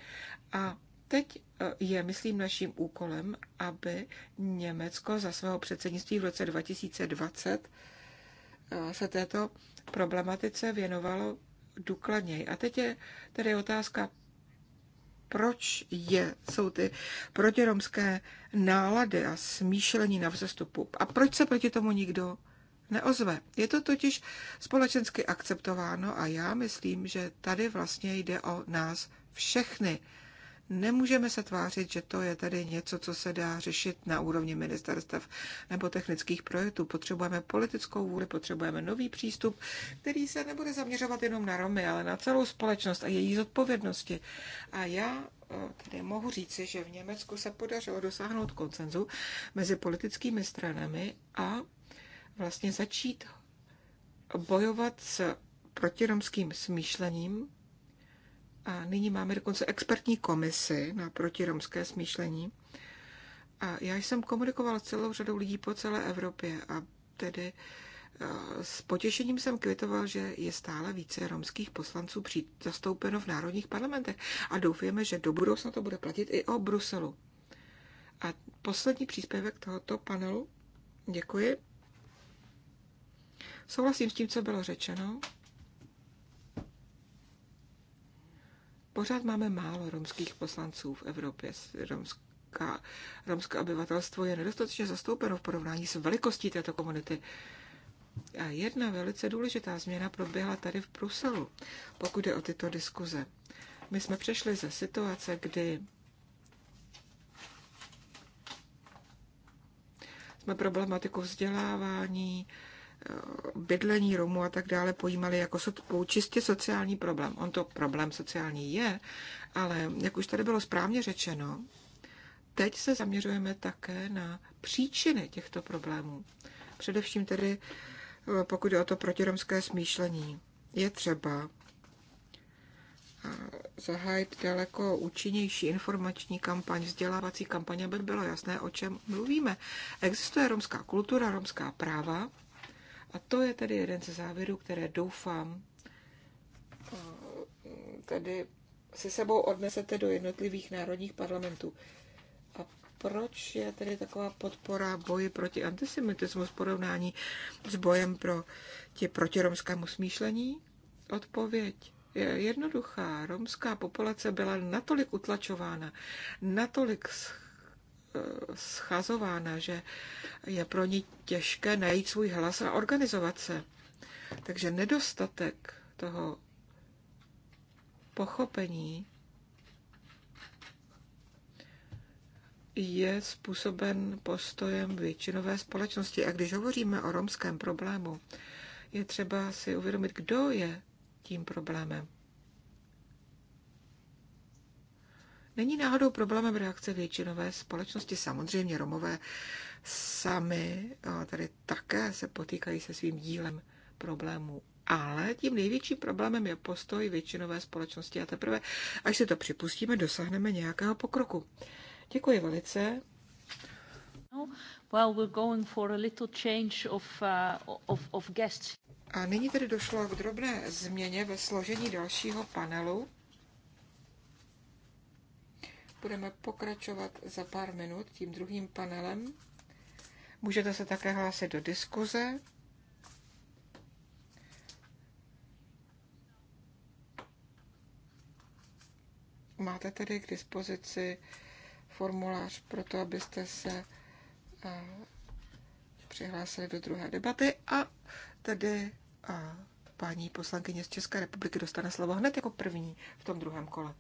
A teď je, myslím, naším úkolem, aby Německo za svého předsednictví v roce 2020 eh, se této problematice věnovalo důkladněji. A teď je tedy otázka, proč je, jsou ty protiromské nálady a smýšlení na vzestupu a proč se proti tomu nikdo neozve. Je to totiž společensky akceptováno a já myslím, že tady vlastně jde o nás všechny. Nemůžeme se tvářit, že to je tady něco, co se dá řešit na úrovni ministerstev nebo technických projektů. Potřebujeme politickou vůli, potřebujeme nový přístup, který se nebude zaměřovat jenom na Romy, ale na celou společnost a její zodpovědnosti. A já eh, tedy mohu říci, že v Německu se podařilo dosáhnout koncenzu mezi politickými stranami a vlastně začít bojovat s protiromským smýšlením a nyní máme dokonce expertní komisi na protiromské smýšlení. A já jsem komunikovala s celou řadou lidí po celé Evropě a tedy s potěšením jsem kvitoval, že je stále více romských poslanců zastoupeno v národních parlamentech a doufujeme, že do budoucna to bude platit i o Bruselu. A poslední příspěvek tohoto panelu. Děkuji. Souhlasím s tím, co bylo řečeno. Pořád máme málo romských poslanců v Evropě. Romská, romské obyvatelstvo je nedostatečně zastoupeno v porovnání s velikostí této komunity. A jedna velice důležitá změna proběhla tady v Bruselu, pokud je o tyto diskuze. My jsme přešli ze situace, kdy jsme problematiku vzdělávání, bydlení Romů a tak dále pojímali jako so, jako čistě sociální problém. On to problém sociální je, ale jak už tady bylo správně řečeno, teď se zaměřujeme také na příčiny těchto problémů. Především tedy eh, pokud je o to protiromské smýšlení. Je třeba eh, zahájit daleko účinnější informační kampaň, vzdělávací kampaň, aby bylo jasné, o čem mluvíme. Existuje romská kultura, romská práva a to je tedy jeden ze závěrů, které doufám eh, tedy si sebou odnesete do jednotlivých národních parlamentů. A proč je tedy taková podpora boji proti antisemitismu v porovnání s bojem pro proti protiromskému smýšlení? Odpověď je jednoduchá. Romská populace byla natolik utlačována, natolik Eh, schazována, že je pro ní těžké najít svůj hlas a organizovat se. Takže nedostatek toho pochopení je způsoben postojem většinové společnosti. A když hovoříme o romském problému, je třeba si uvědomit, kdo je tím problémem. Není náhodou problémem reakce většinové společnosti. Samozřejmě Romové sami tady také se potýkají se svým dílem problémů. Ale tím největším problémem je postoj většinové společnosti a teprve, až si to připustíme, dosáhneme nějakého pokroku. Děkuji velice. Well, we're going for a little change of, uh, of, of guests. A nyní tedy došlo k drobné změně ve složení dalšího panelu budeme pokračovat za pár minut tím druhým panelem. Můžete se také hlásit do diskuze. Máte tedy k dispozici formulář pro to, abyste se eh, přihlásili do druhé debaty a tedy eh, paní poslankyně z České republiky dostane slovo hned jako první v tom druhém kole.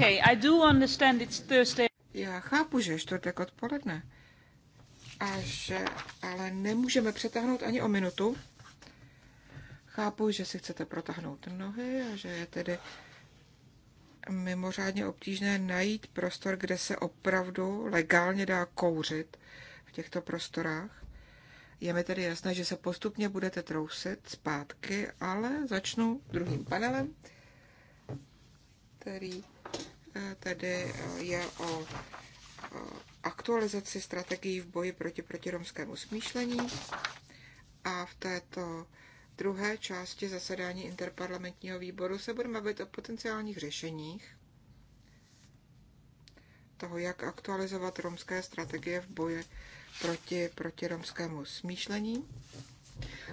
Okay, I do understand it's Thursday. Já chápu, že je čtvrtek odpoledne. A že ale nemůžeme přetáhnout ani o minutu. Chápu, že si chcete protáhnout nohy a že je tedy mimořádně obtížné najít prostor, kde se opravdu legálně dá kouřit v těchto prostorách. Je mi tedy jasné, že se postupně budete trousit zpátky, ale začnu druhým panelem, který tedy eh, je o eh, aktualizaci strategií v boji proti protiromskému smýšlení a v této druhé části zasedání interparlamentního výboru se budeme bavit o potenciálních řešeních toho, jak aktualizovat romské strategie v boji proti, proti romskému smýšlení.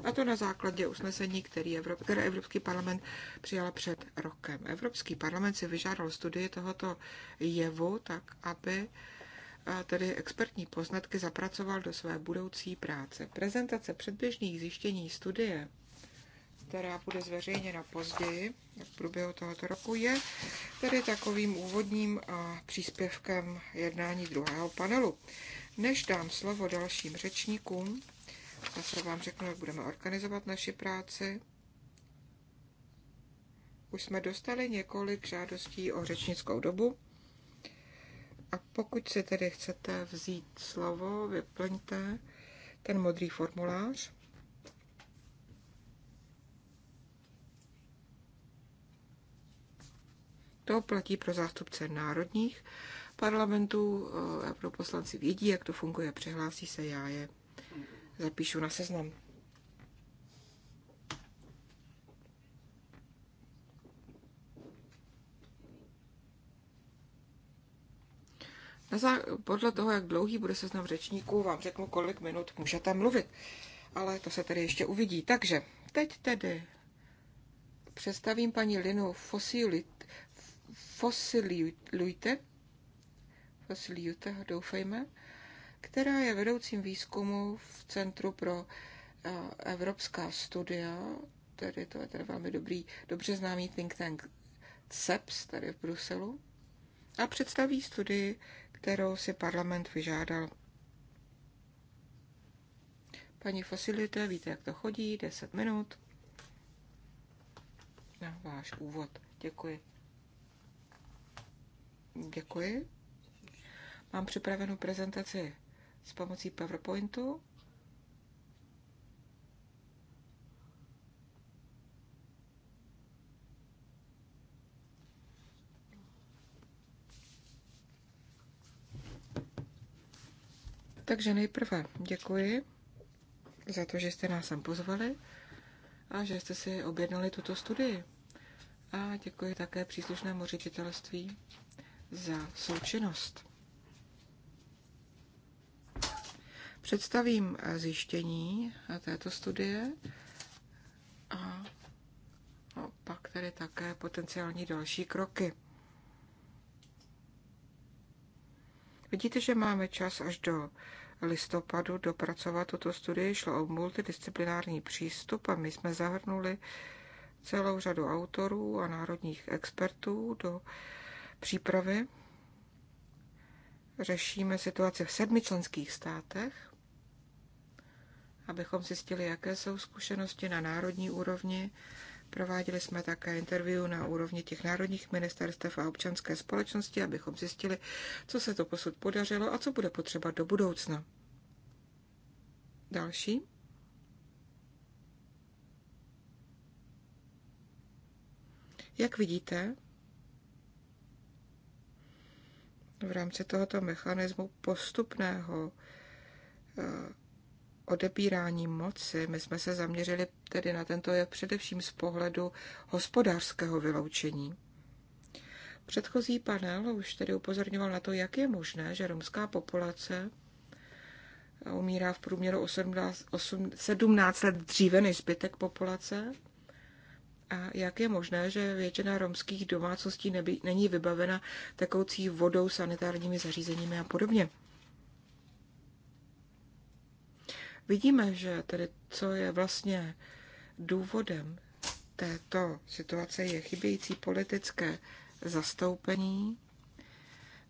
A to na základě usnesení, který Evrop, které Evropský parlament přijal před rokem. Evropský parlament si vyžádal studii tohoto jevu, tak aby tedy expertní poznatky zapracoval do své budoucí práce. Prezentace předběžných zjištění studie, která bude zveřejněna později v průběhu tohoto roku, je tedy takovým úvodním příspěvkem jednání druhého panelu. Než dám slovo dalším řečníkům, Zase vám řeknu, jak budeme organizovat naši práci. Už jsme dostali několik žádostí o řečnickou dobu. A pokud si tedy chcete vzít slovo, vyplňte ten modrý formulář. To platí pro zástupce národních parlamentů. Europoslanci vědí, jak to funguje, přihlásí se, já je zapíšu na seznam. podle toho, jak dlouhý bude seznam řečníků, vám řeknu, kolik minut můžete mluvit. Ale to se tedy ještě uvidí. Takže teď tedy představím paní Linu Fosilit, Fosiliute, Fosiliute, doufejme, která je vedoucím výzkumu v Centru pro eh, evropská studia, tedy to je tedy velmi dobrý, dobře známý think tank CEPS tady v Bruselu, a představí studii, kterou si parlament vyžádal. Paní Fosilite, víte, jak to chodí, 10 minut na váš úvod. Děkuji. Děkuji. Mám připravenou prezentaci s pomocí PowerPointu. Takže nejprve děkuji za to, že jste nás sem pozvali a že jste si objednali tuto studii. A děkuji také příslušnému ředitelství za součinnost. Představím eh, zjištění eh, této studie a no, pak tedy také potenciální další kroky. Vidíte, že máme čas až do listopadu dopracovat tuto studii. Šlo o multidisciplinární přístup a my jsme zahrnuli celou řadu autorů a národních expertů do přípravy. Řešíme situaci v sedmi členských státech abychom zjistili, jaké jsou zkušenosti na národní úrovni. Prováděli jsme také interview na úrovni těch národních ministerstev a občanské společnosti, abychom zjistili, co se to posud podařilo a co bude potřeba do budoucna. Další. Jak vidíte, v rámci tohoto mechanismu postupného eh, odebírání moci, my jsme se zaměřili tedy na tento jev především z pohledu hospodářského vyloučení. Předchozí panel už tedy upozorňoval na to, jak je možné, že romská populace umírá v průměru 18, 8, 17 let dříve než zbytek populace a jak je možné, že většina romských domácností neby, není vybavena tekoucí vodou, sanitárními zařízeními a podobně. Vidíme, že tedy co je vlastně důvodem této situace je chybějící politické zastoupení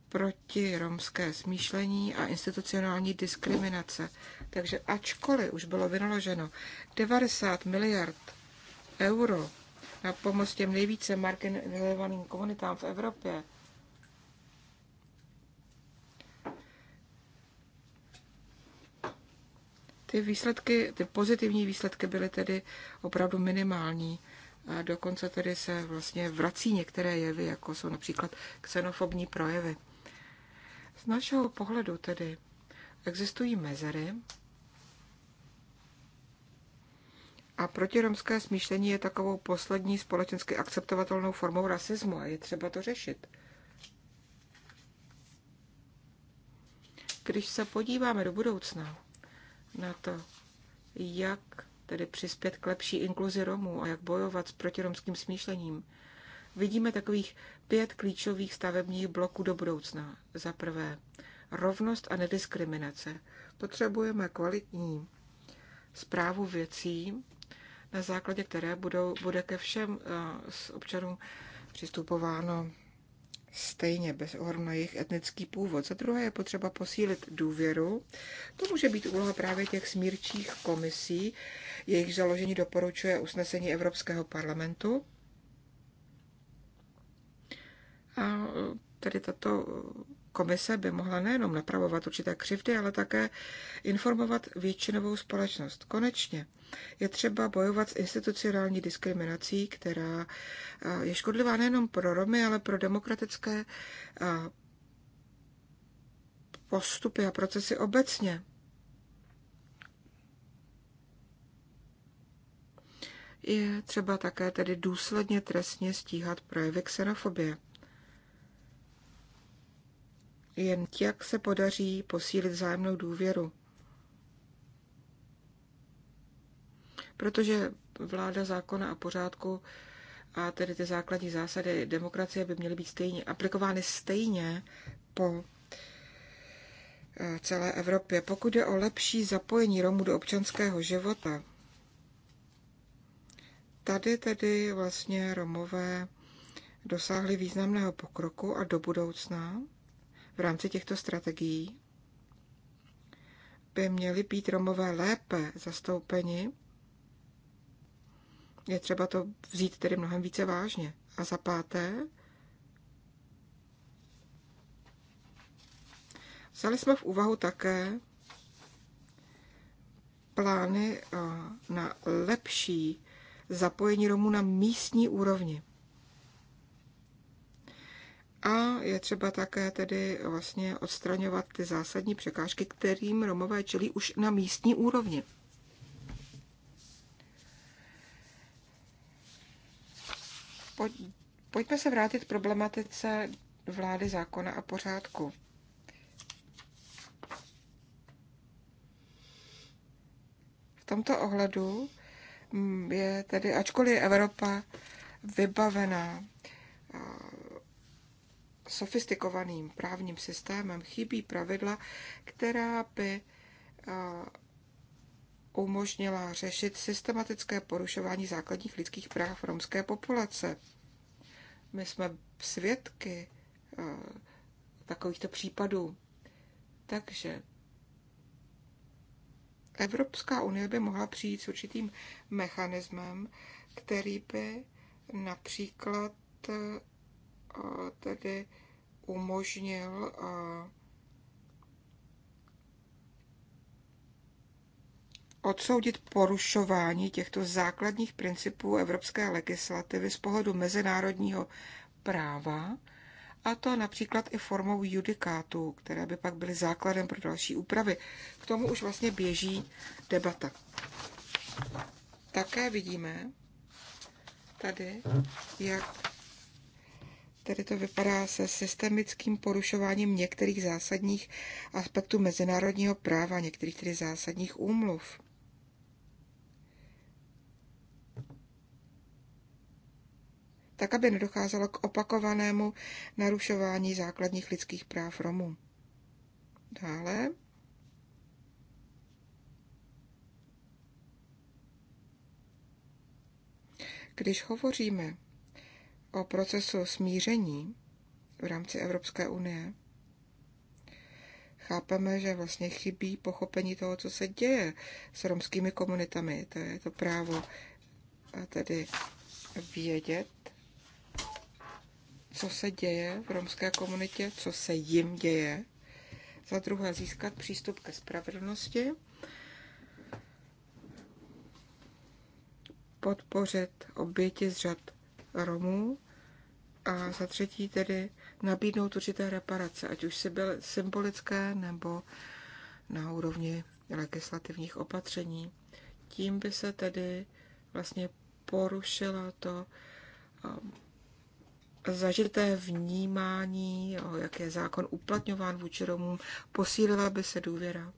proti romské smýšlení a institucionální diskriminace. Takže ačkoliv už bylo vynaloženo 90 miliard euro na pomoc těm nejvíce marginalizovaným komunitám v Evropě, Ty výsledky, ty pozitivní výsledky byly tedy opravdu minimální. A dokonce tedy se vlastně vrací některé jevy, jako jsou například xenofobní projevy. Z našeho pohledu tedy existují mezery a protiromské smýšlení je takovou poslední společensky akceptovatelnou formou rasismu a je třeba to řešit. Když se podíváme do budoucna, na to, jak tedy přispět k lepší inkluzi Romů a jak bojovat s protiromským smýšlením, vidíme takových pět klíčových stavebních bloků do budoucna. Za prvé, rovnost a nediskriminace. Potřebujeme kvalitní zprávu věcí, na základě které budou, bude ke všem eh, občanům přistupováno stejně bez ohledu na jejich etnický původ. Za druhé je potřeba posílit důvěru. To může být úloha právě těch smírčích komisí, jejich založení doporučuje usnesení Evropského parlamentu. A e, tady tato komise by mohla nejenom napravovat určité křivdy, ale také informovat většinovou společnost. Konečně je třeba bojovat s institucionální diskriminací, která je škodlivá nejenom pro Romy, ale pro demokratické postupy a procesy obecně. Je třeba také tedy důsledně trestně stíhat projevy xenofobie. Jen jak se podaří posílit vzájemnou důvěru protože vláda zákona a pořádku a tedy ty základní zásady demokracie by měly být stejně aplikovány stejně po eh, celé Evropě. Pokud je o lepší zapojení Romů do občanského života, tady tedy vlastně Romové dosáhli významného pokroku a do budoucna v rámci těchto strategií by měli být Romové lépe zastoupeni je třeba to vzít tedy mnohem více vážně. A za páté, vzali jsme v úvahu také plány eh, na lepší zapojení Romů na místní úrovni. A je třeba také tedy vlastně odstraňovat ty zásadní překážky, kterým Romové čelí už na místní úrovni. Pojď, pojďme se vrátit k problematice vlády zákona a pořádku. V tomto ohledu mm, je tedy, ačkoliv je Evropa vybavená eh, sofistikovaným právním systémem, chybí pravidla, která by eh, umožnila řešit systematické porušování základních lidských práv romské populace. My jsme svědky eh, takovýchto případů. Takže Evropská unie by mohla přijít s určitým mechanismem, který by například eh, tedy umožnil eh, odsoudit porušování těchto základních principů evropské legislativy z pohledu mezinárodního práva, a to například i formou judikátů, které by pak byly základem pro další úpravy. K tomu už vlastně běží debata. Také vidíme tady, jak tady to vypadá se systemickým porušováním některých zásadních aspektů mezinárodního práva, některých tedy zásadních úmluv. tak aby nedocházelo k opakovanému narušování základních lidských práv Romů. Dále. Když hovoříme o procesu smíření v rámci Evropské unie, chápeme, že vlastně chybí pochopení toho, co se děje s romskými komunitami. To je to právo a tedy vědět, co se děje v romské komunitě, co se jim děje. Za druhé získat přístup ke spravedlnosti, podpořit oběti z řad Romů a za třetí tedy nabídnout určité reparace, ať už si byly symbolické nebo na úrovni legislativních opatření. Tím by se tedy vlastně porušilo to um, zažité vnímání, jak je zákon uplatňován vůči Romům, posílila by se důvěra.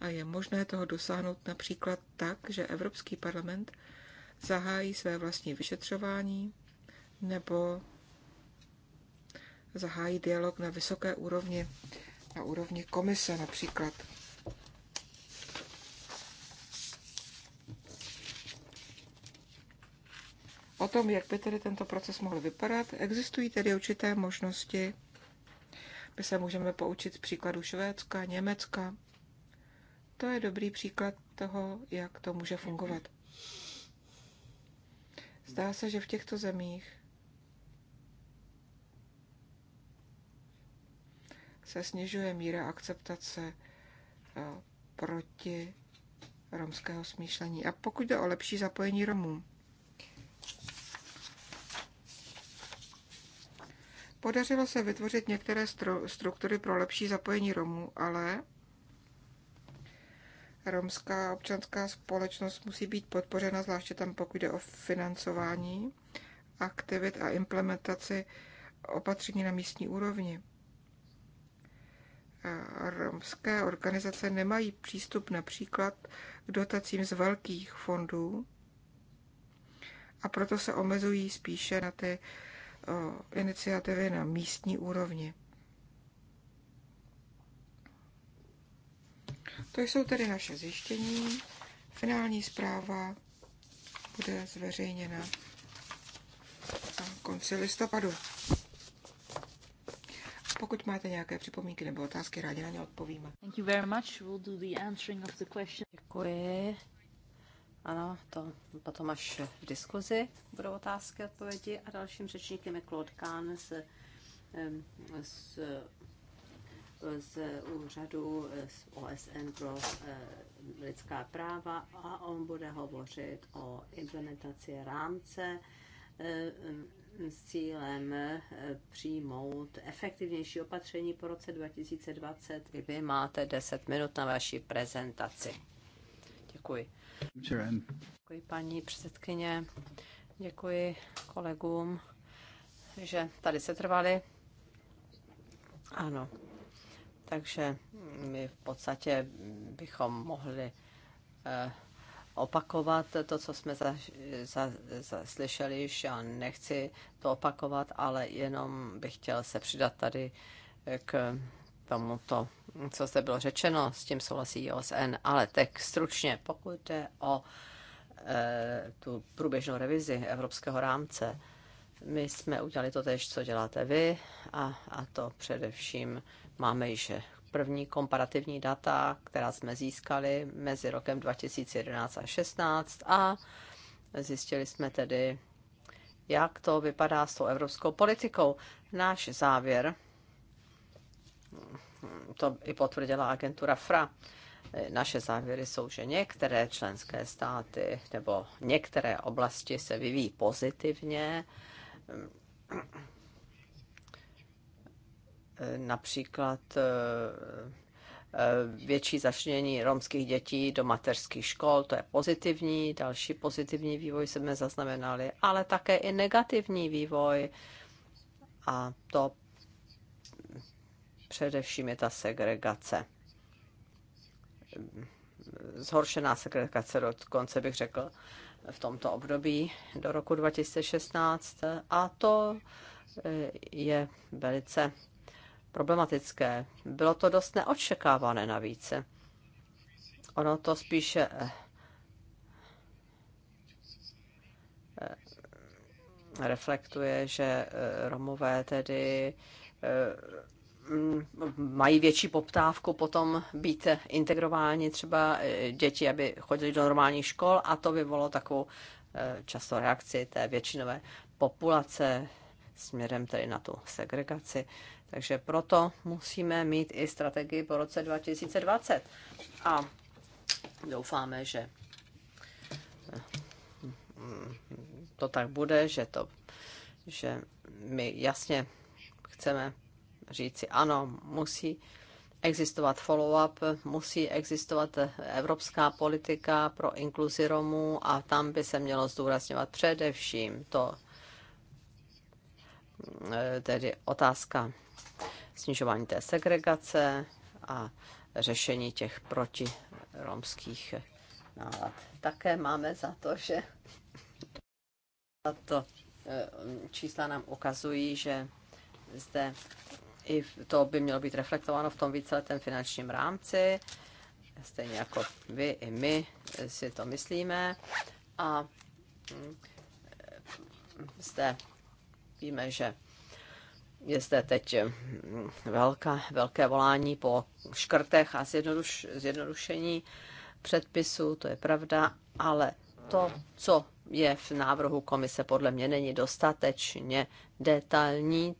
A je možné toho dosáhnout například tak, že Evropský parlament zahájí své vlastní vyšetřování nebo zahájí dialog na vysoké úrovni, na úrovni komise například. o tom, jak by tedy tento proces mohl vypadat. Existují tedy určité možnosti. My se můžeme poučit z příkladu Švédska, Německa. To je dobrý příklad toho, jak to může fungovat. Zdá se, že v těchto zemích se snižuje míra akceptace eh, proti romského smýšlení. A pokud jde o lepší zapojení Romů, Podařilo se vytvořit některé struktury pro lepší zapojení Romů, ale romská občanská společnost musí být podpořena, zvláště tam, pokud jde o financování aktivit a implementaci opatření na místní úrovni. Romské organizace nemají přístup například k dotacím z velkých fondů a proto se omezují spíše na ty iniciativy na místní úrovni. To jsou tedy naše zjištění. Finální zpráva bude zveřejněna na konci listopadu. Pokud máte nějaké připomínky nebo otázky, rádi na ně odpovíme. Thank you very much. We'll do the answering of the question. Děkuji. Ano, to potom až v diskuzi budou otázky a odpovědi. A dalším řečníkem je Claude Kahn z, z, z úřadu z OSN pro eh, lidská práva a on bude hovořit o implementaci rámce eh, s cílem eh, přijmout efektivnější opatření po roce 2020. I vy máte 10 minut na vaší prezentaci. Děkuji. Děkuji paní předsedkyně, děkuji kolegům, že tady se trvali. Ano, takže my v podstatě bychom mohli eh, opakovat to, co jsme za, za, za, slyšeli, že já nechci to opakovat, ale jenom bych chtěl se přidat tady eh, k tomuto, co zde bylo řečeno, s tím souhlasí OSN, ale tak stručně, pokud jde o e, tu průběžnou revizi evropského rámce, my jsme udělali to tež, co děláte vy, a, a to především máme již první komparativní data, která jsme získali mezi rokem 2011 a 2016 a zjistili jsme tedy, jak to vypadá s tou evropskou politikou. Náš závěr to i potvrdila agentura FRA. Naše závěry jsou, že některé členské státy nebo některé oblasti se vyvíjí pozitivně. Například eh, eh, větší začlenění romských dětí do mateřských škol, to je pozitivní, další pozitivní vývoj jsme zaznamenali, ale také i negativní vývoj a to především je ta segregace. Zhoršená segregace konce bych řekl v tomto období do roku 2016 a to eh, je velice problematické. Bylo to dost neočekávané navíc. Ono to spíše eh, eh, reflektuje, že Romové tedy Mm, mají větší poptávku potom být integrováni třeba eh, děti, aby chodili do normálních škol a to vyvolalo takovou eh, často reakci té většinové populace směrem tedy na tu segregaci. Takže proto musíme mít i strategii po roce 2020. A doufáme, že eh, to tak bude, že to, že my jasně chceme říci ano, musí existovat follow-up, musí existovat evropská politika pro inkluzi Romů a tam by se mělo zdůrazňovat především to, eh, tedy otázka snižování té segregace a řešení těch protiromských nálad. Také máme za to, že to eh, čísla nám ukazují, že zde i to by mělo být reflektováno v tom víceletém finančním rámci, stejně jako vy i my si to myslíme. A mm, zde víme, že je zde teď mm, velká, velké volání po škrtech a zjednoduš, zjednodušení předpisů, to je pravda, ale to, co je v návrhu komise, podle mě není dostatečně detailní,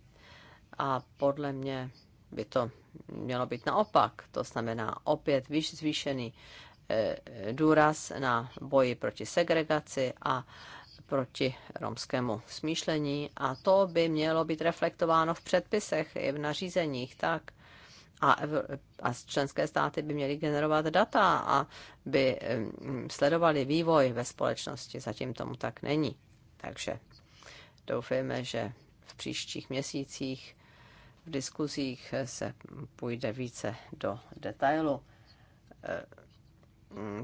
a podle mě by to mělo být naopak. To znamená opět výš zvýšený eh, důraz na boji proti segregaci a proti romskému smýšlení a to by mělo být reflektováno v předpisech i v nařízeních tak. A, a členské státy by měly generovat data a by um, sledovali vývoj ve společnosti. Zatím tomu tak není. Takže doufejme, že v příštích měsících v diskuzích se půjde více do detailu. Eh,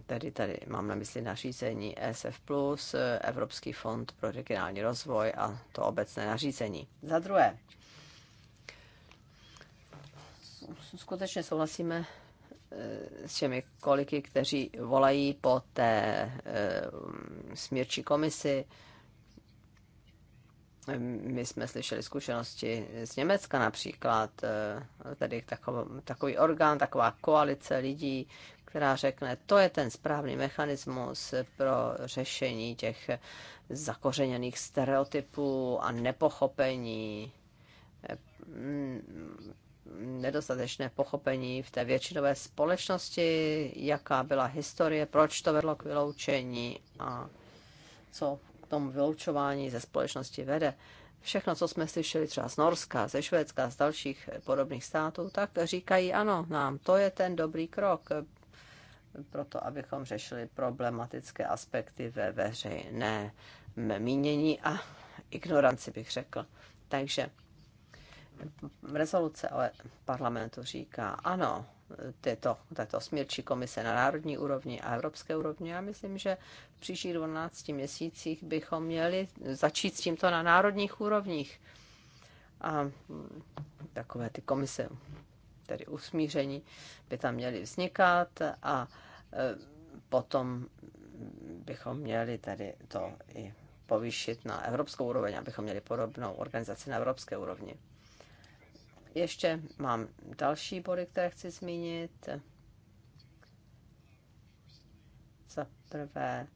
tedy tady mám na mysli nařízení ESF+, eh, Evropský fond pro regionální rozvoj a to obecné nařízení. Za druhé, skutečně souhlasíme eh, s těmi koliky, kteří volají po té smírčí komisi, my jsme slyšeli zkušenosti z Německa například, eh, tedy takový, orgán, taková koalice lidí, která řekne, to je ten správný mechanismus pro řešení těch zakořeněných stereotypů a nepochopení, eh, mm, nedostatečné pochopení v té většinové společnosti, jaká byla historie, proč to vedlo k vyloučení a co tomu vyloučování ze společnosti vede. Všechno, co jsme slyšeli třeba z Norska, ze Švédska, z dalších podobných států, tak říkají ano, nám to je ten dobrý krok pro to, abychom řešili problematické aspekty ve veřejné mínění a ignoranci, bych řekl. Takže rezoluce ale parlamentu říká, ano, této, této smírčí komise na národní úrovni a evropské úrovni. Já myslím, že v příštích 12 měsících bychom měli začít s tímto na národních úrovních. A takové ty komise, tedy usmíření, by tam měly vznikat a e, potom bychom měli tady to i povýšit na evropskou úroveň, abychom měli podobnou organizaci na evropské úrovni ještě mám další body, které chci zmínit. Za prvé,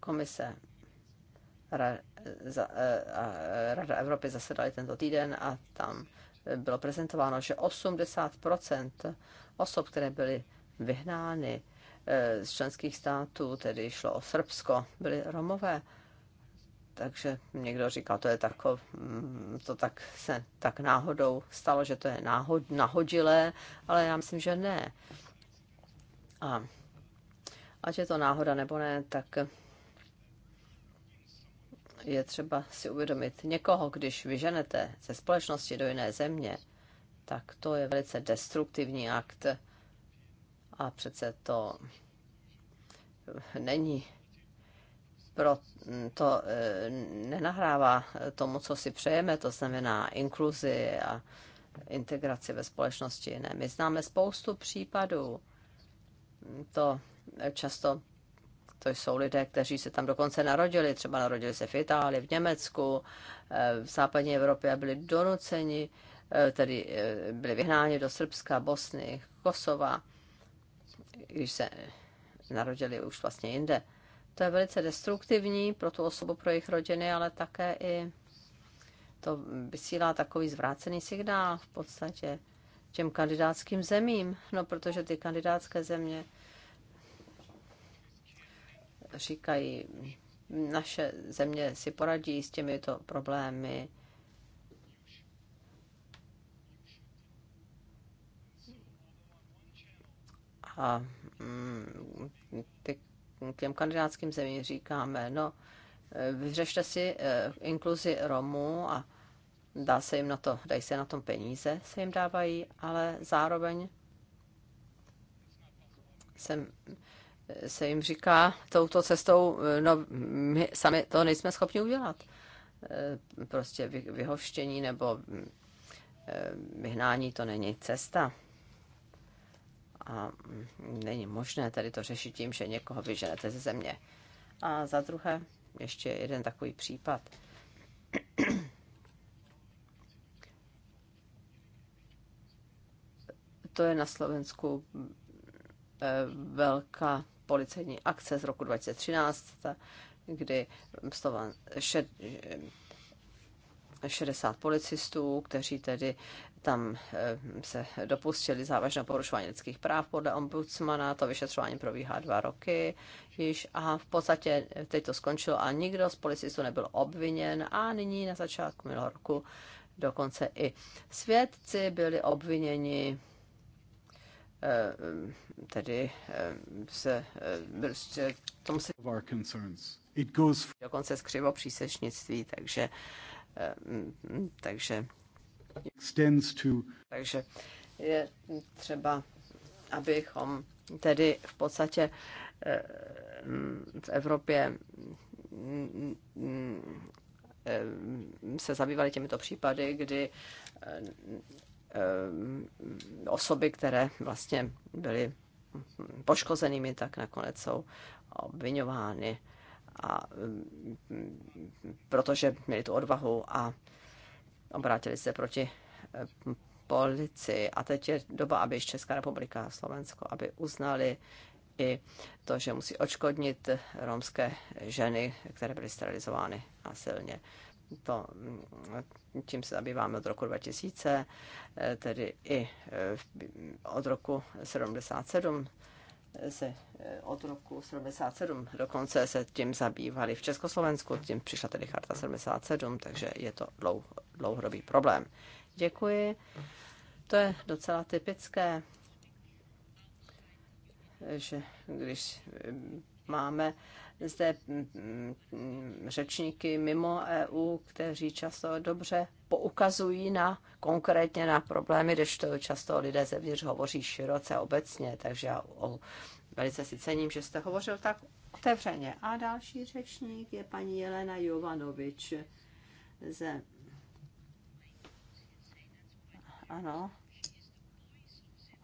komise e, Rada Evropy zasedali tento týden a tam bylo prezentováno, že 80 osob, které byly vyhnány e, z členských států, tedy šlo o Srbsko, byly Romové. Takže někdo říkal, to je takov, mm, to tak se tak náhodou stalo, že to je náhod, nahodilé, ale já myslím, že ne. A ať je to náhoda nebo ne, tak je třeba si uvědomit někoho, když vyženete ze společnosti do jiné země, tak to je velice destruktivní akt a přece to není pro mm, to e, nenahrává tomu, co si přejeme, to znamená inkluzi a integraci ve společnosti. Ne, my známe spoustu případů. To často to jsou lidé, kteří se tam dokonce narodili, třeba narodili se v Itálii, v Německu, e, v západní Evropě a byli donuceni, e, tedy byli vyhnáni do Srbska, Bosny, Kosova, když se narodili už vlastně jinde to je velice destruktivní pro tu osobu, pro jejich rodiny, ale také i to vysílá takový zvrácený signál v podstatě těm kandidátským zemím, no protože ty kandidátské země říkají, naše země si poradí s těmito problémy, a mm, ty těm kandidátským zemím říkáme, no, eh, vyřešte si eh, inkluzi Romů a dá se jim na to, dají se na tom peníze, se jim dávají, ale zároveň se, eh, se jim říká touto cestou, no my sami to nejsme schopni udělat. Prostě vyhoštění nebo mm, vyhnání to není cesta. A mm, není možné tady to řešit tím, že někoho vyženete ze země. A za druhé, ještě jeden takový případ. <clears throat> to je na Slovensku mm, eh, velká policejní akce z roku 2013, kdy 60 policistů, kteří tedy tam eh, se dopustili závažného porušování lidských práv podle ombudsmana, to vyšetřování probíhá dva roky již a v podstatě eh, teď to skončilo a nikdo z policistů nebyl obviněn a nyní na začátku minulého roku dokonce i svědci byli obviněni eh, tedy se tomu se dokonce skřivo přísečnictví, takže takže takže je třeba, abychom tedy v podstatě eh, v Evropě eh, se zabývali těmito případy, kdy eh, osoby, které vlastně byly poškozenými, tak nakonec jsou obvinovány, a, mm, mm, protože měli tu odvahu a obrátili se proti eh, policii. A teď je doba, aby Česká republika a Slovensko, aby uznali i to, že musí očkodnit romské ženy, které byly sterilizovány násilně. To, mm, tím se zabýváme od roku 2000, eh, tedy i eh, od roku 77 se eh, od roku 77 dokonce se tím zabývali. V Československu tím přišla tedy charta 77, takže je to dlouhodobý problém. Děkuji. To je docela typické, eh, že když eh, máme zde mm, mm, řečníky mimo EU, kteří často dobře poukazují na konkrétně na problémy, kdežto často lidé zevnitř hovoří široce obecně, takže já o, velice si cením, že jste hovořil tak otevřeně. A další řečník je paní Jelena Jovanovič ze... Ano,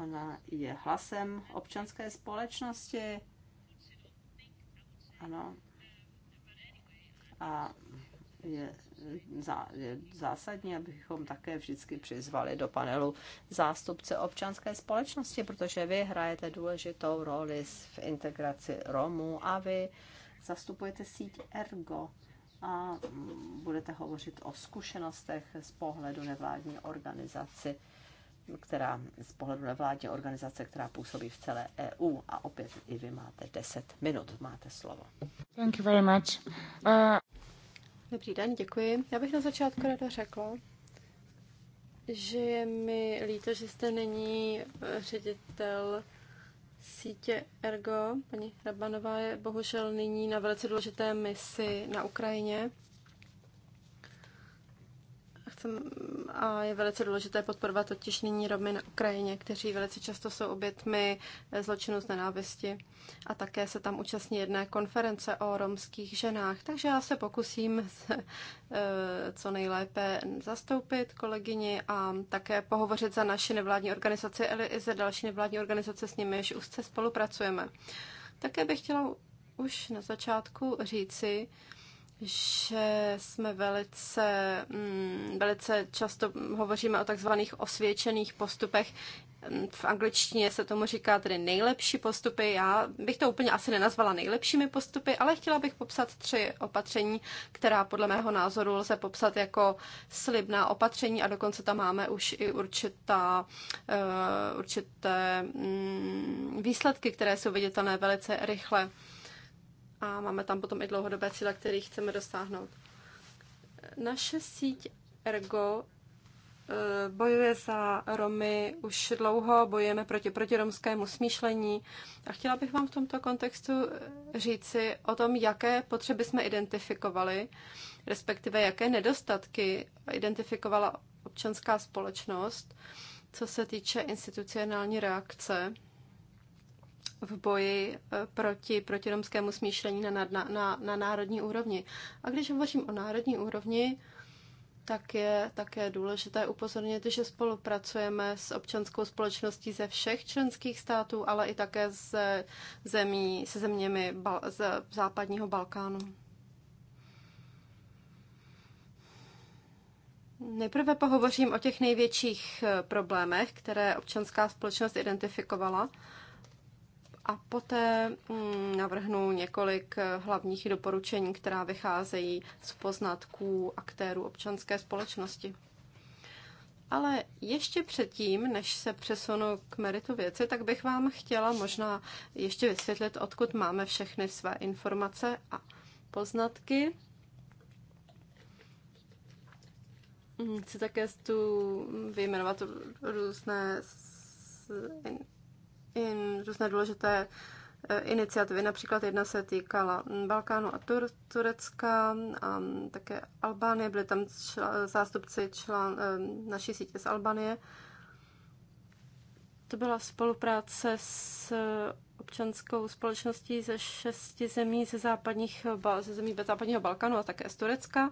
ona je hlasem občanské společnosti. Ano. A je, zá, je zásadní, abychom také vždycky přizvali do panelu zástupce občanské společnosti, protože vy hrajete důležitou roli v integraci Romů a vy zastupujete síť Ergo a budete hovořit o zkušenostech z pohledu nevládní organizaci která z pohledu nevládní organizace, která působí v celé EU. A opět i vy máte 10 minut, máte slovo. Thank you very much. Uh... Dobrý den, děkuji. Já bych na začátku ráda řekla, že je mi líto, že jste není eh, ředitel sítě Ergo. Paní Rabanová je bohužel nyní na velice důležité misi na Ukrajině a je velice důležité podporovat totiž nyní Romy na Ukrajině, kteří velice často jsou obětmi zločinů z nenávisti a také se tam účastní jedné konference o romských ženách. Takže já se pokusím eh, co nejlépe zastoupit kolegyni a také pohovořit za naši nevládní organizaci, ale i za další nevládní organizace, s nimiž úzce spolupracujeme. Také bych chtěla už na začátku říci, že jsme velice, mm, velice často hovoříme o takzvaných osvědčených postupech. V angličtině se tomu říká tedy nejlepší postupy. Já bych to úplně asi nenazvala nejlepšími postupy, ale chtěla bych popsat tři opatření, která podle mého názoru lze popsat jako slibná opatření a dokonce tam máme už i určitá, eh, určité mm, výsledky, které jsou viditelné velice rychle a máme tam potom i dlouhodobé cíle, které chceme dosáhnout. Naše síť Ergo eh, bojuje za Romy už dlouho, bojujeme proti protiromskému smýšlení a chtěla bych vám v tomto kontextu říci o tom, jaké potřeby jsme identifikovali, respektive jaké nedostatky identifikovala občanská společnost, co se týče institucionální reakce v boji eh, proti proti romskému smýšlení na, na, na, na národní úrovni. A když hovořím o národní úrovni, tak je také důležité upozornit, že spolupracujeme s občanskou společností ze všech členských států, ale i také se, zemí, se zeměmi Bal- z západního Balkánu. Nejprve pohovořím o těch největších eh, problémech, které občanská společnost identifikovala a poté mm, navrhnu několik eh, hlavních doporučení, která vycházejí z poznatků aktérů občanské společnosti. Ale ještě předtím, než se přesunu k meritu věci, tak bych vám chtěla možná ještě vysvětlit, odkud máme všechny své informace a poznatky. Mm, chci také tu vyjmenovat různé různé důležité eh, iniciativy. Například jedna se týkala mm, Balkánu a Tur- Turecka a mm, také Albánie. Byli tam čl- zástupci čl- eh, naší sítě z Albánie. To byla spolupráce s eh, občanskou společností ze šesti zemí ze, západních, ze zemí západního Balkánu a také z Turecka.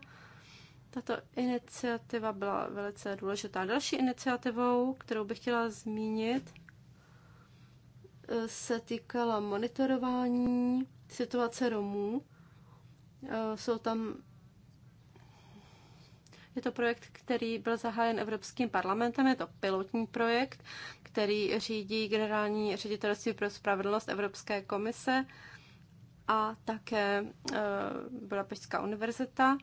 Tato iniciativa byla velice důležitá. Další iniciativou, kterou bych chtěla zmínit, se týkala monitorování situace Romů. E, jsou tam je to projekt, který byl zahájen Evropským parlamentem, je to pilotní projekt, který řídí generální ředitelství pro spravedlnost Evropské komise a také e, Budapeštská univerzita.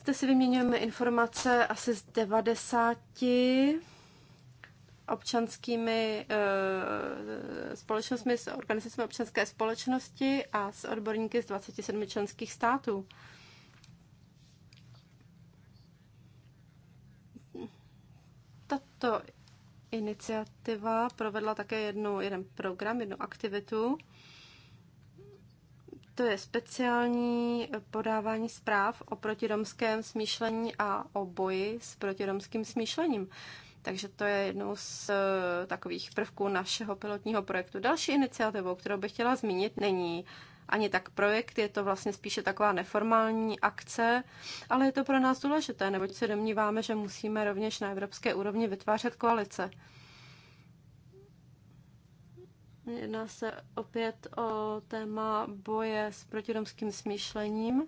Zde si vyměňujeme informace asi z 90 občanskými eh, společnostmi, s organizacemi občanské společnosti a s odborníky z 27 členských států. Tato iniciativa provedla také jednu, jeden program, jednu aktivitu. To je speciální podávání zpráv o protiromském smýšlení a o boji s protiromským smýšlením. Uh, takže to je jednou z eh, takových prvků našeho pilotního projektu. Další iniciativou, kterou bych chtěla zmínit, není ani tak projekt, je to vlastně spíše taková neformální akce, ale je to pro nás důležité, neboť se domníváme, že musíme rovněž na evropské úrovni vytvářet koalice. Jedná se opět o téma boje s protiromským smýšlením.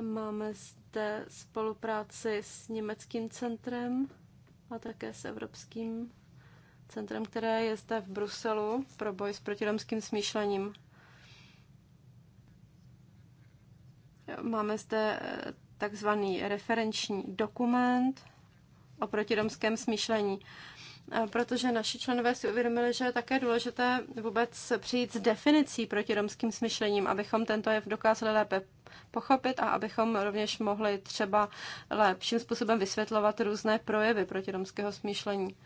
Máme zde spolupráci s německým centrem a také s Evropským centrem, které je zde v Bruselu pro boj s protiromským smýšlením. Máme zde eh, takzvaný referenční dokument o protiromském smýšlení protože naši členové si uvědomili, že je také důležité vůbec přijít s definicí proti romským smyšlením, abychom tento jev dokázali lépe pochopit a abychom rovněž mohli třeba lepším způsobem vysvětlovat různé projevy proti romského smýšlení.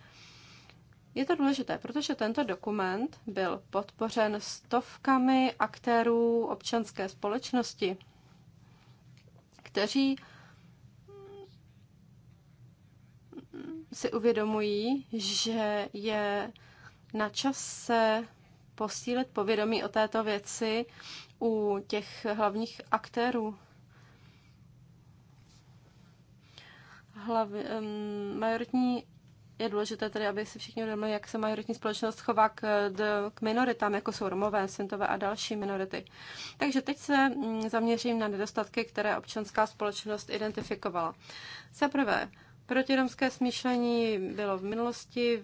Je to důležité, protože tento dokument byl podpořen stovkami aktérů občanské společnosti, kteří si uvědomují, že je na čase posílit povědomí o této věci u těch hlavních aktérů. Hlav, um, majoritní je důležité tedy, aby si všichni uvědomili, jak se majoritní společnost chová k, k minoritám, jako jsou Romové, Sintové a další minority. Takže teď se mm, zaměřím na nedostatky, které občanská společnost identifikovala. Za prvé, Protiromské smýšlení bylo v minulosti,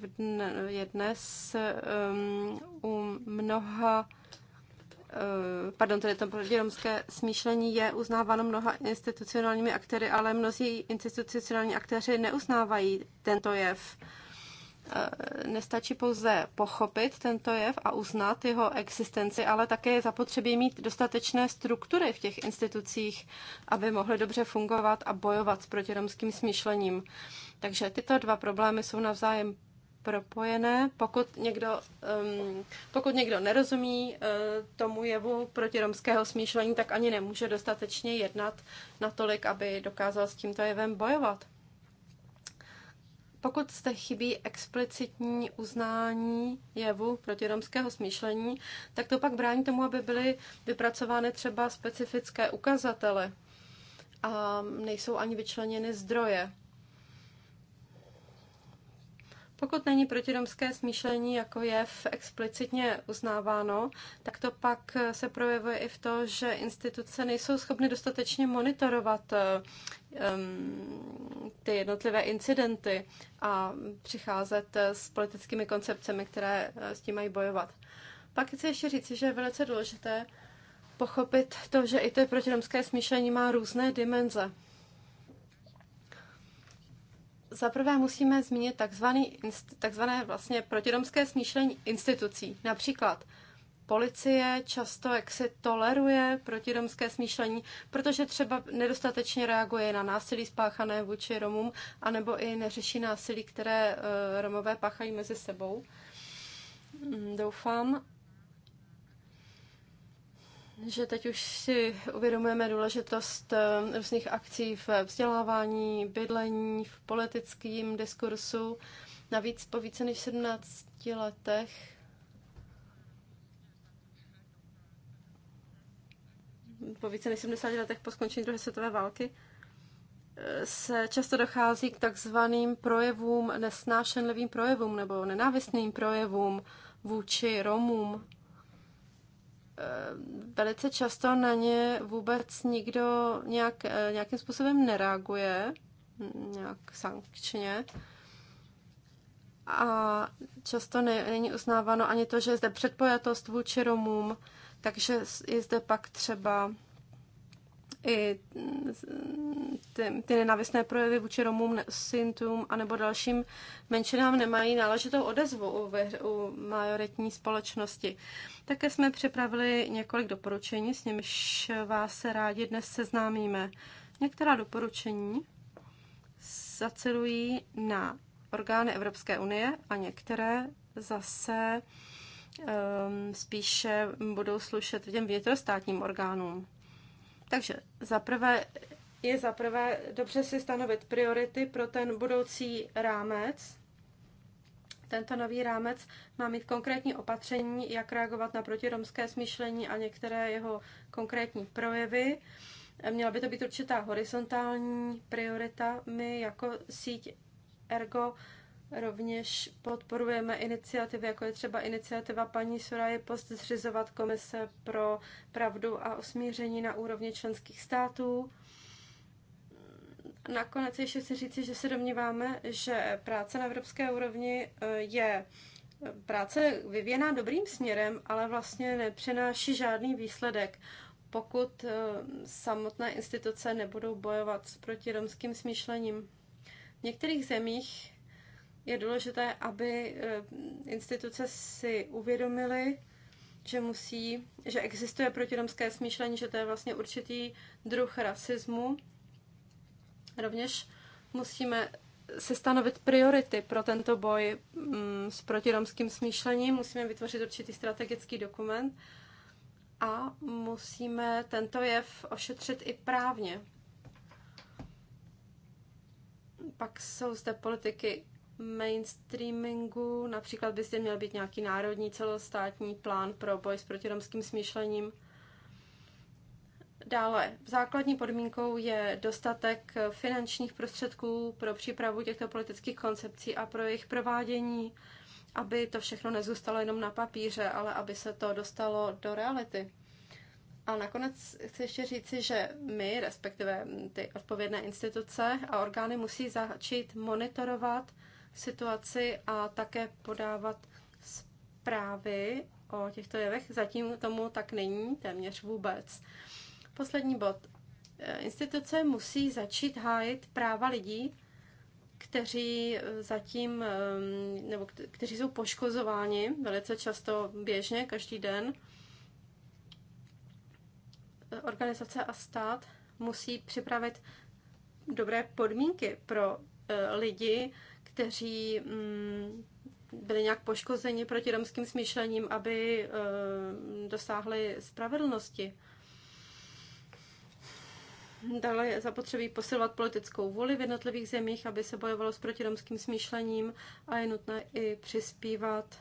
je dnes um, u mnoha uh, pardon, tedy to protiromské smýšlení je uznáváno mnoha institucionálními aktéry, ale mnozí institucionální aktéři neuznávají tento jev. Eh, nestačí pouze pochopit tento jev a uznat jeho existenci, ale také je zapotřebí mít dostatečné struktury v těch institucích, aby mohly dobře fungovat a bojovat s protiromským smýšlením. Takže tyto dva problémy jsou navzájem propojené. Pokud někdo, um, pokud někdo nerozumí uh, tomu jevu protiromského smýšlení, tak ani nemůže dostatečně jednat natolik, aby dokázal s tímto jevem bojovat. Pokud zde chybí explicitní uznání jevu protiromského smýšlení, tak to pak brání tomu, aby byly vypracovány třeba specifické ukazatele a nejsou ani vyčleněny zdroje. Pokud není protiromské smýšlení jako jev explicitně uznáváno, tak to pak eh, se projevuje i v to, že instituce nejsou schopny dostatečně monitorovat um, ty jednotlivé incidenty a přicházet eh, s politickými koncepcemi, které s tím mají bojovat. Pak chci ještě říci, že je velice důležité pochopit to, že i to protiromské smýšlení má různé dimenze. Za prvé musíme zmínit takzvané takzvané vlastně protiromské smýšlení institucí. Například policie často jaksi toleruje protiromské smýšlení, protože třeba nedostatečně reaguje na násilí spáchané vůči Romům, anebo i neřeší násilí, které eh, Romové páchají mezi sebou. Mm, doufám, že teď už si uvědomujeme důležitost eh, různých akcí v vzdělávání, bydlení, v politickém diskursu. Navíc po více než 17 letech po více než 70 letech po skončení druhé světové války eh, se často dochází k takzvaným projevům, nesnášenlivým projevům nebo nenávistným projevům vůči Romům. Eh, velice často na ně vůbec nikdo nějak, eh, nějakým způsobem nereaguje, nějak sankčně. A často ne, není uznáváno ani to, že je zde předpojatost vůči Romům, takže je zde pak třeba i ty, ty nenávistné projevy vůči Romům, Sintům a nebo dalším menšinám nemají náležitou odezvu u, ve, u majoritní společnosti. Také jsme připravili několik doporučení, s nimiž vás rádi dnes seznámíme. Některá doporučení zacelují na orgány Evropské unie a některé zase um, spíše budou slušet těm vnitrostátním orgánům. Takže zaprvé je zaprvé dobře si stanovit priority pro ten budoucí rámec. Tento nový rámec má mít konkrétní opatření, jak reagovat na protiromské smýšlení a některé jeho konkrétní projevy. Měla by to být určitá horizontální priorita. My jako síť Ergo Rovněž podporujeme iniciativy, jako je třeba iniciativa paní Soraje Post zřizovat komise pro pravdu a osmíření na úrovni členských států. Nakonec ještě chci říci, že se domníváme, že práce na evropské úrovni eh, je práce vyvěná dobrým směrem, ale vlastně nepřináší žádný výsledek, pokud eh, samotné instituce nebudou bojovat proti romským smýšlením. V některých zemích je důležité, aby eh, instituce si uvědomily, že musí, že existuje protiromské smýšlení, že to je vlastně určitý druh rasismu. Rovněž musíme se stanovit priority pro tento boj mm, s protiromským smýšlením, musíme vytvořit určitý strategický dokument a musíme tento jev ošetřit i právně. Pak jsou zde politiky mainstreamingu, například by zde měl být nějaký národní celostátní plán pro boj s protiromským smýšlením. Dále, základní podmínkou je dostatek finančních prostředků pro přípravu těchto politických koncepcí a pro jejich provádění, aby to všechno nezůstalo jenom na papíře, ale aby se to dostalo do reality. A nakonec chci ještě říci, že my, respektive ty odpovědné instituce a orgány, musí začít monitorovat situaci a také podávat zprávy o těchto jevech. Zatím tomu tak není téměř vůbec. Poslední bod. E, instituce musí začít hájit práva lidí, kteří e, zatím, e, nebo kteří jsou poškozováni velice často běžně, každý den. Organizace a stát musí připravit dobré podmínky pro lidi, kteří mm, byli nějak poškozeni proti romským smýšlením, aby eh, dosáhli spravedlnosti. Dále je zapotřebí posilovat politickou vůli v jednotlivých zemích, aby se bojovalo s protiromským smýšlením a je nutné i přispívat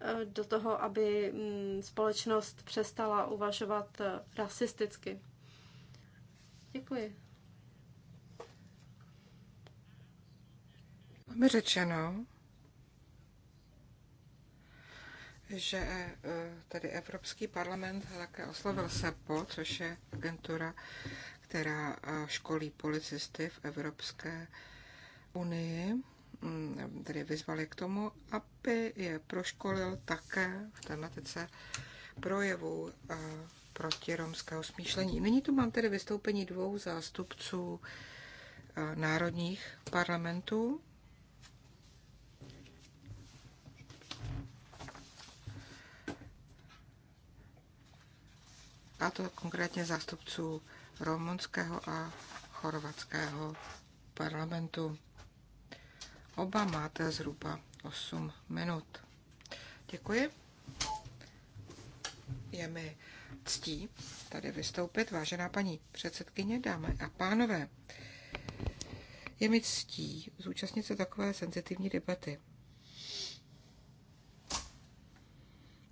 eh, do toho, aby mm, společnost přestala uvažovat eh, rasisticky. Děkuji. mi řečeno, že e, e, tady Evropský parlament také oslovil SEPO, což je agentura, která e, školí policisty v Evropské unii, mm, tedy vyzvali k tomu, aby je proškolil také v tematice projevu proti romského smýšlení. Nyní tu mám tedy vystoupení dvou zástupců národních parlamentů. a to konkrétně zástupců rumunského a chorvatského parlamentu. Oba máte zhruba 8 minut. Děkuji. Je mi ctí tady vystoupit, vážená paní předsedkyně, dámy a pánové. Je mi ctí zúčastnit se takové senzitivní debaty.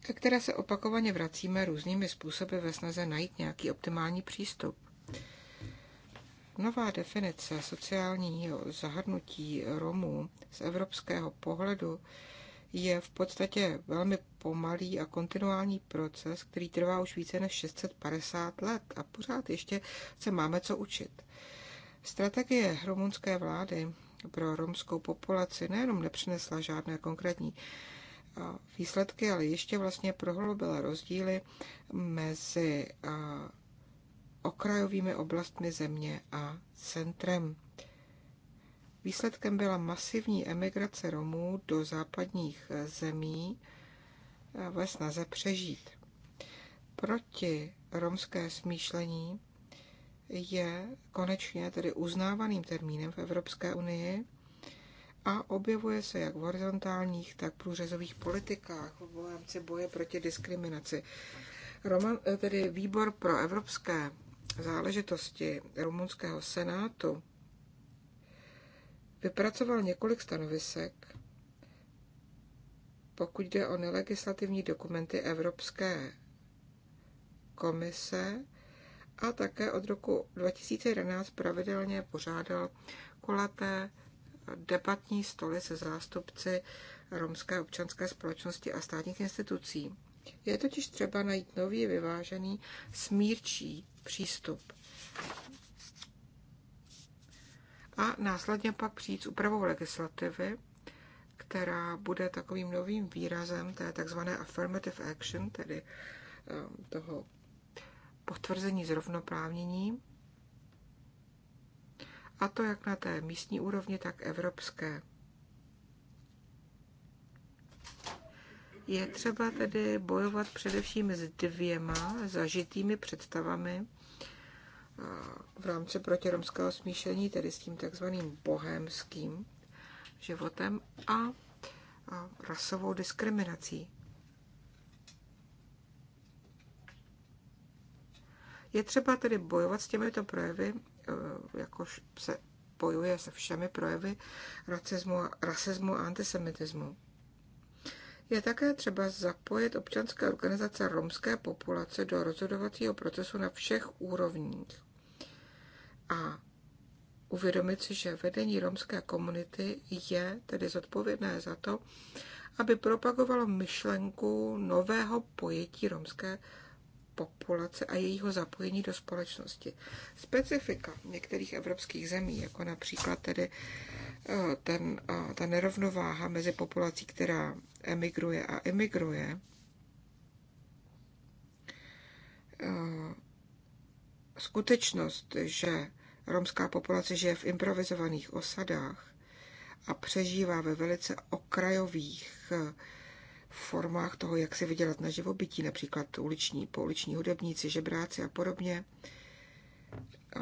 ke které se opakovaně vracíme různými způsoby ve snaze najít nějaký optimální přístup. Nová definice sociálního zahrnutí Romů z evropského pohledu je v podstatě velmi pomalý a kontinuální proces, který trvá už více než 650 let a pořád ještě se máme co učit. Strategie rumunské vlády pro romskou populaci nejenom nepřinesla žádné konkrétní výsledky, ale ještě vlastně prohloubila rozdíly mezi okrajovými oblastmi země a centrem. Výsledkem byla masivní emigrace Romů do západních zemí ve snaze přežít. Proti romské smýšlení je konečně tedy uznávaným termínem v Evropské unii a objevuje se jak v horizontálních, tak v průřezových politikách v rámci boje proti diskriminaci. Roman, eh, tedy výbor pro evropské záležitosti rumunského senátu vypracoval několik stanovisek, pokud jde o nelegislativní dokumenty Evropské komise a také od roku 2011 pravidelně pořádal kulaté debatní stoly se zástupci romské občanské společnosti a státních institucí. Je totiž třeba najít nový vyvážený smírčí přístup a následně pak přijít s úpravou legislativy, která bude takovým novým výrazem té tzv. affirmative action, tedy eh, toho potvrzení zrovnoprávnění a to jak na té místní úrovni, tak evropské. Je třeba tedy bojovat především s dvěma zažitými představami eh, v rámci protiromského smíšení, tedy s tím takzvaným bohémským životem a rasovou diskriminací. Je třeba tedy bojovat s těmito projevy Eh, jakož se bojuje se všemi projevy racismu, rasismu a antisemitismu. Je také třeba zapojit občanské organizace romské populace do rozhodovacího procesu na všech úrovních a uvědomit si, že vedení romské komunity je tedy zodpovědné za to, aby propagovalo myšlenku nového pojetí romské populace a jejího zapojení do společnosti. Specifika některých evropských zemí, jako například tedy eh, ten, eh, ta nerovnováha mezi populací, která emigruje a emigruje, eh, skutečnost, že romská populace žije v improvizovaných osadách a přežívá ve velice okrajových formách toho, jak si vydělat na živobytí, například uliční, pouliční hudebníci, žebráci a podobně,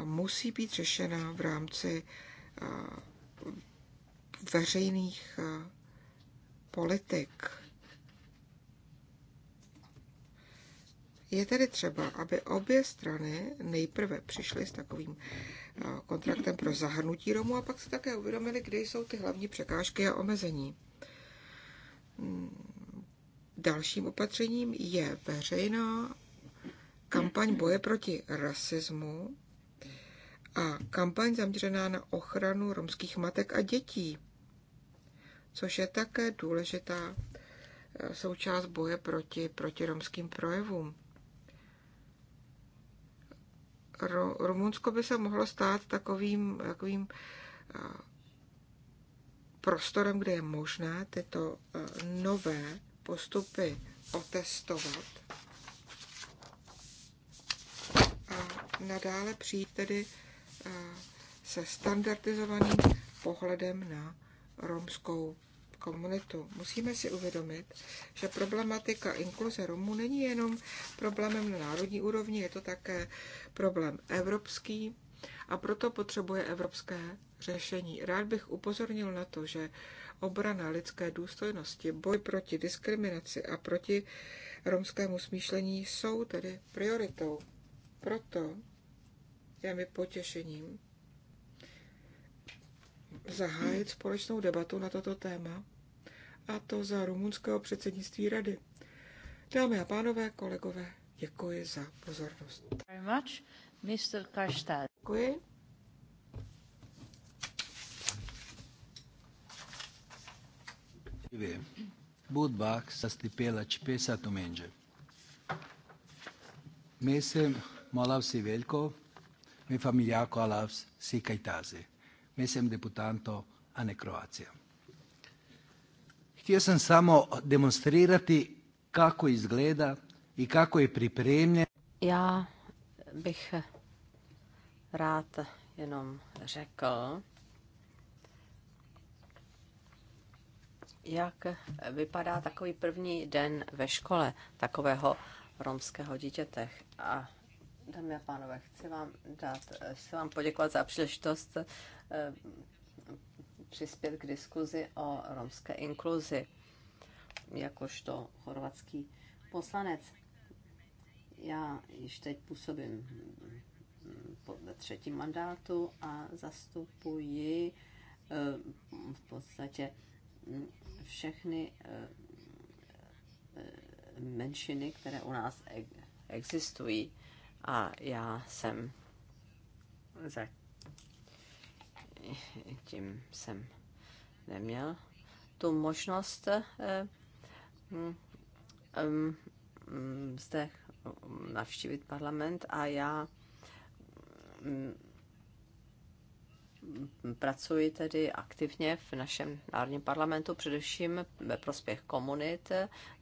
musí být řešena v rámci veřejných politik. Je tedy třeba, aby obě strany nejprve přišly s takovým kontraktem pro zahrnutí Romů a pak se také uvědomili, kde jsou ty hlavní překážky a omezení. Hmm. Dalším opatřením je veřejná kampaň boje proti rasismu a kampaň zaměřená na ochranu romských matek a dětí, což je také důležitá eh, součást boje proti, proti romským projevům. Rumunsko by se mohlo stát takovým, takovým eh, prostorem, kde je možné tyto eh, nové postupy otestovat a nadále přijít tedy se standardizovaným pohledem na romskou komunitu. Musíme si uvědomit, že problematika inkluze Romů není jenom problémem na národní úrovni, je to také problém evropský a proto potřebuje evropské řešení. Rád bych upozornil na to, že obrana lidské důstojnosti, boj proti diskriminaci a proti romskému smýšlení jsou tedy prioritou. Proto je mi potěšením zahájit společnou debatu na toto téma, a to za rumunského předsednictví rady. Dámy a pánové, kolegové, děkuji za pozornost. Děkuji. Budbach sastipela čpesa tumenže. Mesem malavsi velko, me familjako alavs si kajtazi. Mesem deputanto, a ne Kroacija. Htio sam samo demonstrirati kako izgleda i kako je pripremljen. Já bych rád jenom řekl, jak vypadá takový první den ve škole takového romského dítěte. A dámy a pánové, chci vám, dát, chci vám poděkovat za příležitost eh, přispět k diskuzi o romské inkluzi, jakožto chorvatský poslanec. Já již teď působím ve třetím mandátu a zastupuji eh, v podstatě všechny eh, eh, menšiny, které u nás e, existují. A já jsem za tím jsem neměl tu možnost eh, hm, hm, hm, zde navštívit parlament a já pracuji tedy aktivně v našem národním parlamentu, především ve prospěch komunit,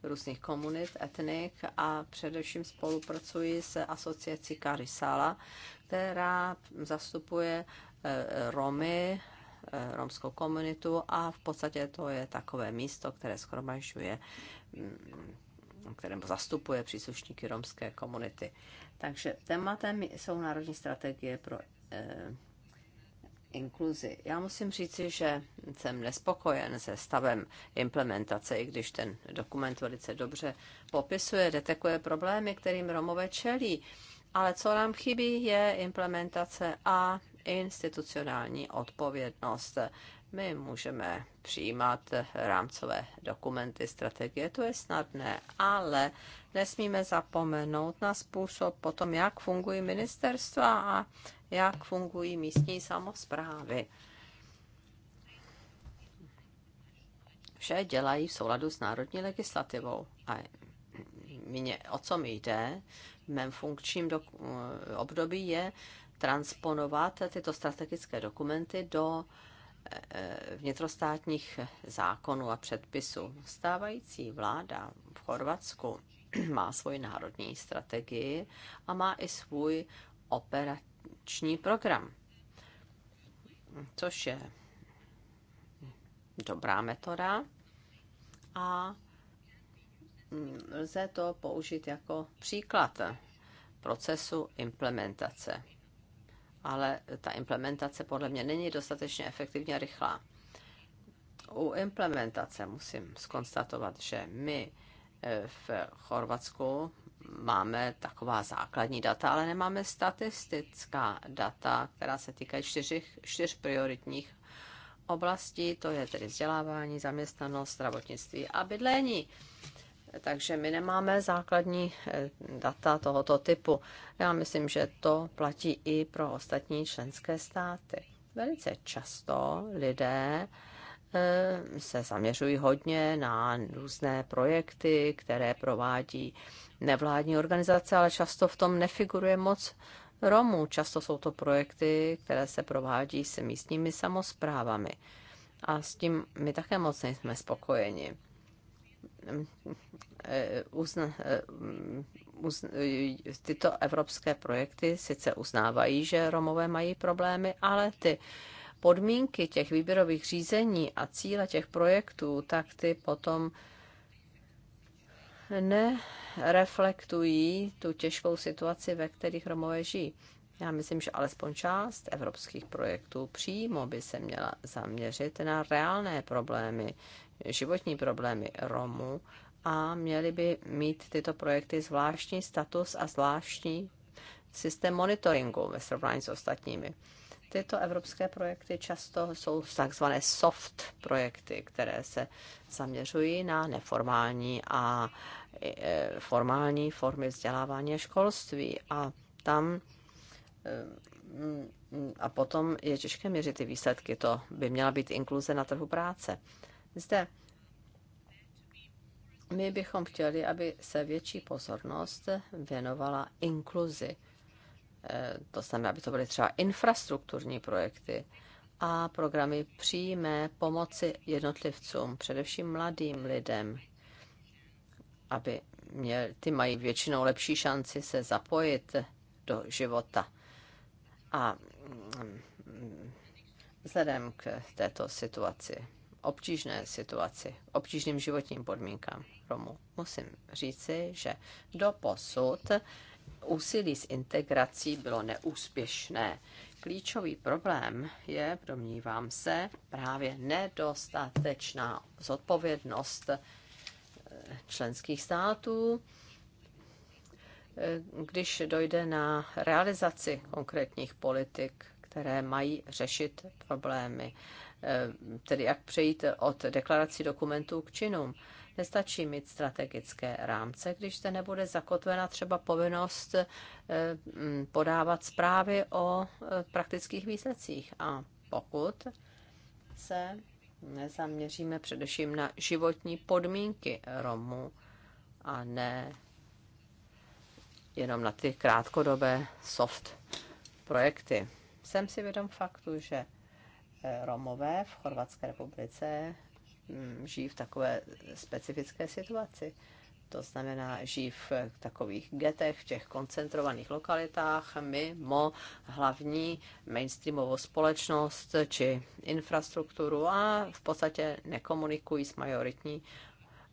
různých komunit, etnik a především spolupracuji s asociací Karisala, která zastupuje eh, Romy, eh, romskou komunitu a v podstatě to je takové místo, které schromažďuje mm, kterém zastupuje příslušníky romské komunity. Takže tématem jsou národní strategie pro eh, inkluzi. Já musím říci, že jsem nespokojen se stavem implementace, i když ten dokument velice dobře popisuje, detekuje problémy, kterým Romové čelí. Ale co nám chybí, je implementace a institucionální odpovědnost. My můžeme přijímat rámcové dokumenty, strategie, to je snadné, ale nesmíme zapomenout na způsob potom, jak fungují ministerstva a jak fungují místní samozprávy. Vše dělají v souladu s národní legislativou. A mě, o co mi jde v mém funkčním do, období je transponovat tyto strategické dokumenty do e, e, vnitrostátních zákonů a předpisů. Stávající vláda v Chorvatsku <clears throat> má svoji národní strategii a má i svůj operativní akční program, což je dobrá metoda a lze to použít jako příklad procesu implementace. Ale ta implementace podle mě není dostatečně efektivně rychlá. U implementace musím skonstatovat, že my eh, v Chorvatsku máme taková základní data, ale nemáme statistická data, která se týkají čtyř, čtyř prioritních oblastí, to je tedy vzdělávání, zaměstnanost, zdravotnictví a bydlení. Takže my nemáme základní eh, data tohoto typu. Já myslím, že to platí i pro ostatní členské státy. Velice často lidé Eh, se zaměřují hodně na různé projekty, které provádí nevládní organizace, ale často v tom nefiguruje moc Romů. Často jsou to projekty, které se provádí s místními samozprávami. A s tím my také moc nejsme spokojeni. Eh, uzna, eh, uzna, tyto evropské projekty sice uznávají, že Romové mají problémy, ale ty podmínky těch výběrových řízení a cíle těch projektů, tak ty potom nereflektují tu těžkou situaci, ve kterých Romové žijí. Já myslím, že alespoň část evropských projektů přímo by se měla zaměřit na reálné problémy, životní problémy Romů a měly by mít tyto projekty zvláštní status a zvláštní systém monitoringu ve srovnání s ostatními tyto evropské projekty často jsou takzvané soft projekty, které se zaměřují na neformální a e, formální formy vzdělávání a školství. A tam e, a potom je těžké měřit ty výsledky. To by měla být inkluze na trhu práce. Zde my bychom chtěli, aby se větší pozornost věnovala inkluzi Eh, to znamená, aby to byly třeba infrastrukturní projekty a programy přímé pomoci jednotlivcům, především mladým lidem, aby měl, ty mají většinou lepší šanci se zapojit do života. A mm, vzhledem k této situaci, obtížné situaci, obtížným životním podmínkám Romů, musím říci, že do posud úsilí s integrací bylo neúspěšné. Klíčový problém je, domnívám se, právě nedostatečná zodpovědnost eh, členských států, eh, když dojde na realizaci konkrétních politik, které mají řešit problémy, eh, tedy jak přejít od deklarací dokumentů k činům. Nestačí mít strategické rámce, když se nebude zakotvena třeba povinnost eh, mm, podávat zprávy o eh, praktických výsledcích. A pokud se nezaměříme především na životní podmínky Romů a ne jenom na ty krátkodobé soft projekty. Jsem si vědom faktu, že eh, Romové v Chorvatské republice Mm, žijí v takové specifické situaci. To znamená, žijí v takových getech, v těch koncentrovaných lokalitách, mimo hlavní mainstreamovou společnost či infrastrukturu a v podstatě nekomunikují s majoritní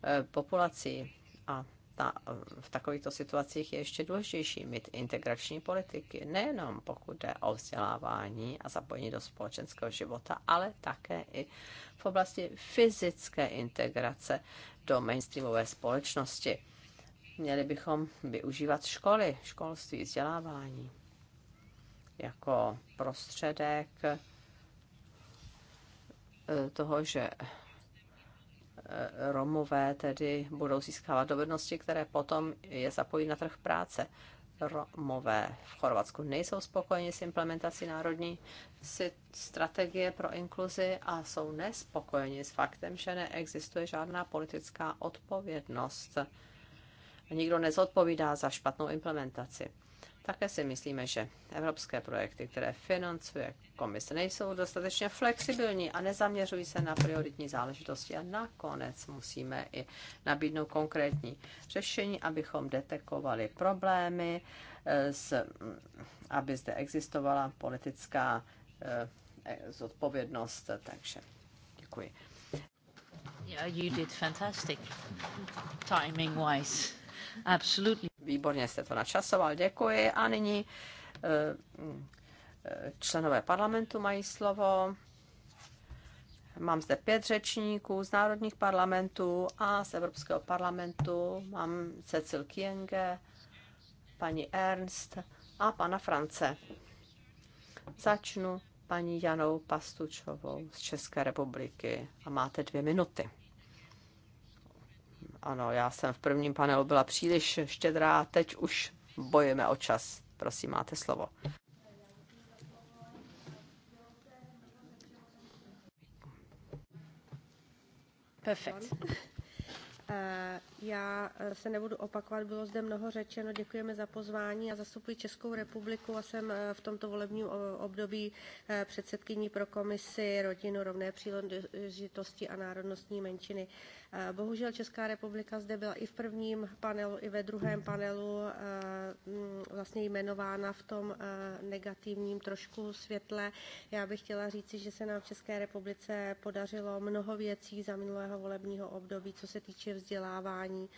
eh, populací. A ta, v takovýchto situacích je ještě důležitější mít integrační politiky, nejenom pokud jde o vzdělávání a zapojení do společenského života, ale také i v oblasti fyzické integrace do mainstreamové společnosti. Měli bychom využívat školy, školství, vzdělávání jako prostředek eh, toho, že Romové tedy budou získávat dovednosti, které potom je zapojí na trh práce. Romové v Chorvatsku nejsou spokojeni s implementací národní strategie pro inkluzi a jsou nespokojeni s faktem, že neexistuje žádná politická odpovědnost. Nikdo nezodpovídá za špatnou implementaci. Také si myslíme, že evropské projekty, které financuje komise, nejsou dostatečně flexibilní a nezaměřují se na prioritní záležitosti. A nakonec musíme i nabídnout konkrétní řešení, abychom detekovali problémy, eh, s, aby zde existovala politická eh, e, zodpovědnost. Takže děkuji. Yeah, you did fantastic timing wise. Absolutely. Výborně jste to načasoval, děkuji. A nyní eh, eh, členové parlamentu mají slovo. Mám zde pět řečníků z národních parlamentů a z Evropského parlamentu. Mám Cecil Kienge, paní Ernst a pana France. Začnu paní Janou Pastučovou z České republiky a máte dvě minuty. Ano, já jsem v prvním panelu byla příliš štědrá, teď už bojujeme o čas. Prosím, máte slovo. Perfekt. Eh, já eh, se nebudu opakovat, bylo zde mnoho řečeno. Děkujeme za pozvání. a zastupuji Českou republiku a jsem eh, v tomto volebním období předsedkyní pro komisi rodinu, rovné příležitosti a národnostní menšiny. Eh, bohužel Česká republika zde byla i v prvním panelu, i ve druhém panelu eh, mm, vlastně jmenována v tom eh, negativním trošku světle. Já bych chtěla říci, že se nám v České republice podařilo mnoho věcí za minulého volebního období, co se týče vzdělávání,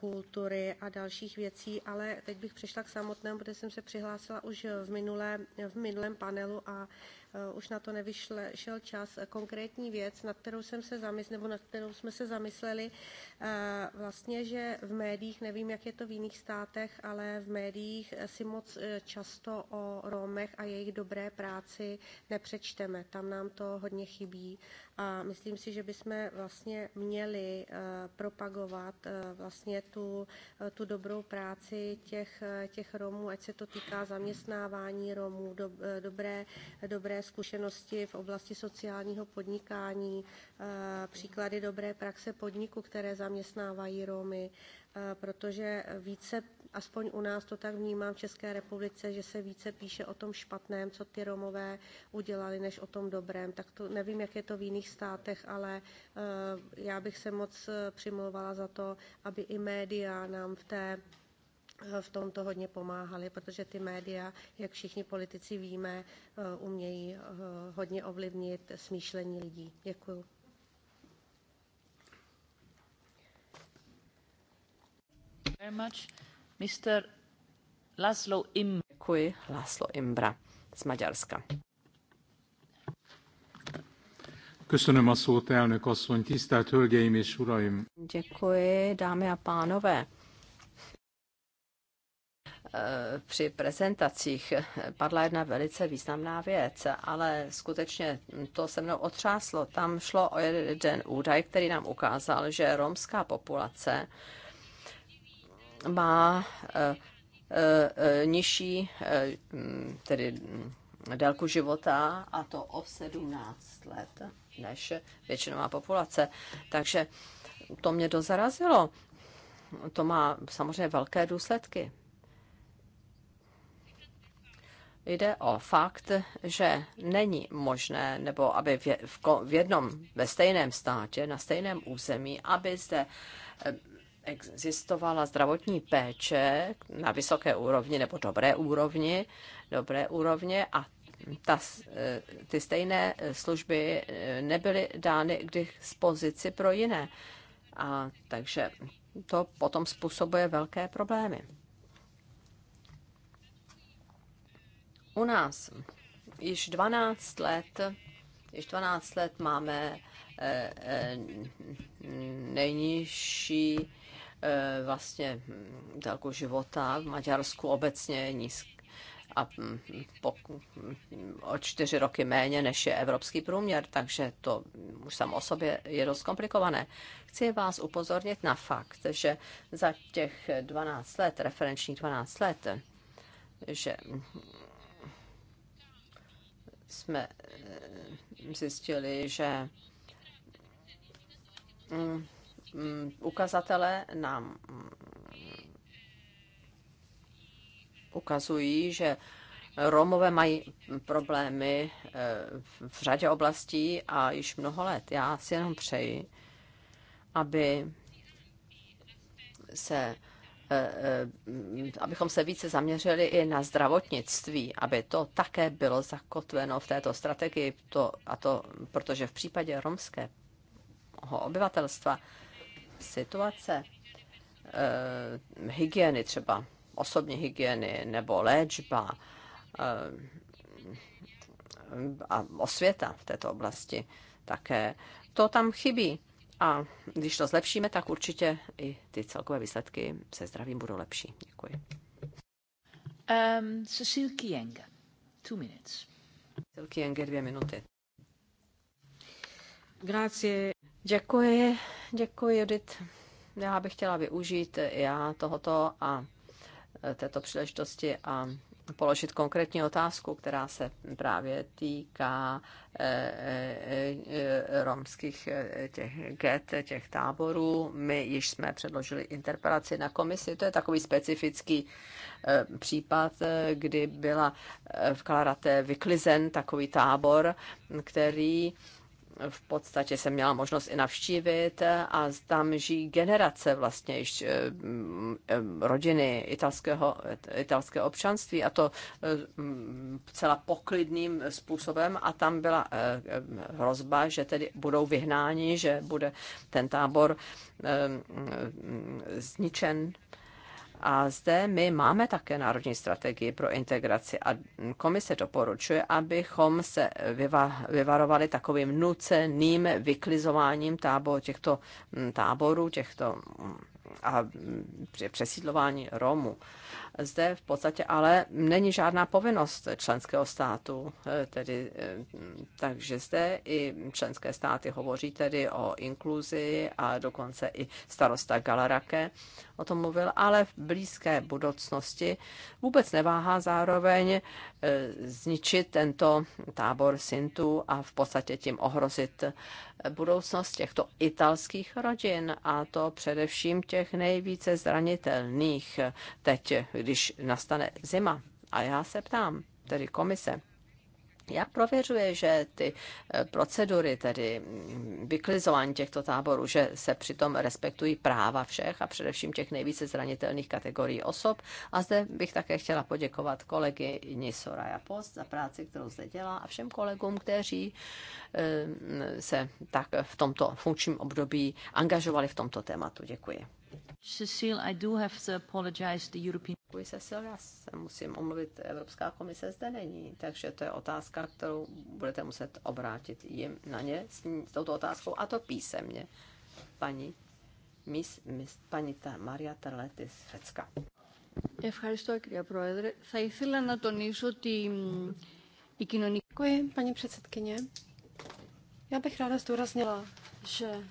kultury a dalších věcí, ale teď bych přešla k samotnému, protože jsem se přihlásila už v, minulé, v minulém panelu a Eh, už na to nevyšel čas, eh, konkrétní věc, nad kterou jsem se zamysl, nebo nad kterou jsme se zamysleli, eh, vlastně, že v médiích, nevím, jak je to v jiných státech, ale v médiích si moc často o Rómech a jejich dobré práci nepřečteme. Tam nám to hodně chybí a myslím si, že bychom vlastně měli eh, propagovat eh, vlastně tu, eh, tu dobrou práci těch, těch Romů, ať se to týká zaměstnávání Romů, do, dobré, dobré zkušenosti v oblasti sociálního podnikání, příklady dobré praxe podniku, které zaměstnávají Romy, protože více aspoň u nás to tak vnímám v České republice, že se více píše o tom špatném, co ty Romové udělali, než o tom dobrém. Tak to nevím, jak je to v jiných státech, ale eh, já bych se moc eh, přimlouvala za to, aby i média nám v té eh, v tomto hodně pomáhali, protože ty média, jak všichni politici víme, umějí hodně ovlivnit smýšlení lidí. Děkuju. Very much. Mr. Laszlo Im. Děkuji, Laszlo Imbra z Maďarska. Köszönöm a szót, elnök asszony, tisztelt hölgyeim és uraim. Děkuji, dámy a pánové eh, při prezentacích padla jedna velice významná věc, ale skutečně to se mnou otřáslo. Tam šlo o jeden údaj, který nám ukázal, že romská populace má eh, eh, eh, nižší mm, tedy mm, délku života a to o 17 let než většinová populace. Takže to mě dozarazilo. To má samozřejmě velké důsledky. Jde o fakt, že není možné, nebo aby v jednom, ve stejném státě, na stejném území, aby zde existovala zdravotní péče na vysoké úrovni nebo dobré úrovni, dobré úrovně a ta, e, ty stejné služby e, nebyly dány k dispozici pro jiné. A takže to potom způsobuje velké problémy. U nás již 12 let, již 12 let máme e, nejnižší E, vlastně hm, délku života v Maďarsku obecně je nízký a hm, po, hm, o čtyři roky méně, než je evropský průměr, takže to už samo o sobě je dost komplikované. Chci vás upozornit na fakt, že za těch 12 let, referenčních 12 let, že jsme zjistili, že Mm, ukazatele nám mm, ukazují, že Romové mají problémy eh, v řadě oblastí a již mnoho let. Já si jenom přeji, aby se eh, eh, abychom se více zaměřili i na zdravotnictví, aby to také bylo zakotveno v této strategii, to, a to, protože v případě romského obyvatelstva situace eh, hygieny třeba, osobní hygieny nebo léčba eh, a osvěta v této oblasti také, to tam chybí. A když to zlepšíme, tak určitě i ty celkové výsledky se zdravím budou lepší. Děkuji. Um, Cecil Kienge, two minutes. Cecil Kienge, dvě minuty. Grazie, Děkuji, děkuji Judit. Já bych chtěla využít já tohoto a této příležitosti a položit konkrétní otázku, která se právě týká eh, eh, eh, romských těch get, těch táborů. My již jsme předložili interpelaci na komisi. To je takový specifický případ, kdy byla v Klaraté vyklizen takový tábor, který v podstatě jsem měla možnost i navštívit a tam žijí generace vlastně již eh, eh, rodiny italského, italské občanství a to eh, celá poklidným způsobem a tam byla hrozba, že tedy budou vyhnáni, že bude ten tábor zničen a zde my máme také národní strategii pro integraci a komise doporučuje, abychom se vyvarovali takovým nuceným vyklizováním tábo, těchto táborů, těchto a přesídlování Romů. Zde v podstatě ale není žádná povinnost členského státu, e, tedy, e, takže zde i členské státy hovoří tedy o inkluzi a dokonce i starosta Galarake o tom mluvil, ale v blízké budoucnosti vůbec neváhá zároveň e, zničit tento tábor Sintu a v podstatě tím ohrozit budoucnost těchto italských rodin a to především těch těch nejvíce zranitelných teď, když nastane zima. A já se ptám, tedy komise, jak prověřuje, že ty eh, procedury, tedy vyklizování těchto táborů, že se přitom respektují práva všech a především těch nejvíce zranitelných kategorií osob? A zde bych také chtěla poděkovat kolegyni Soraya Post za práci, kterou zde dělá a všem kolegům, kteří eh, se tak v tomto funkčním období angažovali v tomto tématu. Děkuji. Cecil, I do Děkuji, Cecil, já se musím omluvit, Evropská komise zde není, takže to je otázka, kterou budete muset obrátit jim na ně s, s touto otázkou, a to písemně. Paní, mis, mis, paní ta Maria Terlety z Řecka. Děkuji, paní předsedkyně. Já bych ráda zdůraznila, že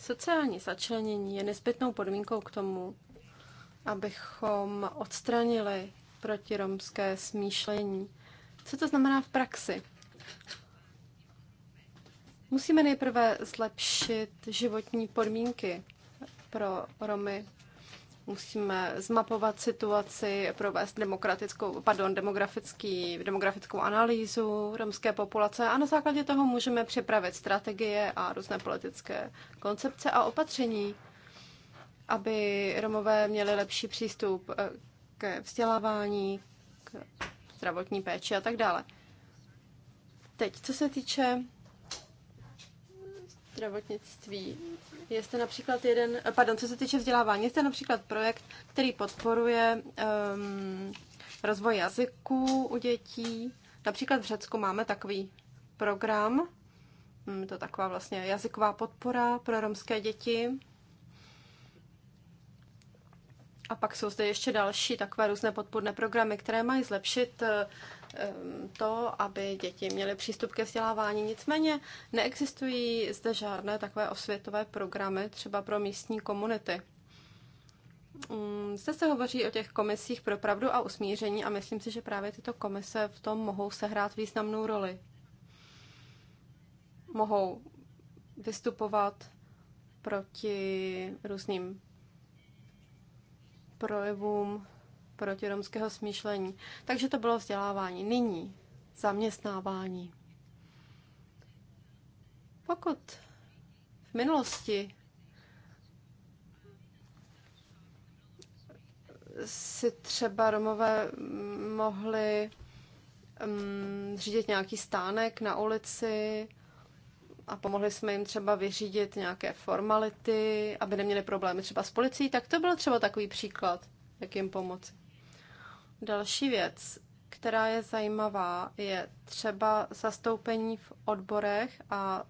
Sociální začlenění je nezbytnou podmínkou k tomu, abychom odstranili protiromské smýšlení. Co to znamená v praxi? Musíme nejprve zlepšit životní podmínky pro Romy Musíme zmapovat situaci, provést demokratickou, pardon, demografický, demografickou analýzu romské populace a na základě toho můžeme připravit strategie a různé politické koncepce a opatření, aby Romové měli lepší přístup eh, k vzdělávání, k zdravotní péči a tak dále. Teď, co se týče zdravotnictví, Jste například jeden, eh, pardon, co se týče vzdělávání, jste například projekt, který podporuje um, rozvoj jazyků u dětí. Například v Řecku máme takový program, hm, to taková vlastně jazyková podpora pro romské děti. A pak jsou zde ještě další takové různé podpůrné programy, které mají zlepšit eh, Ehm, to, aby děti měly přístup ke vzdělávání. Nicméně neexistují zde žádné takové osvětové programy, třeba pro místní komunity. Mm, zde se hovoří o těch komisích pro pravdu a usmíření a myslím si, že právě tyto komise v tom mohou sehrát významnou roli. Mohou vystupovat proti různým projevům proti romského smýšlení. Takže to bylo vzdělávání. Nyní zaměstnávání. Pokud v minulosti si třeba Romové mohli um, mm, řídit nějaký stánek na ulici a pomohli jsme jim třeba vyřídit nějaké formality, aby neměli problémy třeba s policií, tak to byl třeba takový příklad, jak jim pomoci. Další věc, která je zajímavá, je třeba zastoupení v odborech a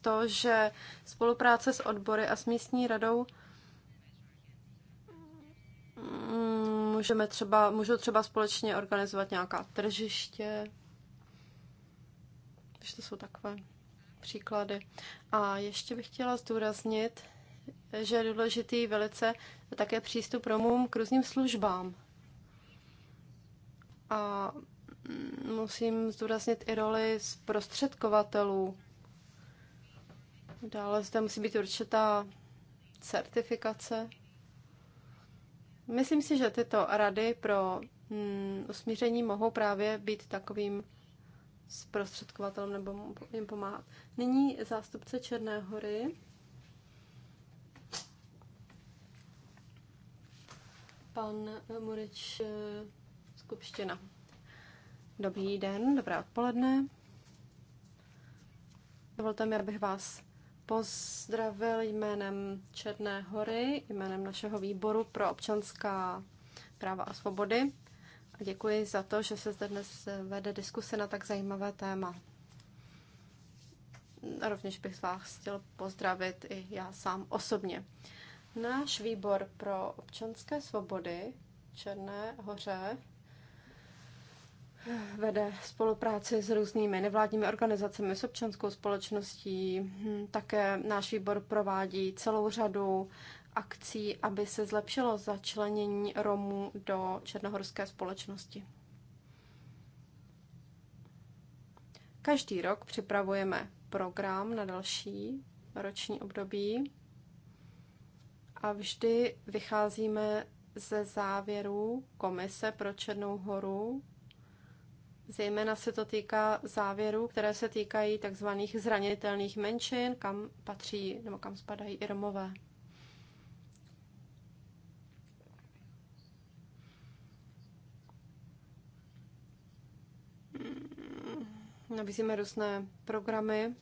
to, že spolupráce s odbory a s místní radou mm, můžeme třeba, můžou třeba společně organizovat nějaká tržiště. Takže to jsou takové příklady. A ještě bych chtěla zdůraznit, že je důležitý velice také přístup Romům k různým službám a musím zdůraznit i roli zprostředkovatelů. Dále zde musí být určitá certifikace. Myslím si, že tyto rady pro mm, usmíření mohou právě být takovým zprostředkovatelem nebo jim pomáhat. Nyní zástupce Černé hory. Pan Murič eh, Kupština. Dobrý den, dobré odpoledne. Dovolte mi, abych vás pozdravil jménem Černé hory, jménem našeho výboru pro občanská práva a svobody. A děkuji za to, že se zde dnes vede diskuse na tak zajímavé téma. A rovněž bych vás chtěl pozdravit i já sám osobně. Náš výbor pro občanské svobody Černé hoře vede spolupráci s různými nevládními organizacemi, s občanskou společností. Hm, také náš výbor provádí celou řadu akcí, aby se zlepšilo začlenění Romů do černohorské společnosti. Každý rok připravujeme program na další roční období a vždy vycházíme ze závěrů Komise pro Černou horu Zejména se to týká závěrů, které se týkají tzv. zranitelných menšin, kam patří nebo kam spadají i Romové. Hmm, nabízíme různé programy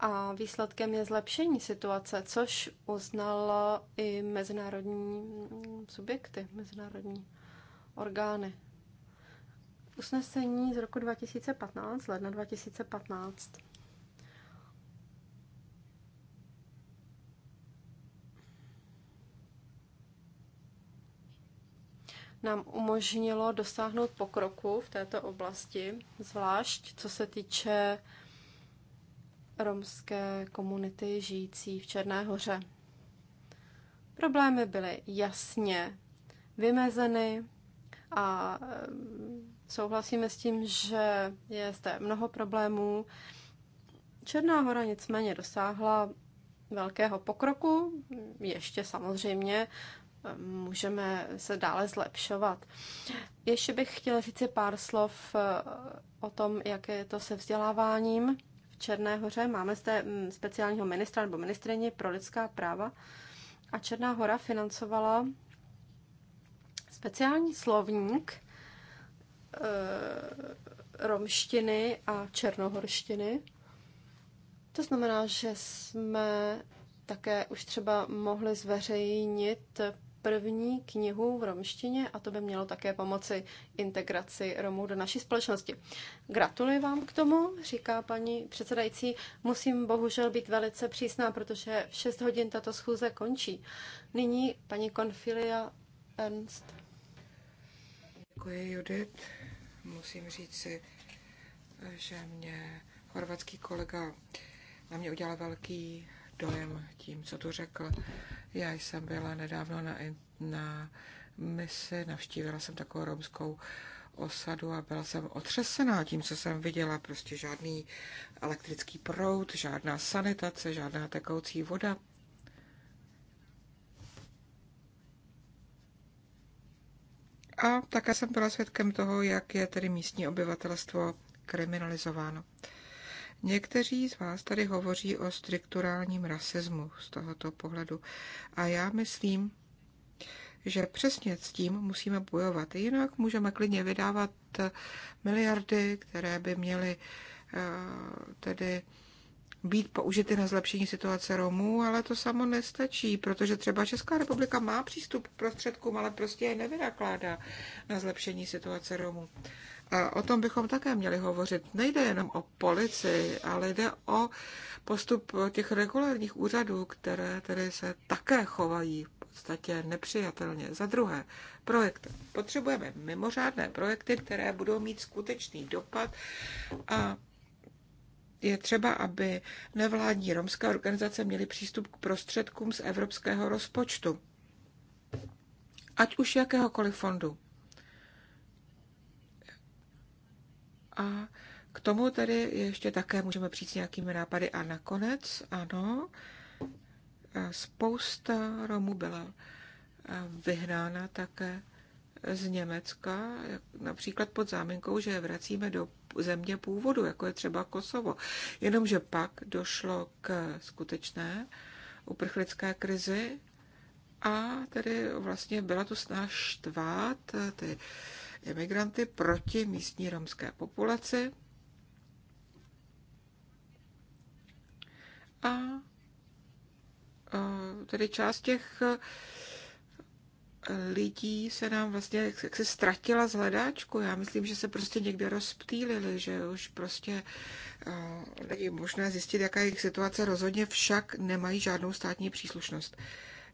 a výsledkem je zlepšení situace, což uznala i mezinárodní subjekty, mezinárodní orgány usnesení z roku 2015, ledna 2015. nám umožnilo dosáhnout pokroku v této oblasti, zvlášť co se týče romské komunity žijící v Černé hoře. Problémy byly jasně vymezeny a Souhlasíme s tím, že je zde mnoho problémů. Černá hora nicméně dosáhla velkého pokroku, ještě samozřejmě eh, můžeme se dále zlepšovat. Ještě bych chtěla říct pár slov eh, o tom, jak je to se vzděláváním v Černé hoře. Máme zde mm, speciálního ministra nebo ministrině pro lidská práva a Černá hora financovala speciální slovník Eh, romštiny a černohorštiny. To znamená, že jsme také už třeba mohli zveřejnit první knihu v romštině a to by mělo také pomoci integraci Romů do naší společnosti. Gratuluji vám k tomu, říká paní předsedající. Musím bohužel být velice přísná, protože v 6 hodin tato schůze končí. Nyní paní Konfilia Ernst. Děkuji, Judith musím říci, že mě chorvatský kolega na mě udělal velký dojem tím, co tu řekl. Já jsem byla nedávno na, na misi, navštívila jsem takovou romskou osadu a byla jsem otřesená tím, co jsem viděla. Prostě žádný elektrický proud, žádná sanitace, žádná tekoucí voda. A také jsem byla svědkem toho, jak je tedy místní obyvatelstvo kriminalizováno. Někteří z vás tady hovoří o strukturálním rasismu z tohoto pohledu. A já myslím, že přesně s tím musíme bojovat. Jinak můžeme klidně vydávat miliardy, které by měly eh, tedy být použity na zlepšení situace Romů, ale to samo nestačí, protože třeba Česká republika má přístup k prostředkům, ale prostě je nevynakládá na zlepšení situace Romů. A o tom bychom také měli hovořit. Nejde jenom o policii, ale jde o postup těch regulárních úřadů, které tedy se také chovají v podstatě nepřijatelně. Za druhé, projekty. Potřebujeme mimořádné projekty, které budou mít skutečný dopad a je třeba, aby nevládní romské organizace měly přístup k prostředkům z evropského rozpočtu, ať už jakéhokoliv fondu. A k tomu tedy ještě také můžeme přijít s nějakými nápady. A nakonec, ano, spousta Romů byla eh, vyhnána také z Německa, například pod záminkou, že je vracíme do země původu, jako je třeba Kosovo. Jenomže pak došlo k skutečné uprchlické krizi a tedy vlastně byla tu snaha štvát eh, ty emigranty proti místní romské populaci. A eh, tedy část těch lidí se nám vlastně jak, jak se ztratila z hledáčku. Já myslím, že se prostě někde rozptýlili, že už prostě uh, není možné zjistit, jaká je jejich situace. Rozhodně však nemají žádnou státní příslušnost.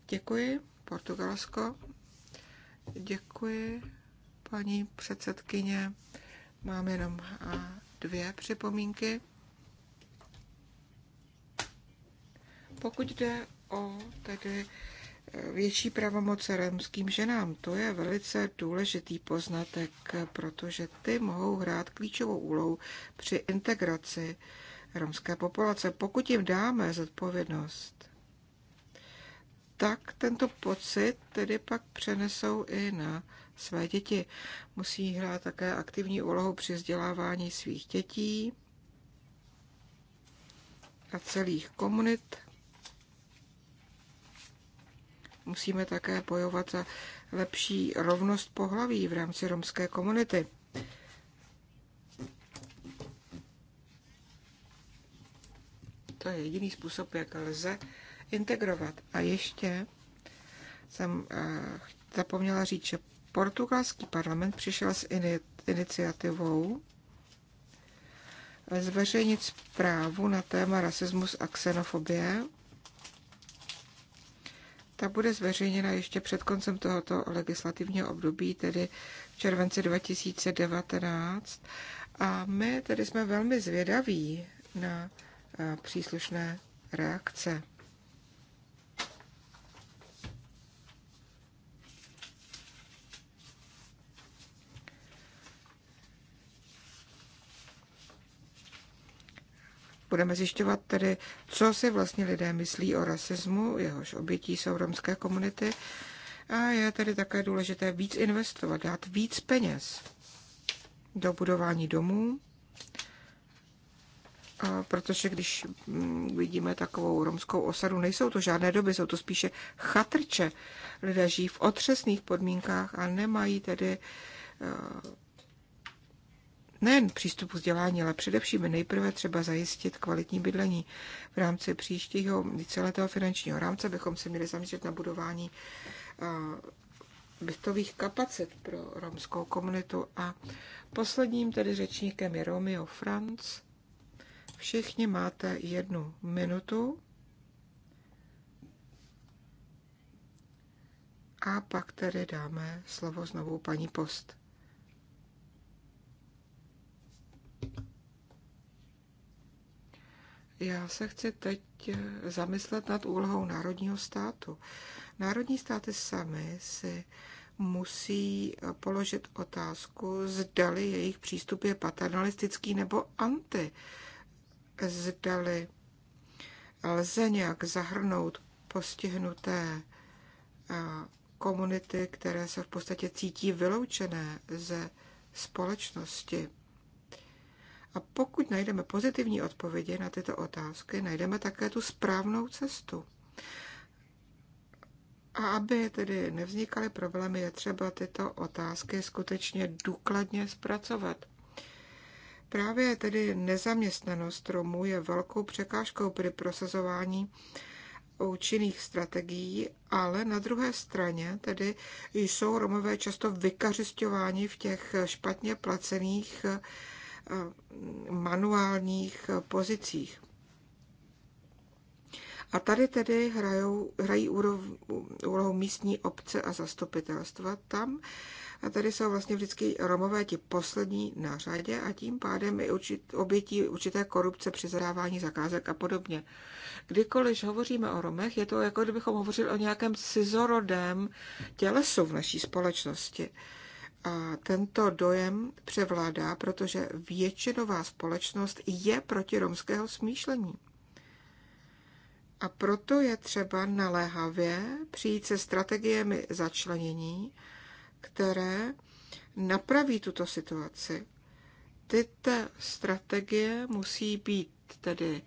Děkuji, Portugalsko. Děkuji, paní předsedkyně. Mám jenom eh, dvě připomínky. Pokud jde o tedy větší pravomoce romským ženám. To je velice důležitý poznatek, protože ty mohou hrát klíčovou úlohu při integraci romské populace. Pokud jim dáme zodpovědnost, tak tento pocit tedy pak přenesou i na své děti. Musí hrát také aktivní úlohu při vzdělávání svých dětí a celých komunit Musíme také bojovat za lepší rovnost pohlaví v rámci romské komunity. To je jediný způsob, jak lze integrovat. A ještě jsem eh, zapomněla říct, že portugalský parlament přišel s iniciativou zveřejnit zprávu na téma rasismus a xenofobie ta bude zveřejněna ještě před koncem tohoto legislativního období, tedy v červenci 2019. A my tedy jsme velmi zvědaví na eh, příslušné reakce. Budeme zjišťovat tedy, co si vlastně lidé myslí o rasismu, jehož obětí jsou romské komunity. A je tedy také důležité víc investovat, dát víc peněz do budování domů, a protože když mm, vidíme takovou romskou osadu, nejsou to žádné doby, jsou to spíše chatrče. Lidé žijí v otřesných podmínkách a nemají tedy eh, nejen přístup vzdělání, ale především nejprve třeba zajistit kvalitní bydlení. V rámci příštího celého finančního rámce bychom se měli zaměřit na budování eh, bytových kapacit pro romskou komunitu. A posledním tedy řečníkem je Romeo Franz. Všichni máte jednu minutu. A pak tedy dáme slovo znovu paní Post. Já se chci teď eh, zamyslet nad úlohou národního státu. Národní státy sami si musí eh, položit otázku, zdali jejich přístup je paternalistický nebo anti. Zdali lze nějak zahrnout postihnuté eh, komunity, které se v podstatě cítí vyloučené ze společnosti. A pokud najdeme pozitivní odpovědi na tyto otázky, najdeme také tu správnou cestu. A aby tedy nevznikaly problémy, je třeba tyto otázky skutečně důkladně zpracovat. Právě tedy nezaměstnanost Romů je velkou překážkou při prosazování účinných strategií, ale na druhé straně tedy jsou Romové často vykařišťováni v těch špatně placených manuálních e, pozicích. A tady tedy hrajou, hrají úlohu místní obce a zastupitelstva tam. A tady jsou vlastně vždycky Romové ti poslední na řadě a tím pádem i určit, obětí určité korupce při zadávání zakázek a podobně. Kdykoliv hovoříme o Romech, je to jako kdybychom hovořili o nějakém cizorodém tělesu v naší společnosti. Uh, a tento dojem převládá, protože většinová společnost je proti romského smýšlení. A proto je třeba naléhavě přijít se strategiemi začlenění, které napraví tuto situaci. Tyto strategie musí být tedy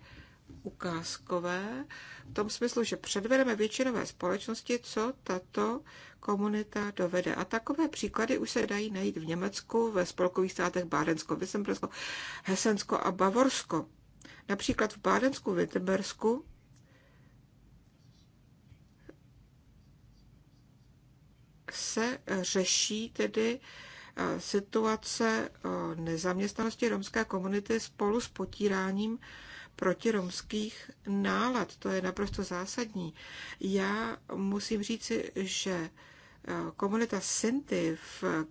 ukázkové, v tom smyslu, že předvedeme většinové společnosti, co tato komunita dovede. A takové příklady už se dají najít v Německu, ve spolkových státech Bádensko, Vysembrsko, Hesensko a Bavorsko. Například v Bádensku, Wittenbersku se řeší tedy eh, situace eh, nezaměstnanosti romské komunity spolu s potíráním protiromských nálad. To je naprosto zásadní. Já musím říci, že eh, komunita Sinti v eh,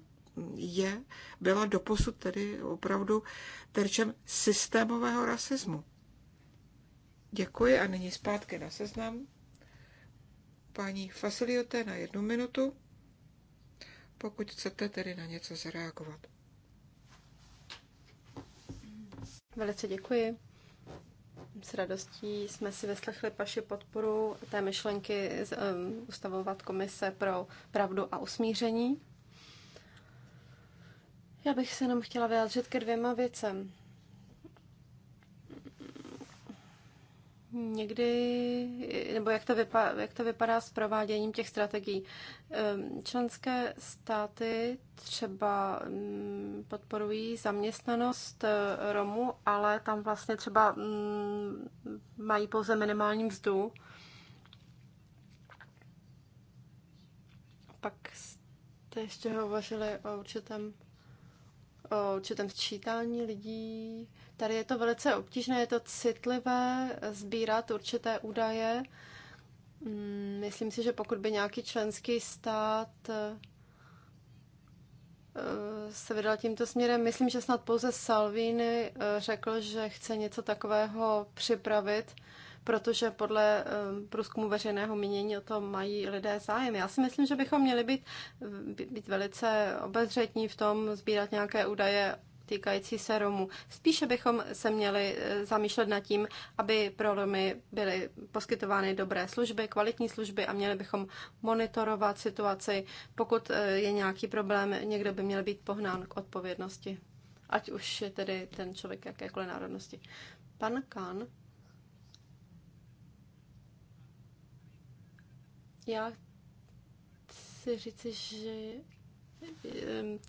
je, byla doposud tedy opravdu terčem systémového rasismu. Děkuji a nyní zpátky na seznam. Paní Fasiliote na jednu minutu, pokud chcete tedy na něco zareagovat. Velice děkuji. S radostí jsme si vyslechli vaši podporu té myšlenky ustavovat komise pro pravdu a usmíření. Já bych se jenom chtěla vyjádřit ke dvěma věcem. někdy, nebo jak to, vypa, jak to vypadá s prováděním těch strategií. Ehm, členské státy třeba mm, podporují zaměstnanost eh, Romů, ale tam vlastně třeba mm, mají pouze minimální mzdu. Pak jste ještě hovořili o určitém, o určitém sčítání lidí, Tady je to velice obtížné, je to citlivé sbírat určité údaje. Mm, myslím si, že pokud by nějaký členský stát eh, se vydal tímto směrem. Myslím, že snad pouze Salvini eh, řekl, že chce něco takového připravit, protože podle eh, průzkumu veřejného mínění o to mají lidé zájem. Já si myslím, že bychom měli být, být velice obezřetní v tom sbírat nějaké údaje týkající se Romů. Spíše bychom se měli eh, zamýšlet nad tím, aby pro Romy byly poskytovány dobré služby, kvalitní služby a měli bychom monitorovat situaci. Pokud eh, je nějaký problém, někdo by měl být pohnán k odpovědnosti. Ať už je tedy ten člověk jakékoliv národnosti. Pan Kan. Já chci říci, že eh,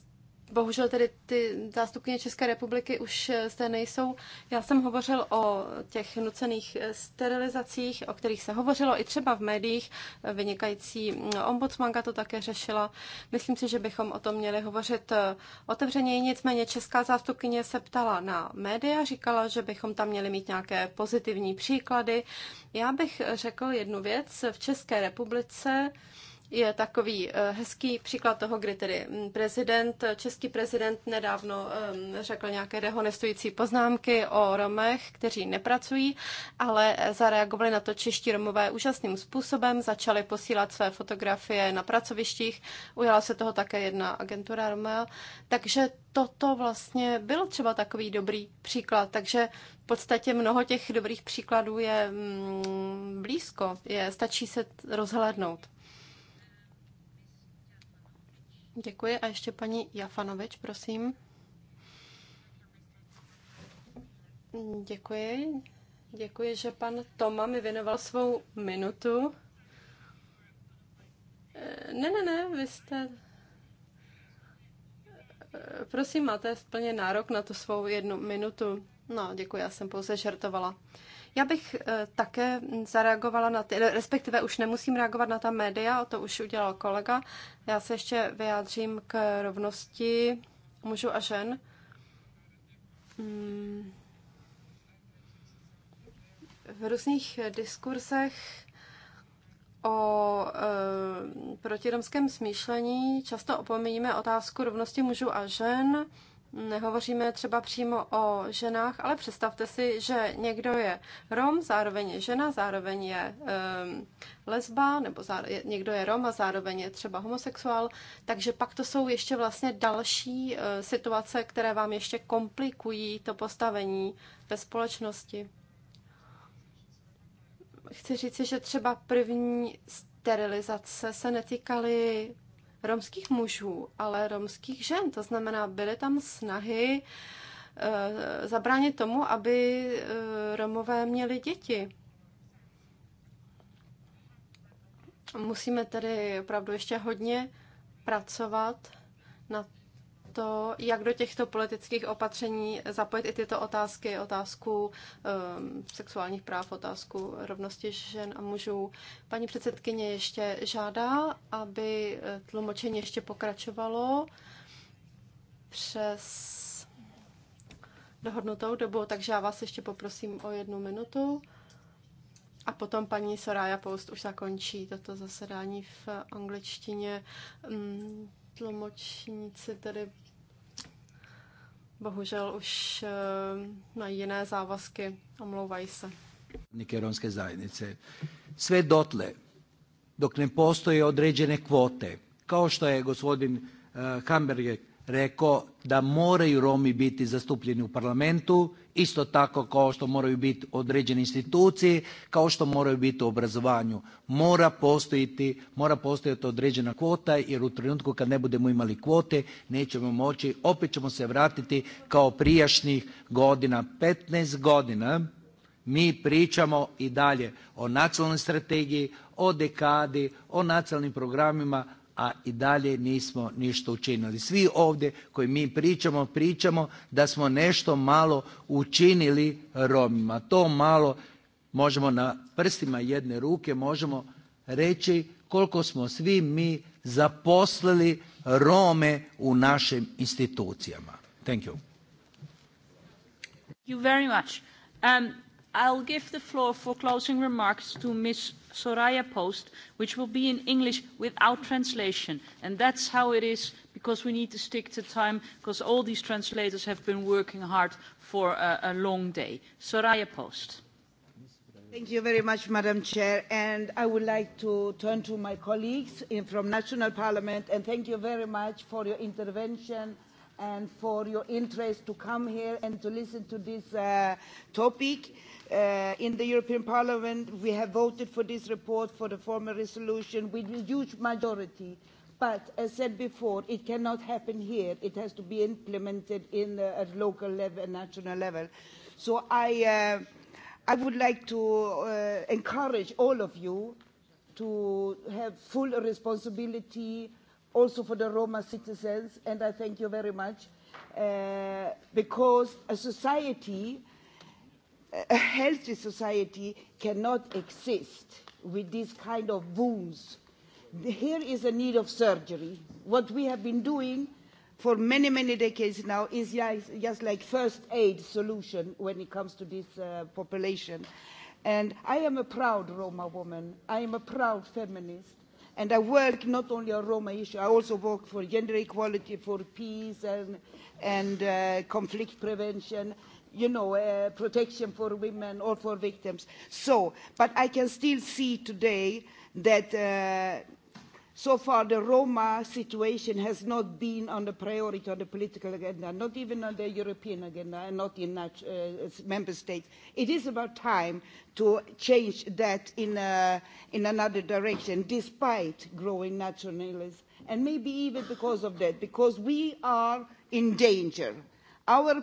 Bohužel tedy ty zástupkyně České republiky už eh, zde nejsou. Já jsem hovořil o těch nucených eh, sterilizacích, o kterých se hovořilo i třeba v médiích. Eh, vynikající mm, ombudsmanka to také řešila. Myslím si, že bychom o tom měli hovořit otevřeně. Nicméně česká zástupkyně se ptala na média, říkala, že bychom tam měli mít nějaké pozitivní příklady. Já bych řekl jednu věc. V České republice je takový eh, hezký příklad toho, kdy tedy mm, prezident, eh, český prezident nedávno ehm, řekl nějaké dehonestující poznámky o Romech, kteří nepracují, ale eh, zareagovali na to čeští Romové úžasným způsobem, začali posílat své fotografie na pracovištích, ujala se toho také jedna agentura Romea, takže toto vlastně byl třeba takový dobrý příklad, takže v podstatě mnoho těch dobrých příkladů je mm, blízko, je, stačí se rozhlédnout. Děkuji a ještě paní Jafanovič, prosím. Děkuji. Děkuji, že pan Toma mi věnoval svou minutu. Eh, ne, ne, ne, vy jste... Eh, prosím, máte splně nárok na tu svou jednu minutu. No, děkuji, já jsem pouze žertovala. Já bych eh, také zareagovala na ty, respektive už nemusím reagovat na ta média, to už udělal kolega. Já se ještě vyjádřím k rovnosti mužů a žen. Hmm. V různých diskursech o e, eh, protiromském smýšlení často opomíníme otázku rovnosti mužů a žen. E, Nehovoříme třeba přímo o ženách, ale představte si, že někdo je Rom, zároveň je žena, zároveň je um, lesba, nebo zároveň, někdo je Rom a zároveň je třeba homosexuál. Takže pak to jsou ještě vlastně další uh, situace, které vám ještě komplikují to postavení ve společnosti. Chci říci, že třeba první sterilizace se netýkaly romských mužů, ale romských žen. To znamená, byly tam snahy eh, zabránit tomu, aby eh, Romové měli děti. Musíme tedy opravdu ještě hodně pracovat na to, jak do těchto politických opatření zapojit i tyto otázky, otázku um, sexuálních práv, otázku rovnosti žen a mužů. Paní předsedkyně ještě žádá, aby eh, tlumočení ještě pokračovalo přes dohodnutou dobu, takže já vás ještě poprosím o jednu minutu. A potom paní Soraya Post už zakončí toto zasedání v angličtině. Mm, Tlumočníci tedy bohužel už eh, mají jiné závazky, omlouvají se. Nikeronské zajednice. Sve dotle, dok ne postoje određene kvote, kao što je gospodin eh, Hamberger rekao da moraju Romi biti zastupljeni u parlamentu, isto tako kao što moraju biti određene institucije, kao što moraju biti u obrazovanju. Mora postojiti, mora postojati određena kvota jer u trenutku kad ne budemo imali kvote nećemo moći, opet ćemo se vratiti kao prijašnjih godina. 15 godina mi pričamo i dalje o nacionalnoj strategiji, o dekadi, o nacionalnim programima, a i dalje nismo ništa učinili. Svi ovdje koji mi pričamo, pričamo da smo nešto malo učinili Romima. To malo možemo na prstima jedne ruke možemo reći koliko smo svi mi zaposlili Rome u našim institucijama. Thank you. Thank you very much. Um, I'll give the floor for closing remarks to Ms. Soraya post, which will be in English without translation. And that's how it is because we need to stick to time because all these translators have been working hard for a, a long day. Soraya post. Thank you very much, Madam Chair. And I would like to turn to my colleagues in, from National Parliament and thank you very much for your intervention and for your interest to come here and to listen to this uh, topic. Uh, in the European Parliament, we have voted for this report, for the former resolution, with a huge majority. But as said before, it cannot happen here. It has to be implemented in, at local level and national level. So I, uh, I would like to uh, encourage all of you to have full responsibility also for the Roma citizens, and I thank you very much, uh, because a society a healthy society cannot exist with these kind of wounds. Here is a need of surgery. What we have been doing for many, many decades now is just like first aid solution when it comes to this uh, population. And I am a proud Roma woman. I am a proud feminist. And I work not only on Roma issue, I also work for gender equality, for peace and, and uh, conflict prevention you know, uh, protection for women or for victims. So, but I can still see today that uh, so far the Roma situation has not been on the priority on the political agenda, not even on the European agenda, and not in uh, member states. It is about time to change that in, uh, in another direction, despite growing nationalism. And maybe even because of that, because we are in danger. Our